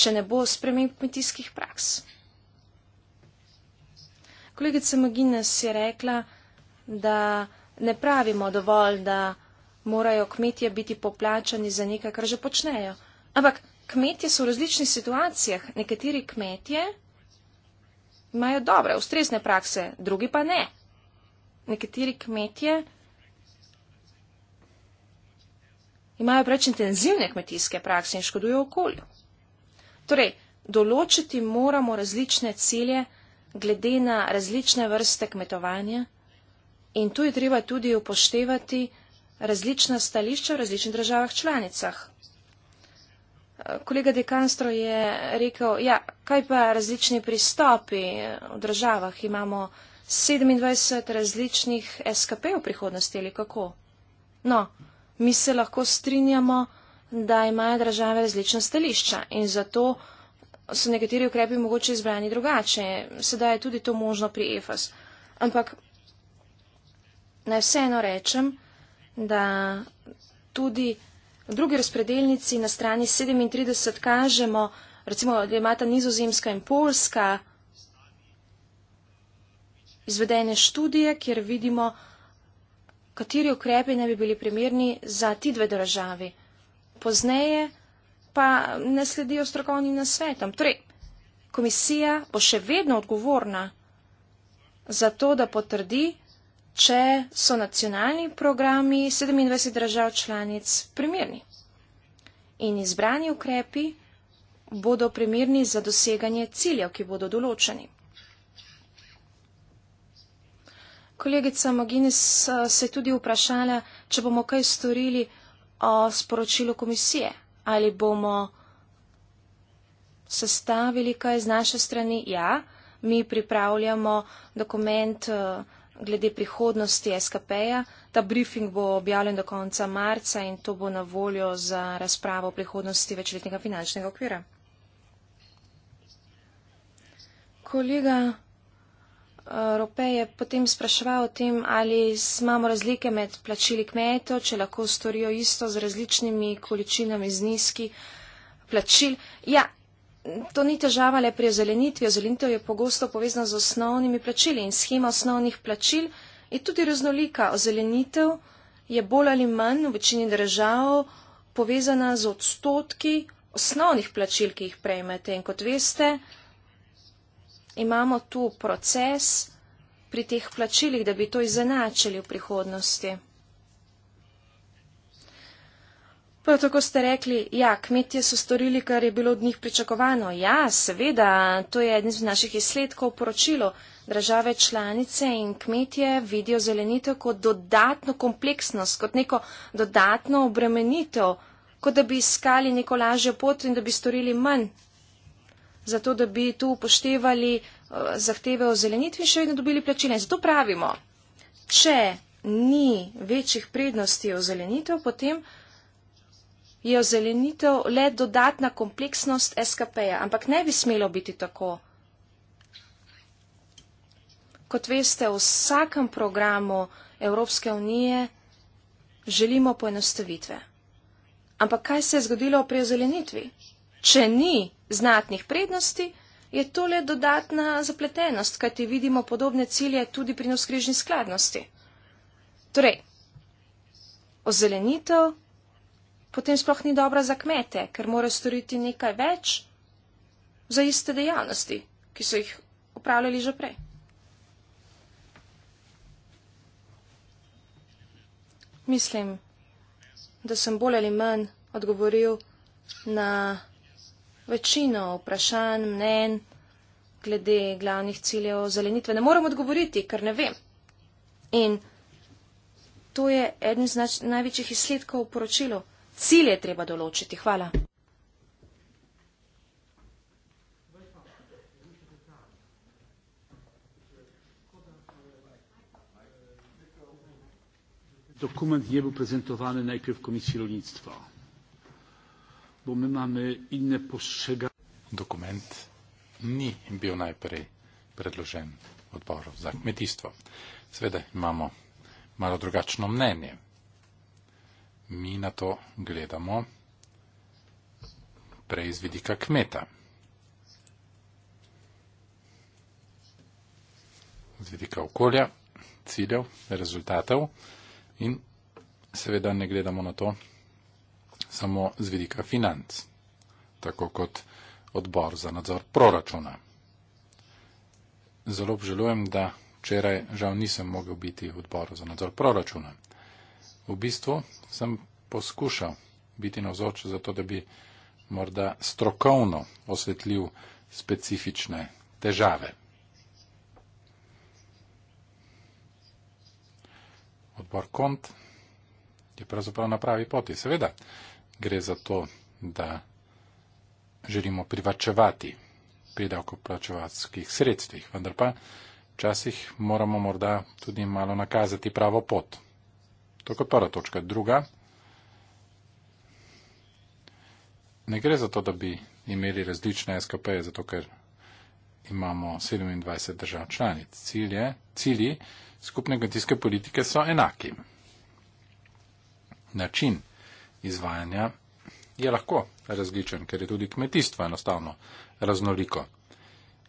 če ne bo sprememb kmetijskih praks. Kolegica Maginas je rekla, da ne pravimo dovolj, da morajo kmetje biti poplačani za nekaj, kar že počnejo. Ampak kmetje so v različnih situacijah. Nekateri kmetje imajo dobre, ustrezne prakse, drugi pa ne. Nekateri kmetje imajo preč intenzivne kmetijske prakse in škodujo okolju. Torej, določiti moramo različne cilje glede na različne vrste kmetovanja in tu je treba tudi upoštevati različna stališča v različnih državah članicah. Kolega Dekanstro je rekel, ja, kaj pa različni pristopi v državah? Imamo 27 različnih SKP v prihodnosti ali kako? No, mi se lahko strinjamo, da imajo države različna stališča in zato so nekateri ukrepi mogoče izbrani drugače. Sedaj je tudi to možno pri EFAS. Ampak naj vseeno rečem, da tudi v drugi razpredelnici na strani 37 kažemo, recimo, da imata nizozemska in polska izvedene študije, kjer vidimo, kateri ukrepi ne bi bili primerni za ti dve državi pozneje pa ne sledijo strokovnim nasvetom. Torej, komisija bo še vedno odgovorna za to, da potrdi, če so nacionalni programi 27 držav članic primerni. In izbrani ukrepi bodo primerni za doseganje ciljev, ki bodo določeni. Kolegica Maginis eh, se je tudi vprašala, če bomo kaj storili o sporočilu komisije? Ali bomo sestavili kaj z naše strani? Ja, mi pripravljamo dokument eh, glede prihodnosti SKP-ja. Ta briefing bo objavljen do konca marca in to bo na voljo za razpravo o prihodnosti večletnega finančnega okvira. Kolega Rope je potem spraševal o tem, ali imamo razlike med plačili kmetov, če lahko storijo isto z različnimi količinami zniski plačil. Ja, to ni težava le pri ozelenitvi. Ozelenitev je pogosto povezana z osnovnimi plačili in schema osnovnih plačil je tudi raznolika. Ozelenitev je bolj ali manj v večini držav povezana z odstotki osnovnih plačil, ki jih prejmete. In kot veste, imamo tu proces pri teh plačilih, da bi to izenačili v prihodnosti. Prav tako ste rekli, ja, kmetje so storili, kar je bilo od njih pričakovano. Ja, seveda, to je eden iz naših izsledkov poročilo. Države članice in kmetje vidijo zelenitev kot dodatno kompleksnost, kot neko dodatno obremenitev, kot da bi iskali neko lažjo pot in da bi storili manj zato da bi tu upoštevali eh, zahteve o zelenitvi in še vedno dobili plačila. In zato pravimo, če ni večjih prednosti o zelenitev, potem je o zelenitev le dodatna kompleksnost SKP-ja. Ampak ne bi smelo biti tako. Kot veste, v vsakem programu Evropske unije želimo poenostavitve. Ampak kaj se je zgodilo pri ozelenitvi? Če ni znatnih prednosti, je to le dodatna zapletenost, kajti vidimo podobne cilje tudi pri navskrižni skladnosti. Torej, ozelenitev potem sploh ni dobra za kmete, ker mora storiti nekaj več za iste dejavnosti, ki so jih upravljali že prej. Mislim, da sem bolj ali manj odgovoril na večino vprašanj, mnen glede glavnih ciljev zelenitve. Ne moram odgovoriti, ker ne vem. In to je eden z največjih izsledkov v poročilu. Cilje treba določiti. Hvala. Dokument je bil prezentovan najprej v komisiji rolnictva bo mi mame in ne posega. Dokument ni bil najprej predložen odboru za kmetijstvo. Sveda imamo malo drugačno mnenje. Mi na to gledamo prej iz vidika kmeta. Z vidika okolja, ciljev, rezultatov in seveda ne gledamo na to samo z vidika financ, tako kot odbor za nadzor proračuna. Zelo obžalujem, da včeraj žal nisem mogel biti v odboru za nadzor proračuna. V bistvu sem poskušal biti navzoč zato, da bi morda strokovno osvetljil specifične težave. Odbor kont je pravzaprav na pravi poti, seveda gre za to, da želimo privačevati pri davkoplačevalskih sredstvih, vendar pa včasih moramo morda tudi malo nakazati pravo pot. To kot prva točka. Druga, ne gre za to, da bi imeli različne SKP-je, zato ker imamo 27 držav članic. Cilje, cilji skupne kmetijske politike so enaki. Način, izvajanja, je lahko različen, ker je tudi kmetijstvo enostavno raznoliko.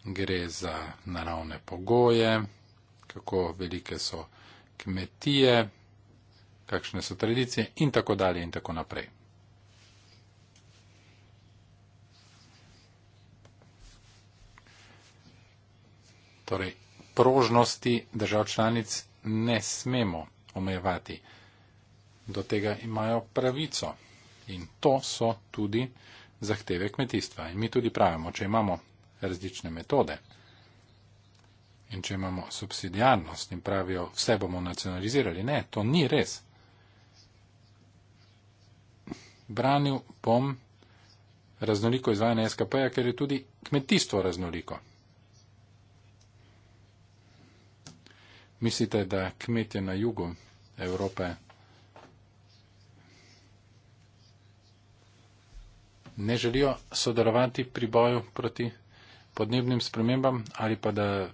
Gre za naravne pogoje, kako velike so kmetije, kakšne so tradicije in tako dalje in tako naprej. Torej, prožnosti držav članic ne smemo omejevati do tega imajo pravico. In to so tudi zahteve kmetijstva. In mi tudi pravimo, če imamo različne metode in če imamo subsidijarnost in pravijo, vse bomo nacionalizirali. Ne, to ni res. Branil bom raznoliko izvajanje SKP-ja, ker je tudi kmetijstvo raznoliko. Mislite, da kmetje na jugu Evrope ne želijo sodelovati pri boju proti podnebnim spremembam ali pa da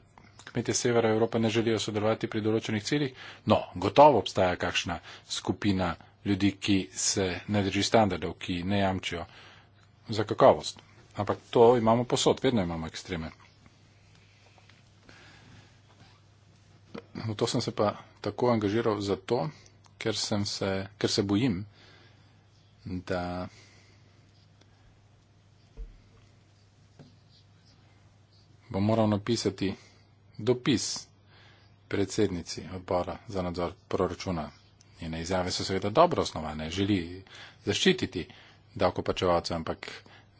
kmetje severa Evrope ne želijo sodelovati pri določenih ciljih. No, gotovo obstaja kakšna skupina ljudi, ki se ne drži standardov, ki ne jamčijo za kakovost. Ampak to imamo posod, vedno imamo ekstreme. V to sem se pa tako angažiral zato, ker, se, ker se bojim, da bo moral napisati dopis predsednici odbora za nadzor proračuna. Njene izjave so seveda dobro osnovane, želi zaščititi davkoplačevalce, ampak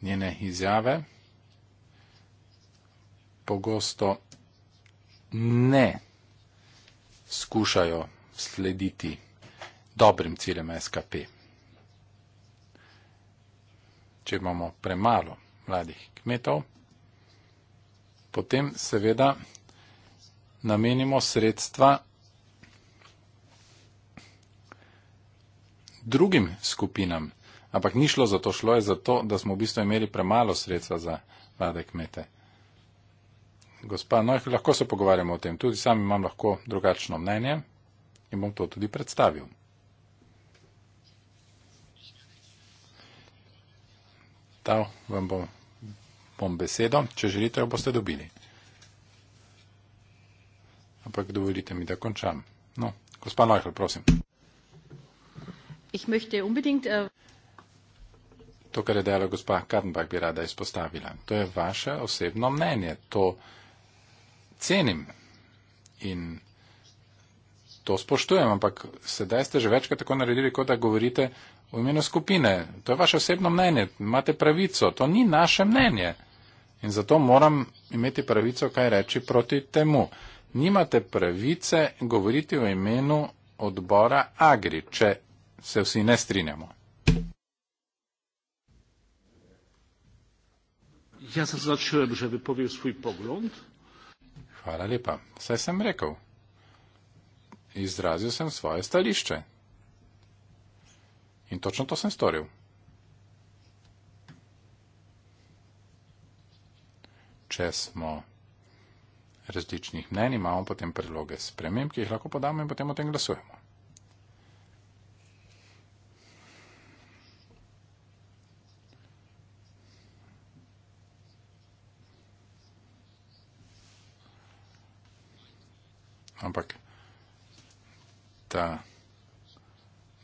njene izjave pogosto ne skušajo slediti dobrim ciljem SKP. Če imamo premalo mladih kmetov, potem seveda namenimo sredstva drugim skupinam. Ampak ni šlo za to, šlo je za to, da smo v bistvu imeli premalo sredstva za mlade kmete. Gospa, no, lahko se pogovarjamo o tem, tudi sam imam lahko drugačno mnenje in bom to tudi predstavil. Dal vam bom bom besedo, če želite, jo boste dobili. Ampak dovolite mi, da končam. No, gospod Najhl, prosim. Äh, to, kar je dejala gospa Kardenbach, bi rada izpostavila. To je vaše osebno mnenje. To cenim in to spoštujem, ampak sedaj ste že večkrat tako naredili, kot da govorite v imenu skupine. To je vaše osebno mnenje. Imate pravico. To ni naše mnenje. In zato moram imeti pravico kaj reči proti temu. Nimate pravice govoriti v imenu odbora Agri, če se vsi ne strinjamo. Jaz sem začel, že bi povedal svoj pogled. Hvala lepa. Saj sem rekel. Izrazil sem svoje stališče. In točno to sem storil. če smo različnih mnen, imamo potem predloge spremem, ki jih lahko podamo in potem o tem glasujemo. Ampak ta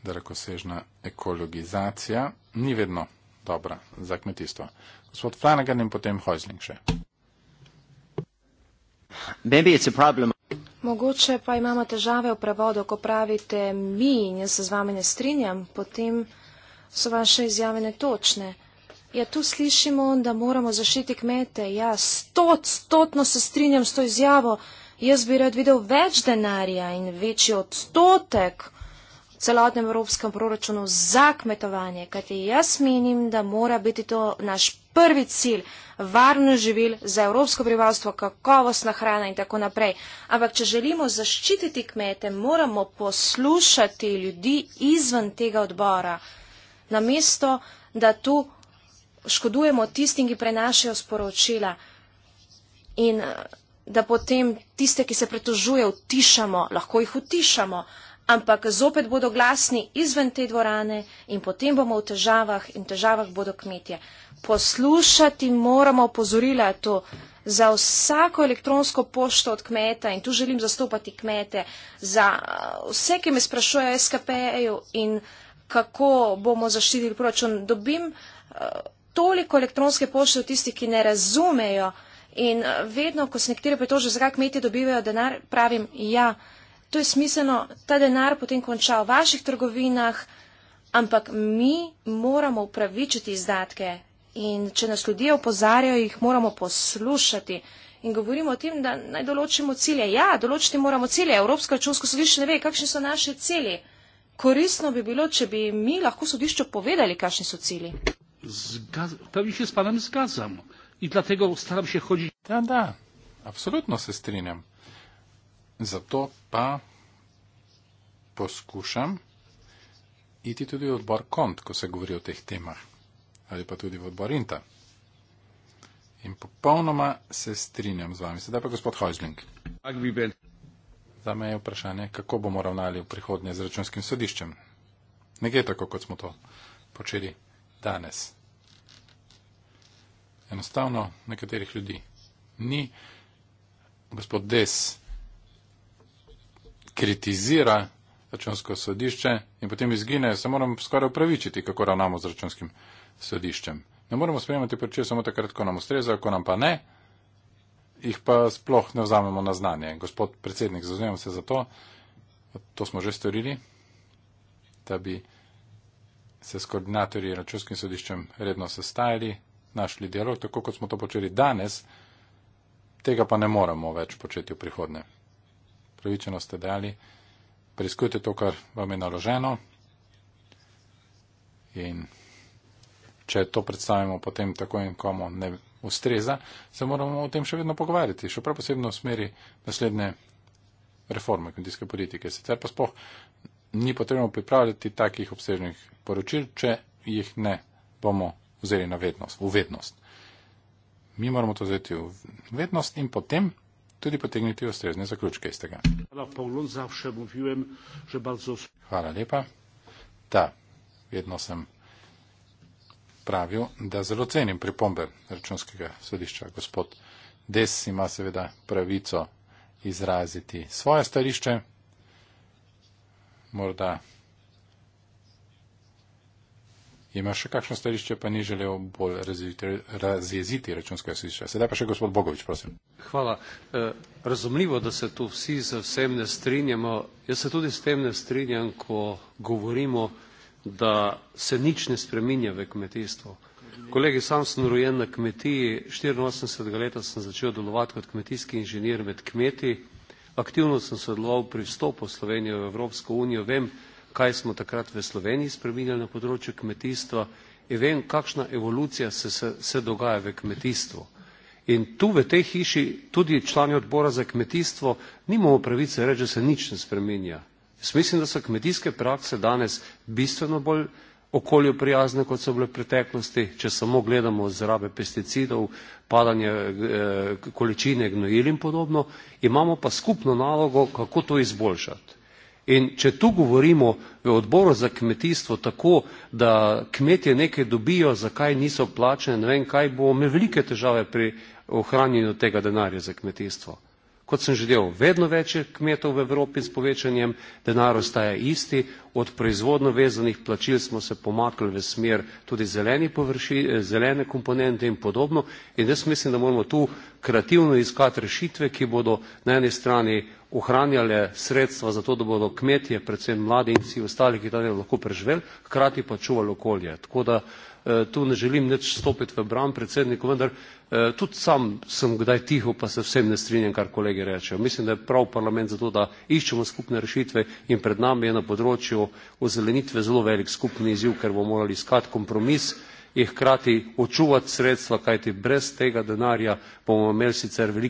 drakosežna ekologizacija ni vedno dobra za kmetijstvo. Gospod Flanagan in potem Hojzling še. Mogoče pa imamo težave v prevodu, ko pravite mi in jaz se z vami ne strinjam, potem so vaše izjave netočne. Ja, tu slišimo, da moramo zaščiti kmete. Ja, stot, stotno se strinjam s to izjavo. Jaz bi rad videl več denarja in večji odstotek celotnem evropskem proračunu za kmetovanje, kajti jaz menim, da mora biti to naš prvi cilj, varno živil za evropsko prebivalstvo, kakovostna hrana in tako naprej. Ampak, če želimo zaščititi kmete, moramo poslušati ljudi izven tega odbora, namesto, da tu škodujemo tistim, ki prenašajo sporočila in eh, da potem tiste, ki se pretožujejo, utišamo, lahko jih utišamo ampak zopet bodo glasni izven te dvorane in potem bomo v težavah in težavah bodo kmetje. Poslušati moramo opozorila to za vsako elektronsko pošto od kmeta in tu želim zastopati kmete, za uh, vse, ki me sprašujejo o SKP-ju in kako bomo zaščitili proračun. Dobim uh, toliko elektronske pošte od tistih, ki ne razumejo in uh, vedno, ko se nekateri pritožijo, zakaj kmetje dobivajo denar, pravim ja. Uh, to je smiselno, ta denar potem konča v vaših trgovinah, ampak mi moramo upravičiti izdatke in če nas ljudje opozarjajo, jih moramo poslušati. In govorimo o tem, da naj določimo cilje. Ja, določiti moramo cilje. Evropsko računsko sodišče ne ve, kakšni so naši cilji. Korisno bi bilo, če bi mi lahko sodišču povedali, kakšni so cilji. Zgaz, pravi se s panem zgazam. In zato staram se hoditi. Da, da, absolutno se strinjam zato pa poskušam iti tudi v odbor kont, ko se govori o teh temah, ali pa tudi v odbor inta. In popolnoma se strinjam z vami. Sedaj pa gospod Hojzling. Za me je vprašanje, kako bomo ravnali v prihodnje z računskim sodiščem. Ne gre tako, kot smo to počeli danes. Enostavno nekaterih ljudi ni. Gospod Des kritizira računsko sodišče in potem izgine, se moramo skoraj upravičiti, kako ravnamo z računskim sodiščem. Ne moramo sprejemati pričil samo takrat, ko nam ustrezajo, ko nam pa ne, jih pa sploh ne vzamemo na znanje. Gospod predsednik, zazujem se za to, to smo že storili, da bi se s koordinatorji računskim sodiščem redno sestajali, našli dialog, tako kot smo to počeli danes, tega pa ne moramo več početi v prihodnje pravičeno ste dali, preizkujte to, kar vam je naloženo. In če to predstavimo potem tako in komu ne ustreza, se moramo o tem še vedno pogovarjati, še prav posebno v smeri naslednje reforme kmetijske politike. Sicer pa spoh ni potrebno pripravljati takih obsežnih poročil, če jih ne bomo vzeli na vednost, v vednost. Mi moramo to vzeti v vednost in potem tudi potegniti ustrezne zaključke iz tega. Hvala lepa. Da, vedno sem pravil, da zelo cenim pripombe računskega sodišča. Gospod Des ima seveda pravico izraziti svoje stališče. Morda ima še kakšno stališče, pa ni želel bolj razjeziti, razjeziti računskega sodišča. Sedaj pa še gospod Bogovič, prosim. Hvala. E, razumljivo, da se tu vsi z vsem ne strinjamo. Jaz se tudi s tem ne strinjam, ko govorimo, da se nič ne spreminja v kmetijstvu. Kolegi, sam sem rojen na kmetiji, 84. leta sem začel delovati kot kmetijski inženir med kmeti, aktivno sem sodeloval pri vstopu Slovenije v Evropsko unijo, vem, kaj smo takrat v Sloveniji spremenili na področju kmetijstva in vem, kakšna evolucija se, se, se dogaja v kmetijstvu. In tu v tej hiši tudi člani odbora za kmetijstvo nimamo pravice reči, da se nič ne spremenja. Jaz mislim, da so kmetijske prakse danes bistveno bolj okolju prijazne, kot so bile v preteklosti, če samo gledamo zrabe pesticidov, padanje eh, količine gnojil in podobno, imamo pa skupno nalogo, kako to izboljšati. In če tu govorimo v odboru za kmetijstvo tako, da kmetje nekaj dobijo, zakaj niso plačene, ne vem kaj, bo me velike težave pri ohranjenju tega denarja za kmetijstvo. Kot sem že del, vedno več je kmetov v Evropi s povečanjem, denar ostaja isti, od proizvodno vezanih plačil smo se pomaknili v smer tudi zeleni površi, zelene komponente in podobno. In jaz mislim, da moramo tu kreativno iskati rešitve, ki bodo na eni strani ohranjale sredstva za to, da bodo kmetje, predvsem mladi in vsi ostali, ki tam lahko preživeli, hkrati pa čuvali okolje. Tako da eh, tu ne želim nič stopiti v bran predsedniku, vendar eh, tudi sam sem kdaj tiho, pa se vsem ne strinjam, kar kolegi rečejo. Mislim, da je prav parlament za to, da iščemo skupne rešitve in pred nami je na področju ozelenitve zelo velik skupni izziv, ker bomo morali iskati kompromis in hkrati očuvati sredstva, kajti brez tega denarja bomo imeli sicer veliko